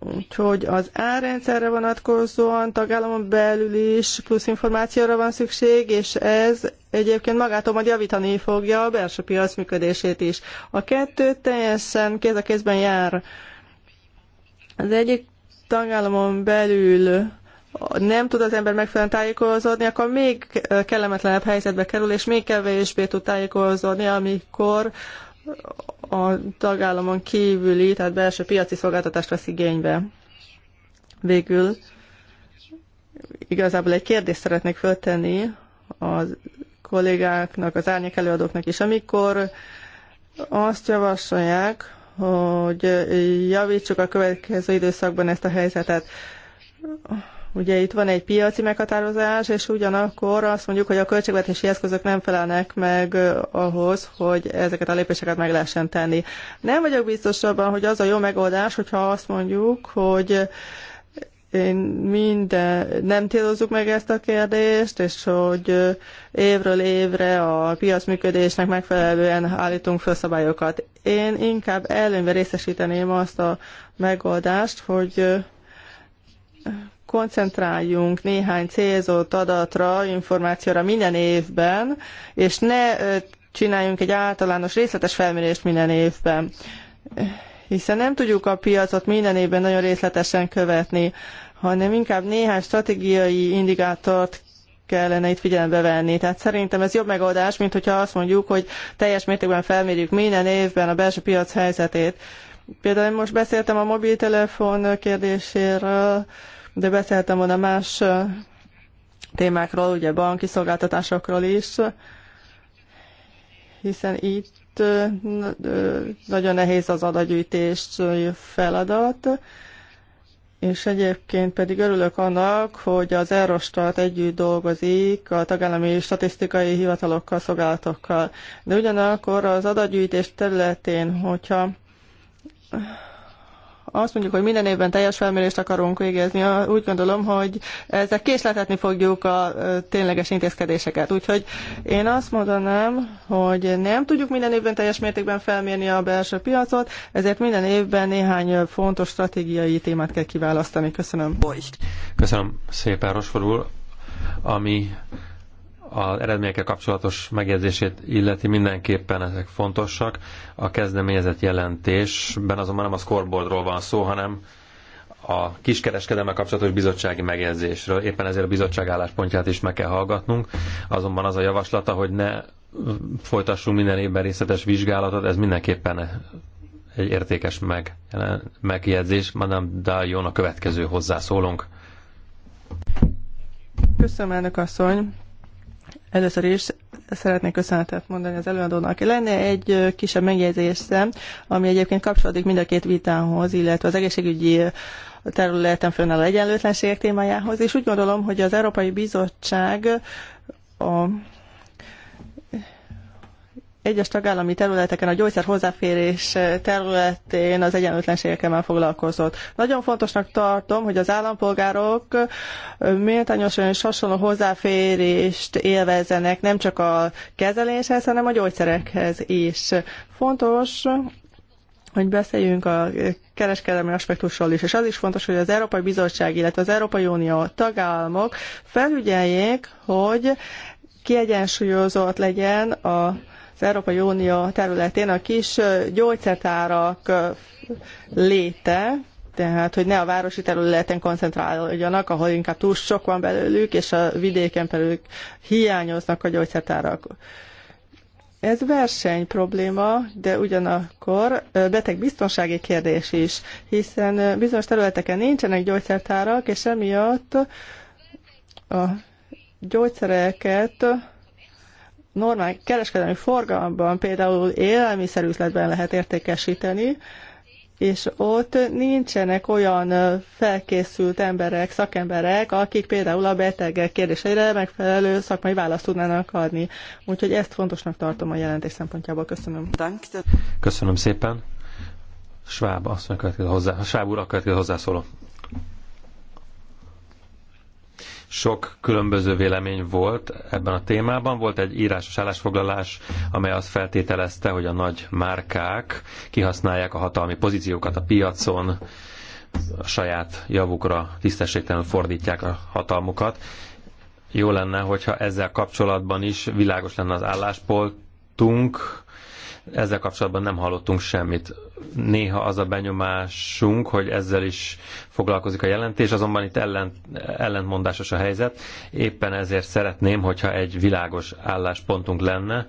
Úgyhogy az árrendszerre vonatkozóan tagállamon belül is plusz információra van szükség, és ez egyébként magától majd javítani fogja a belső piac működését is. A kettő teljesen kéz a kézben jár. Az egyik tagállamon belül nem tud az ember megfelelően tájékozódni, akkor még kellemetlenebb helyzetbe kerül, és még kevésbé tud tájékozódni, amikor a tagállamon kívüli, tehát belső piaci szolgáltatást vesz igénybe. Végül igazából egy kérdést szeretnék föltenni a kollégáknak, az árnyék előadóknak is. Amikor azt javasolják, hogy javítsuk a következő időszakban ezt a helyzetet, Ugye itt van egy piaci meghatározás, és ugyanakkor azt mondjuk, hogy a költségvetési eszközök nem felelnek meg ahhoz, hogy ezeket a lépéseket meg lehessen tenni. Nem vagyok biztos abban, hogy az a jó megoldás, hogyha azt mondjuk, hogy én minden, nem tilozzuk meg ezt a kérdést, és hogy évről évre a piac működésnek megfelelően állítunk fel szabályokat. Én inkább előnyben részesíteném azt a megoldást, hogy koncentráljunk néhány célzott adatra, információra minden évben, és ne csináljunk egy általános részletes felmérést minden évben hiszen nem tudjuk a piacot minden évben nagyon részletesen követni, hanem inkább néhány stratégiai indikátort kellene itt figyelembe venni. Tehát szerintem ez jobb megoldás, mint hogyha azt mondjuk, hogy teljes mértékben felmérjük minden évben a belső piac helyzetét. Például én most beszéltem a mobiltelefon kérdéséről, de beszéltem volna más témákról, ugye banki szolgáltatásokról is, hiszen itt nagyon nehéz az adagyűjtés feladat, és egyébként pedig örülök annak, hogy az Erostat együtt dolgozik a tagállami statisztikai hivatalokkal, szolgálatokkal. De ugyanakkor az adatgyűjtés területén, hogyha azt mondjuk, hogy minden évben teljes felmérést akarunk végezni, úgy gondolom, hogy ezzel késleltetni fogjuk a tényleges intézkedéseket. Úgyhogy én azt mondanám, hogy nem tudjuk minden évben teljes mértékben felmérni a belső piacot, ezért minden évben néhány fontos stratégiai témát kell kiválasztani. Köszönöm. Köszönöm szépen, Rosfor úr. Ami az eredményekkel kapcsolatos megjegyzését illeti mindenképpen ezek fontosak. A kezdeményezett jelentésben azonban nem a scoreboardról van szó, hanem a kiskereskedelme kapcsolatos bizottsági megjegyzésről. Éppen ezért a bizottság álláspontját is meg kell hallgatnunk. Azonban az a javaslata, hogy ne folytassunk minden évben részletes vizsgálatot, ez mindenképpen egy értékes meg, megjegyzés. Madame Dajon a következő hozzászólunk. Köszönöm, elnök asszony. Először is szeretnék köszönetet mondani az előadónak. Lenne egy kisebb megjegyzésem, ami egyébként kapcsolódik mind a két vitához, illetve az egészségügyi területen fönnálló egyenlőtlenségek témájához, és úgy gondolom, hogy az Európai Bizottság a egyes tagállami területeken a gyógyszer hozzáférés eh, területén az egyenlőtlenségekkel már foglalkozott. Nagyon fontosnak tartom, hogy az állampolgárok eh, méltányosan és hasonló hozzáférést élvezzenek nem csak a kezeléshez, hanem a gyógyszerekhez is. Fontos, hogy beszéljünk a kereskedelmi aspektusról is, és az is fontos, hogy az Európai Bizottság, illetve az Európai Unió tagállamok felügyeljék, hogy kiegyensúlyozott legyen a az Európai Unió területén a kis gyógyszertárak léte, tehát hogy ne a városi területen koncentráljanak, ahol inkább túl sok van belőlük, és a vidéken belőlük hiányoznak a gyógyszertárak. Ez verseny probléma, de ugyanakkor betegbiztonsági kérdés is, hiszen bizonyos területeken nincsenek gyógyszertárak, és emiatt a gyógyszereket normál kereskedelmi forgalomban, például élelmiszerüzletben lehet értékesíteni, és ott nincsenek olyan felkészült emberek, szakemberek, akik például a betegek kérdéseire megfelelő szakmai választ tudnának adni. Úgyhogy ezt fontosnak tartom a jelentés szempontjából. Köszönöm. Köszönöm szépen. Schwab, azt a következő hozzá. Schwab úr, a következő hozzászóló. sok különböző vélemény volt ebben a témában. Volt egy írásos állásfoglalás, amely azt feltételezte, hogy a nagy márkák kihasználják a hatalmi pozíciókat a piacon, a saját javukra tisztességtelenül fordítják a hatalmukat. Jó lenne, hogyha ezzel kapcsolatban is világos lenne az álláspontunk, ezzel kapcsolatban nem hallottunk semmit. Néha az a benyomásunk, hogy ezzel is foglalkozik a jelentés, azonban itt ellent, ellentmondásos a helyzet. Éppen ezért szeretném, hogyha egy világos álláspontunk lenne.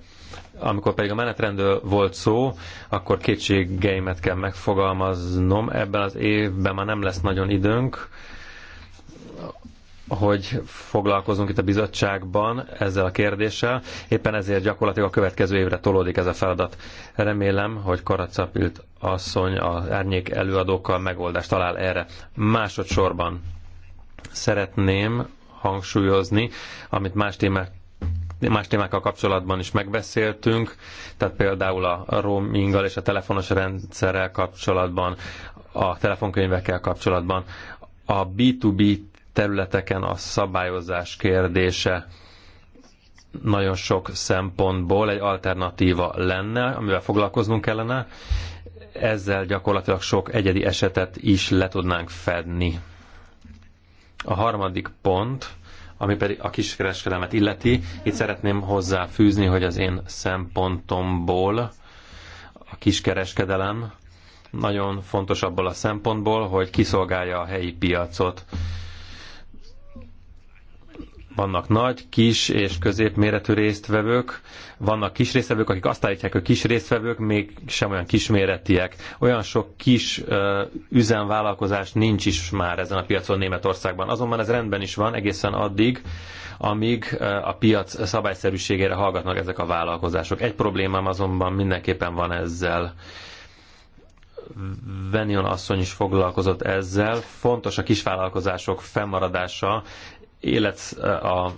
Amikor pedig a menetrendről volt szó, akkor kétségeimet kell megfogalmaznom. Ebben az évben már nem lesz nagyon időnk hogy foglalkozunk itt a bizottságban ezzel a kérdéssel. Éppen ezért gyakorlatilag a következő évre tolódik ez a feladat. Remélem, hogy Karacapült asszony a árnyék előadókkal megoldást talál erre. Másodszorban szeretném hangsúlyozni, amit más témák más témákkal kapcsolatban is megbeszéltünk, tehát például a roaminggal és a telefonos rendszerrel kapcsolatban, a telefonkönyvekkel kapcsolatban, a B2B területeken a szabályozás kérdése nagyon sok szempontból egy alternatíva lenne, amivel foglalkoznunk kellene. Ezzel gyakorlatilag sok egyedi esetet is le tudnánk fedni. A harmadik pont, ami pedig a kiskereskedelmet illeti, itt szeretném hozzáfűzni, hogy az én szempontomból a kiskereskedelem nagyon fontos abból a szempontból, hogy kiszolgálja a helyi piacot vannak nagy, kis és középméretű résztvevők, vannak kis résztvevők, akik azt állítják, hogy kis résztvevők, még sem olyan kisméretiek. Olyan sok kis ö, üzemvállalkozás nincs is már ezen a piacon Németországban. Azonban ez rendben is van egészen addig, amíg a piac szabályszerűségére hallgatnak ezek a vállalkozások. Egy problémám azonban mindenképpen van ezzel. Venion asszony is foglalkozott ezzel. Fontos a kisvállalkozások fennmaradása élet a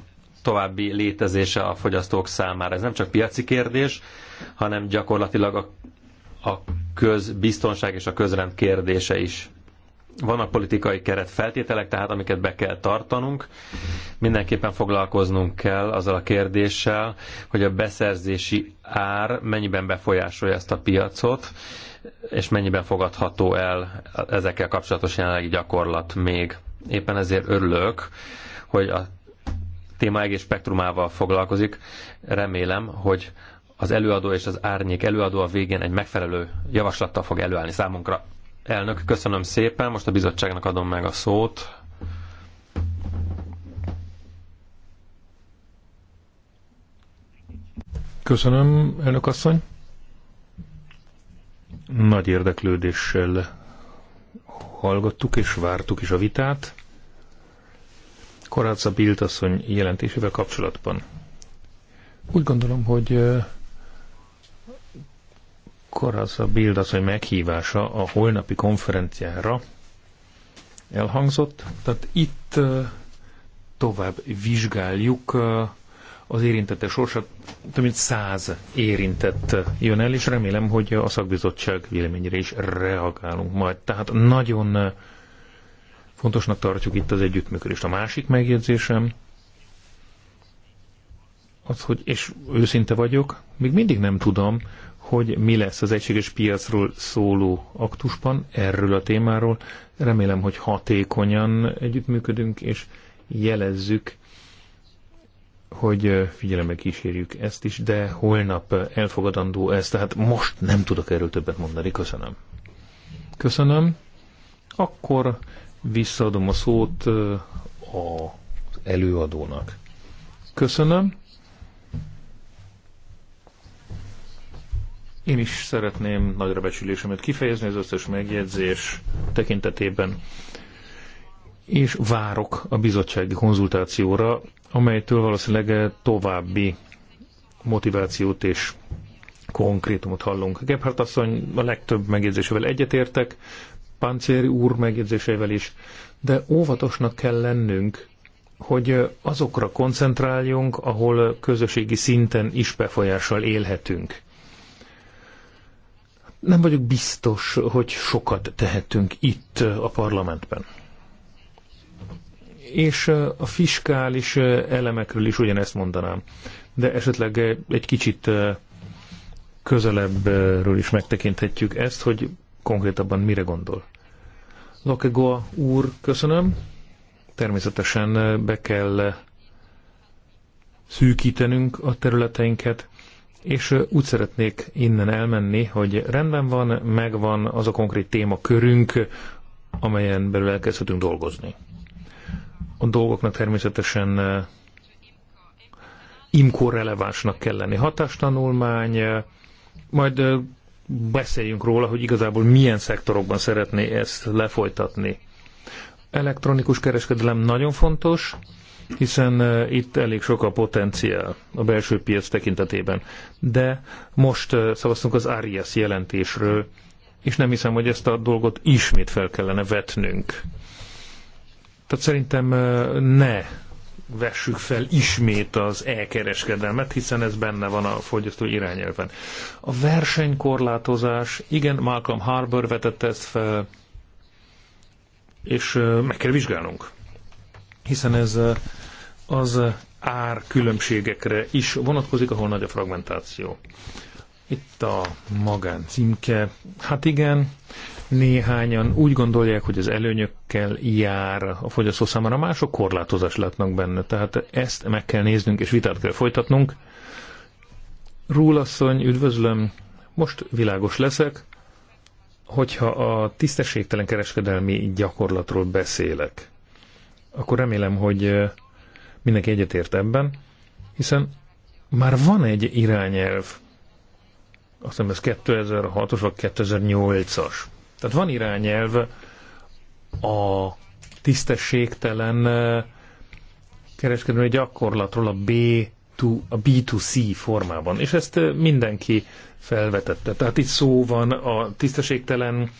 további létezése a fogyasztók számára. Ez nem csak piaci kérdés, hanem gyakorlatilag a, a közbiztonság és a közrend kérdése is. Vannak politikai keret feltételek, tehát amiket be kell tartanunk. Mindenképpen foglalkoznunk kell azzal a kérdéssel, hogy a beszerzési ár mennyiben befolyásolja ezt a piacot, és mennyiben fogadható el ezekkel kapcsolatos jelenlegi gyakorlat még. Éppen ezért örülök, hogy a téma egész spektrumával foglalkozik. Remélem, hogy az előadó és az árnyék előadó a végén egy megfelelő javaslattal fog előállni számunkra. Elnök, köszönöm szépen, most a bizottságnak adom meg a szót. Köszönöm, elnök asszony. Nagy érdeklődéssel hallgattuk és vártuk is a vitát. Korátza Bildasszony jelentésével kapcsolatban. Úgy gondolom, hogy Korátza Bildasszony meghívása a holnapi konferenciára elhangzott. Tehát itt tovább vizsgáljuk az érintette sorsát. Több mint száz érintett jön el, és remélem, hogy a szakbizottság véleményére is reagálunk majd. Tehát nagyon Fontosnak tartjuk itt az együttműködést. A másik megjegyzésem, az, hogy, és őszinte vagyok, még mindig nem tudom, hogy mi lesz az egységes piacról szóló aktusban erről a témáról. Remélem, hogy hatékonyan együttműködünk, és jelezzük, hogy figyelembe kísérjük ezt is, de holnap elfogadandó ez, tehát most nem tudok erről többet mondani. Köszönöm. Köszönöm. Akkor Visszaadom a szót az előadónak. Köszönöm. Én is szeretném nagyra becsülésemet kifejezni az összes megjegyzés tekintetében, és várok a bizottsági konzultációra, amelytől valószínűleg további motivációt és konkrétumot hallunk. Gebhardt asszony a legtöbb megjegyzésével egyetértek, Páncéri úr megjegyzéseivel is, de óvatosnak kell lennünk, hogy azokra koncentráljunk, ahol közösségi szinten is befolyással élhetünk. Nem vagyok biztos, hogy sokat tehetünk itt a parlamentben. És a fiskális elemekről is ugyanezt mondanám. De esetleg egy kicsit közelebbről is megtekinthetjük ezt, hogy konkrétabban mire gondol. Lokegoa úr, köszönöm. Természetesen eh, be kell eh, szűkítenünk a területeinket, és eh, úgy szeretnék innen elmenni, hogy rendben van, megvan az a konkrét körünk, amelyen belül elkezdhetünk dolgozni. A dolgoknak természetesen imkor relevánsnak kell lenni. Hatástanulmány, majd beszéljünk róla, hogy igazából milyen szektorokban szeretné ezt lefolytatni. Elektronikus kereskedelem nagyon fontos, hiszen itt elég sok a potenciál a belső piac tekintetében. De most szavaztunk az Arias jelentésről, és nem hiszem, hogy ezt a dolgot ismét fel kellene vetnünk. Tehát szerintem ne vessük fel ismét az elkereskedelmet, hiszen ez benne van a fogyasztó irányelven. A versenykorlátozás, igen, Malcolm Harbour vetette ezt fel, és meg kell vizsgálnunk, hiszen ez az ár különbségekre is vonatkozik, ahol nagy a fragmentáció. Itt a magán címke. Hát igen, Néhányan úgy gondolják, hogy az előnyökkel jár a fogyasztó számára, mások korlátozás látnak benne. Tehát ezt meg kell néznünk, és vitát kell folytatnunk. Rúlasszony, üdvözlöm, most világos leszek, hogyha a tisztességtelen kereskedelmi gyakorlatról beszélek, akkor remélem, hogy mindenki egyetért ebben, hiszen már van egy irányelv, azt hiszem ez 2006-os vagy 2008-as. Tehát van irányelv a tisztességtelen kereskedelmi gyakorlatról a B to a B2C formában, és ezt mindenki felvetette. Tehát itt szó van a tisztességtelen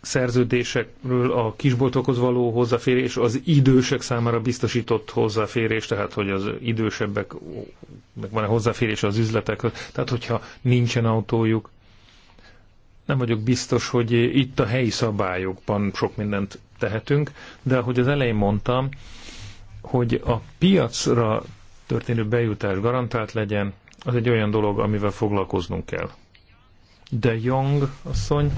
szerződésekről a kisboltokhoz való hozzáférés, az idősek számára biztosított hozzáférés, tehát hogy az idősebbek van -e hozzáférés az üzletekhez, tehát hogyha nincsen autójuk, nem vagyok biztos, hogy itt a helyi szabályokban sok mindent tehetünk, de ahogy az elején mondtam, hogy a piacra történő bejutás garantált legyen, az egy olyan dolog, amivel foglalkoznunk kell. De Young asszony,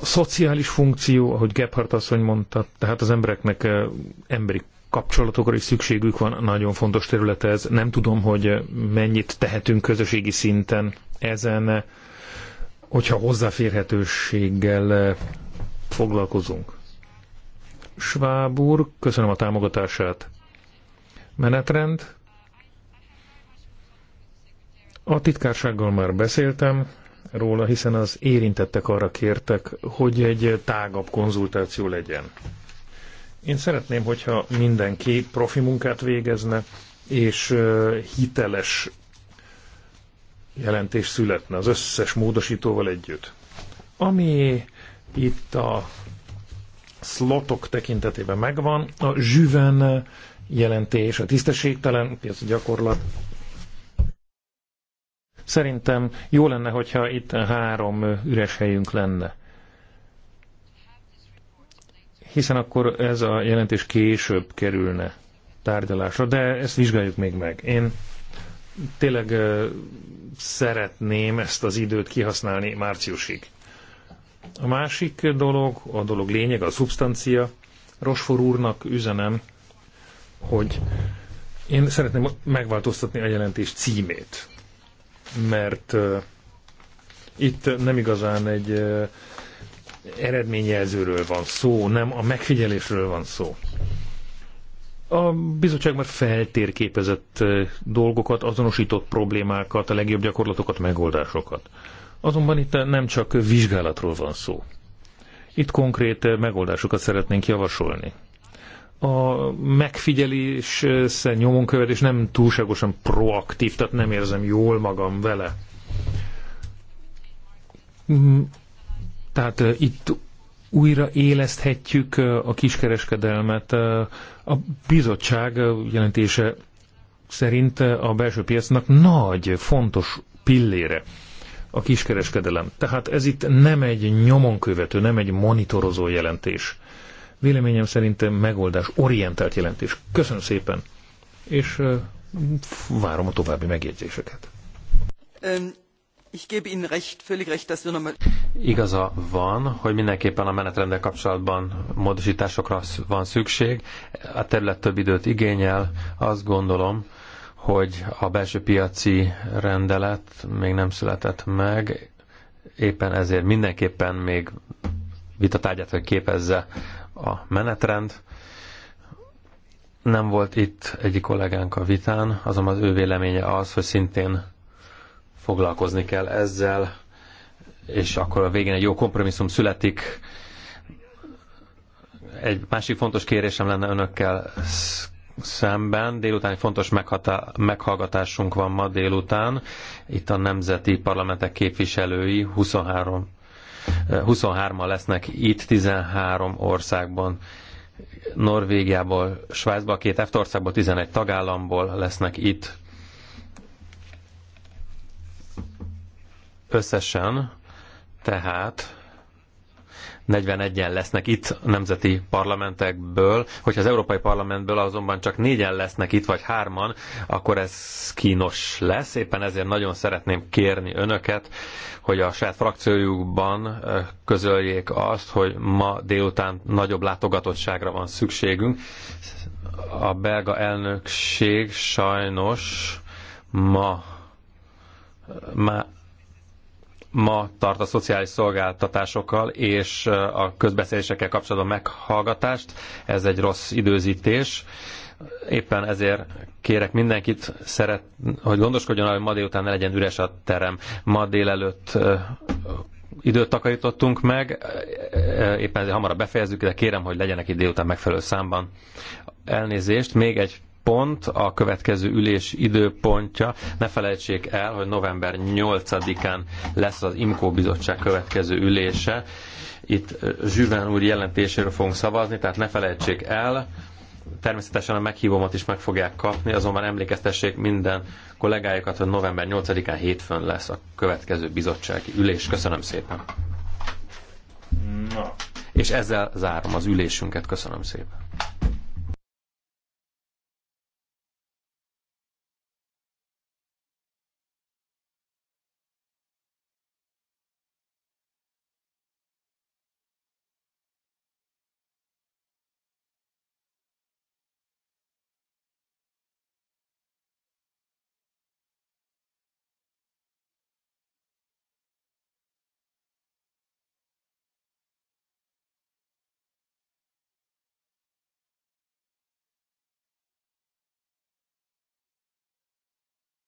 a szociális funkció, ahogy Gebhardt asszony mondta, tehát az embereknek eh, emberi kapcsolatokra is szükségük van, nagyon fontos terület ez. Nem tudom, hogy mennyit tehetünk közösségi szinten ezen eh, hogyha hozzáférhetőséggel eh, foglalkozunk. Schwab úr, köszönöm a támogatását. Menetrend. A titkársággal már beszéltem róla, hiszen az érintettek arra kértek, hogy egy tágabb konzultáció legyen. Én szeretném, hogyha mindenki profi munkát végezne, és eh, hiteles jelentés születne az összes módosítóval együtt. Ami itt a slotok tekintetében megvan, a zsüven jelentés, a tisztességtelen piaci gyakorlat. Szerintem jó lenne, hogyha itt három üres helyünk lenne. Hiszen akkor ez a jelentés később kerülne tárgyalásra, de ezt vizsgáljuk még meg. Én tényleg szeretném ezt az időt kihasználni márciusig. A másik dolog, a dolog lényeg, a szubstancia. Rosfor úrnak üzenem, hogy én szeretném megváltoztatni a jelentés címét, mert uh, itt nem igazán egy uh, eredményjelzőről van szó, nem a megfigyelésről van szó. A bizottság már feltérképezett dolgokat, azonosított problémákat, a legjobb gyakorlatokat, megoldásokat. Azonban itt nem csak vizsgálatról van szó. Itt konkrét megoldásokat szeretnénk javasolni. A megfigyelés, nyomonkövetés nem túlságosan proaktív, tehát nem érzem jól magam vele. Mm, tehát itt újra éleszthetjük a kiskereskedelmet. A bizottság jelentése szerint a belső piacnak nagy, fontos pillére a kiskereskedelem. Tehát ez itt nem egy nyomon követő, nem egy monitorozó jelentés. Véleményem szerint megoldás orientált jelentés. Köszönöm szépen, és várom a további megjegyzéseket. Igaza van, hogy mindenképpen a menetrendel kapcsolatban módosításokra van szükség. A terület több időt igényel. Azt gondolom, hogy a belső piaci rendelet még nem született meg, éppen ezért mindenképpen még vitatárgyát kell képezze a menetrend. Nem volt itt egyik kollégánk a vitán, azonban az ő véleménye az, hogy szintén foglalkozni kell ezzel, és akkor a végén egy jó kompromisszum születik. Egy másik fontos kérésem lenne önökkel szemben. Délután egy fontos meghallgatásunk van ma délután. Itt a nemzeti parlamentek képviselői 23 23-an eh, lesznek itt, 13 országban. Norvégiából, Svájcban, két EFT országból, 11 tagállamból lesznek itt. Összesen tehát 41-en lesznek itt nemzeti parlamentekből, hogyha az Európai Parlamentből azonban csak négyen lesznek itt, vagy hárman, akkor ez kínos lesz. Éppen ezért nagyon szeretném kérni önöket, hogy a saját frakciójukban közöljék azt, hogy ma délután nagyobb látogatottságra van szükségünk. A belga elnökség sajnos ma már ma tart a szociális szolgáltatásokkal és a közbeszélésekkel kapcsolatban meghallgatást. Ez egy rossz időzítés. Éppen ezért kérek mindenkit, szeret, hogy gondoskodjon, hogy ma délután ne legyen üres a terem. Ma délelőtt időt takarítottunk meg, éppen ezért hamarabb befejezzük, de kérem, hogy legyenek itt délután megfelelő számban. Elnézést, még egy pont, a következő ülés időpontja. Ne felejtsék el, hogy november 8-án lesz az IMKO bizottság következő ülése. Itt Zsüven úr jelentéséről fogunk szavazni, tehát ne felejtsék el. Természetesen a meghívómat is meg fogják kapni, azonban emlékeztessék minden kollégájukat, hogy november 8-án hétfőn lesz a következő bizottsági ülés. Köszönöm szépen! Na. És ezzel zárom az ülésünket. Köszönöm szépen!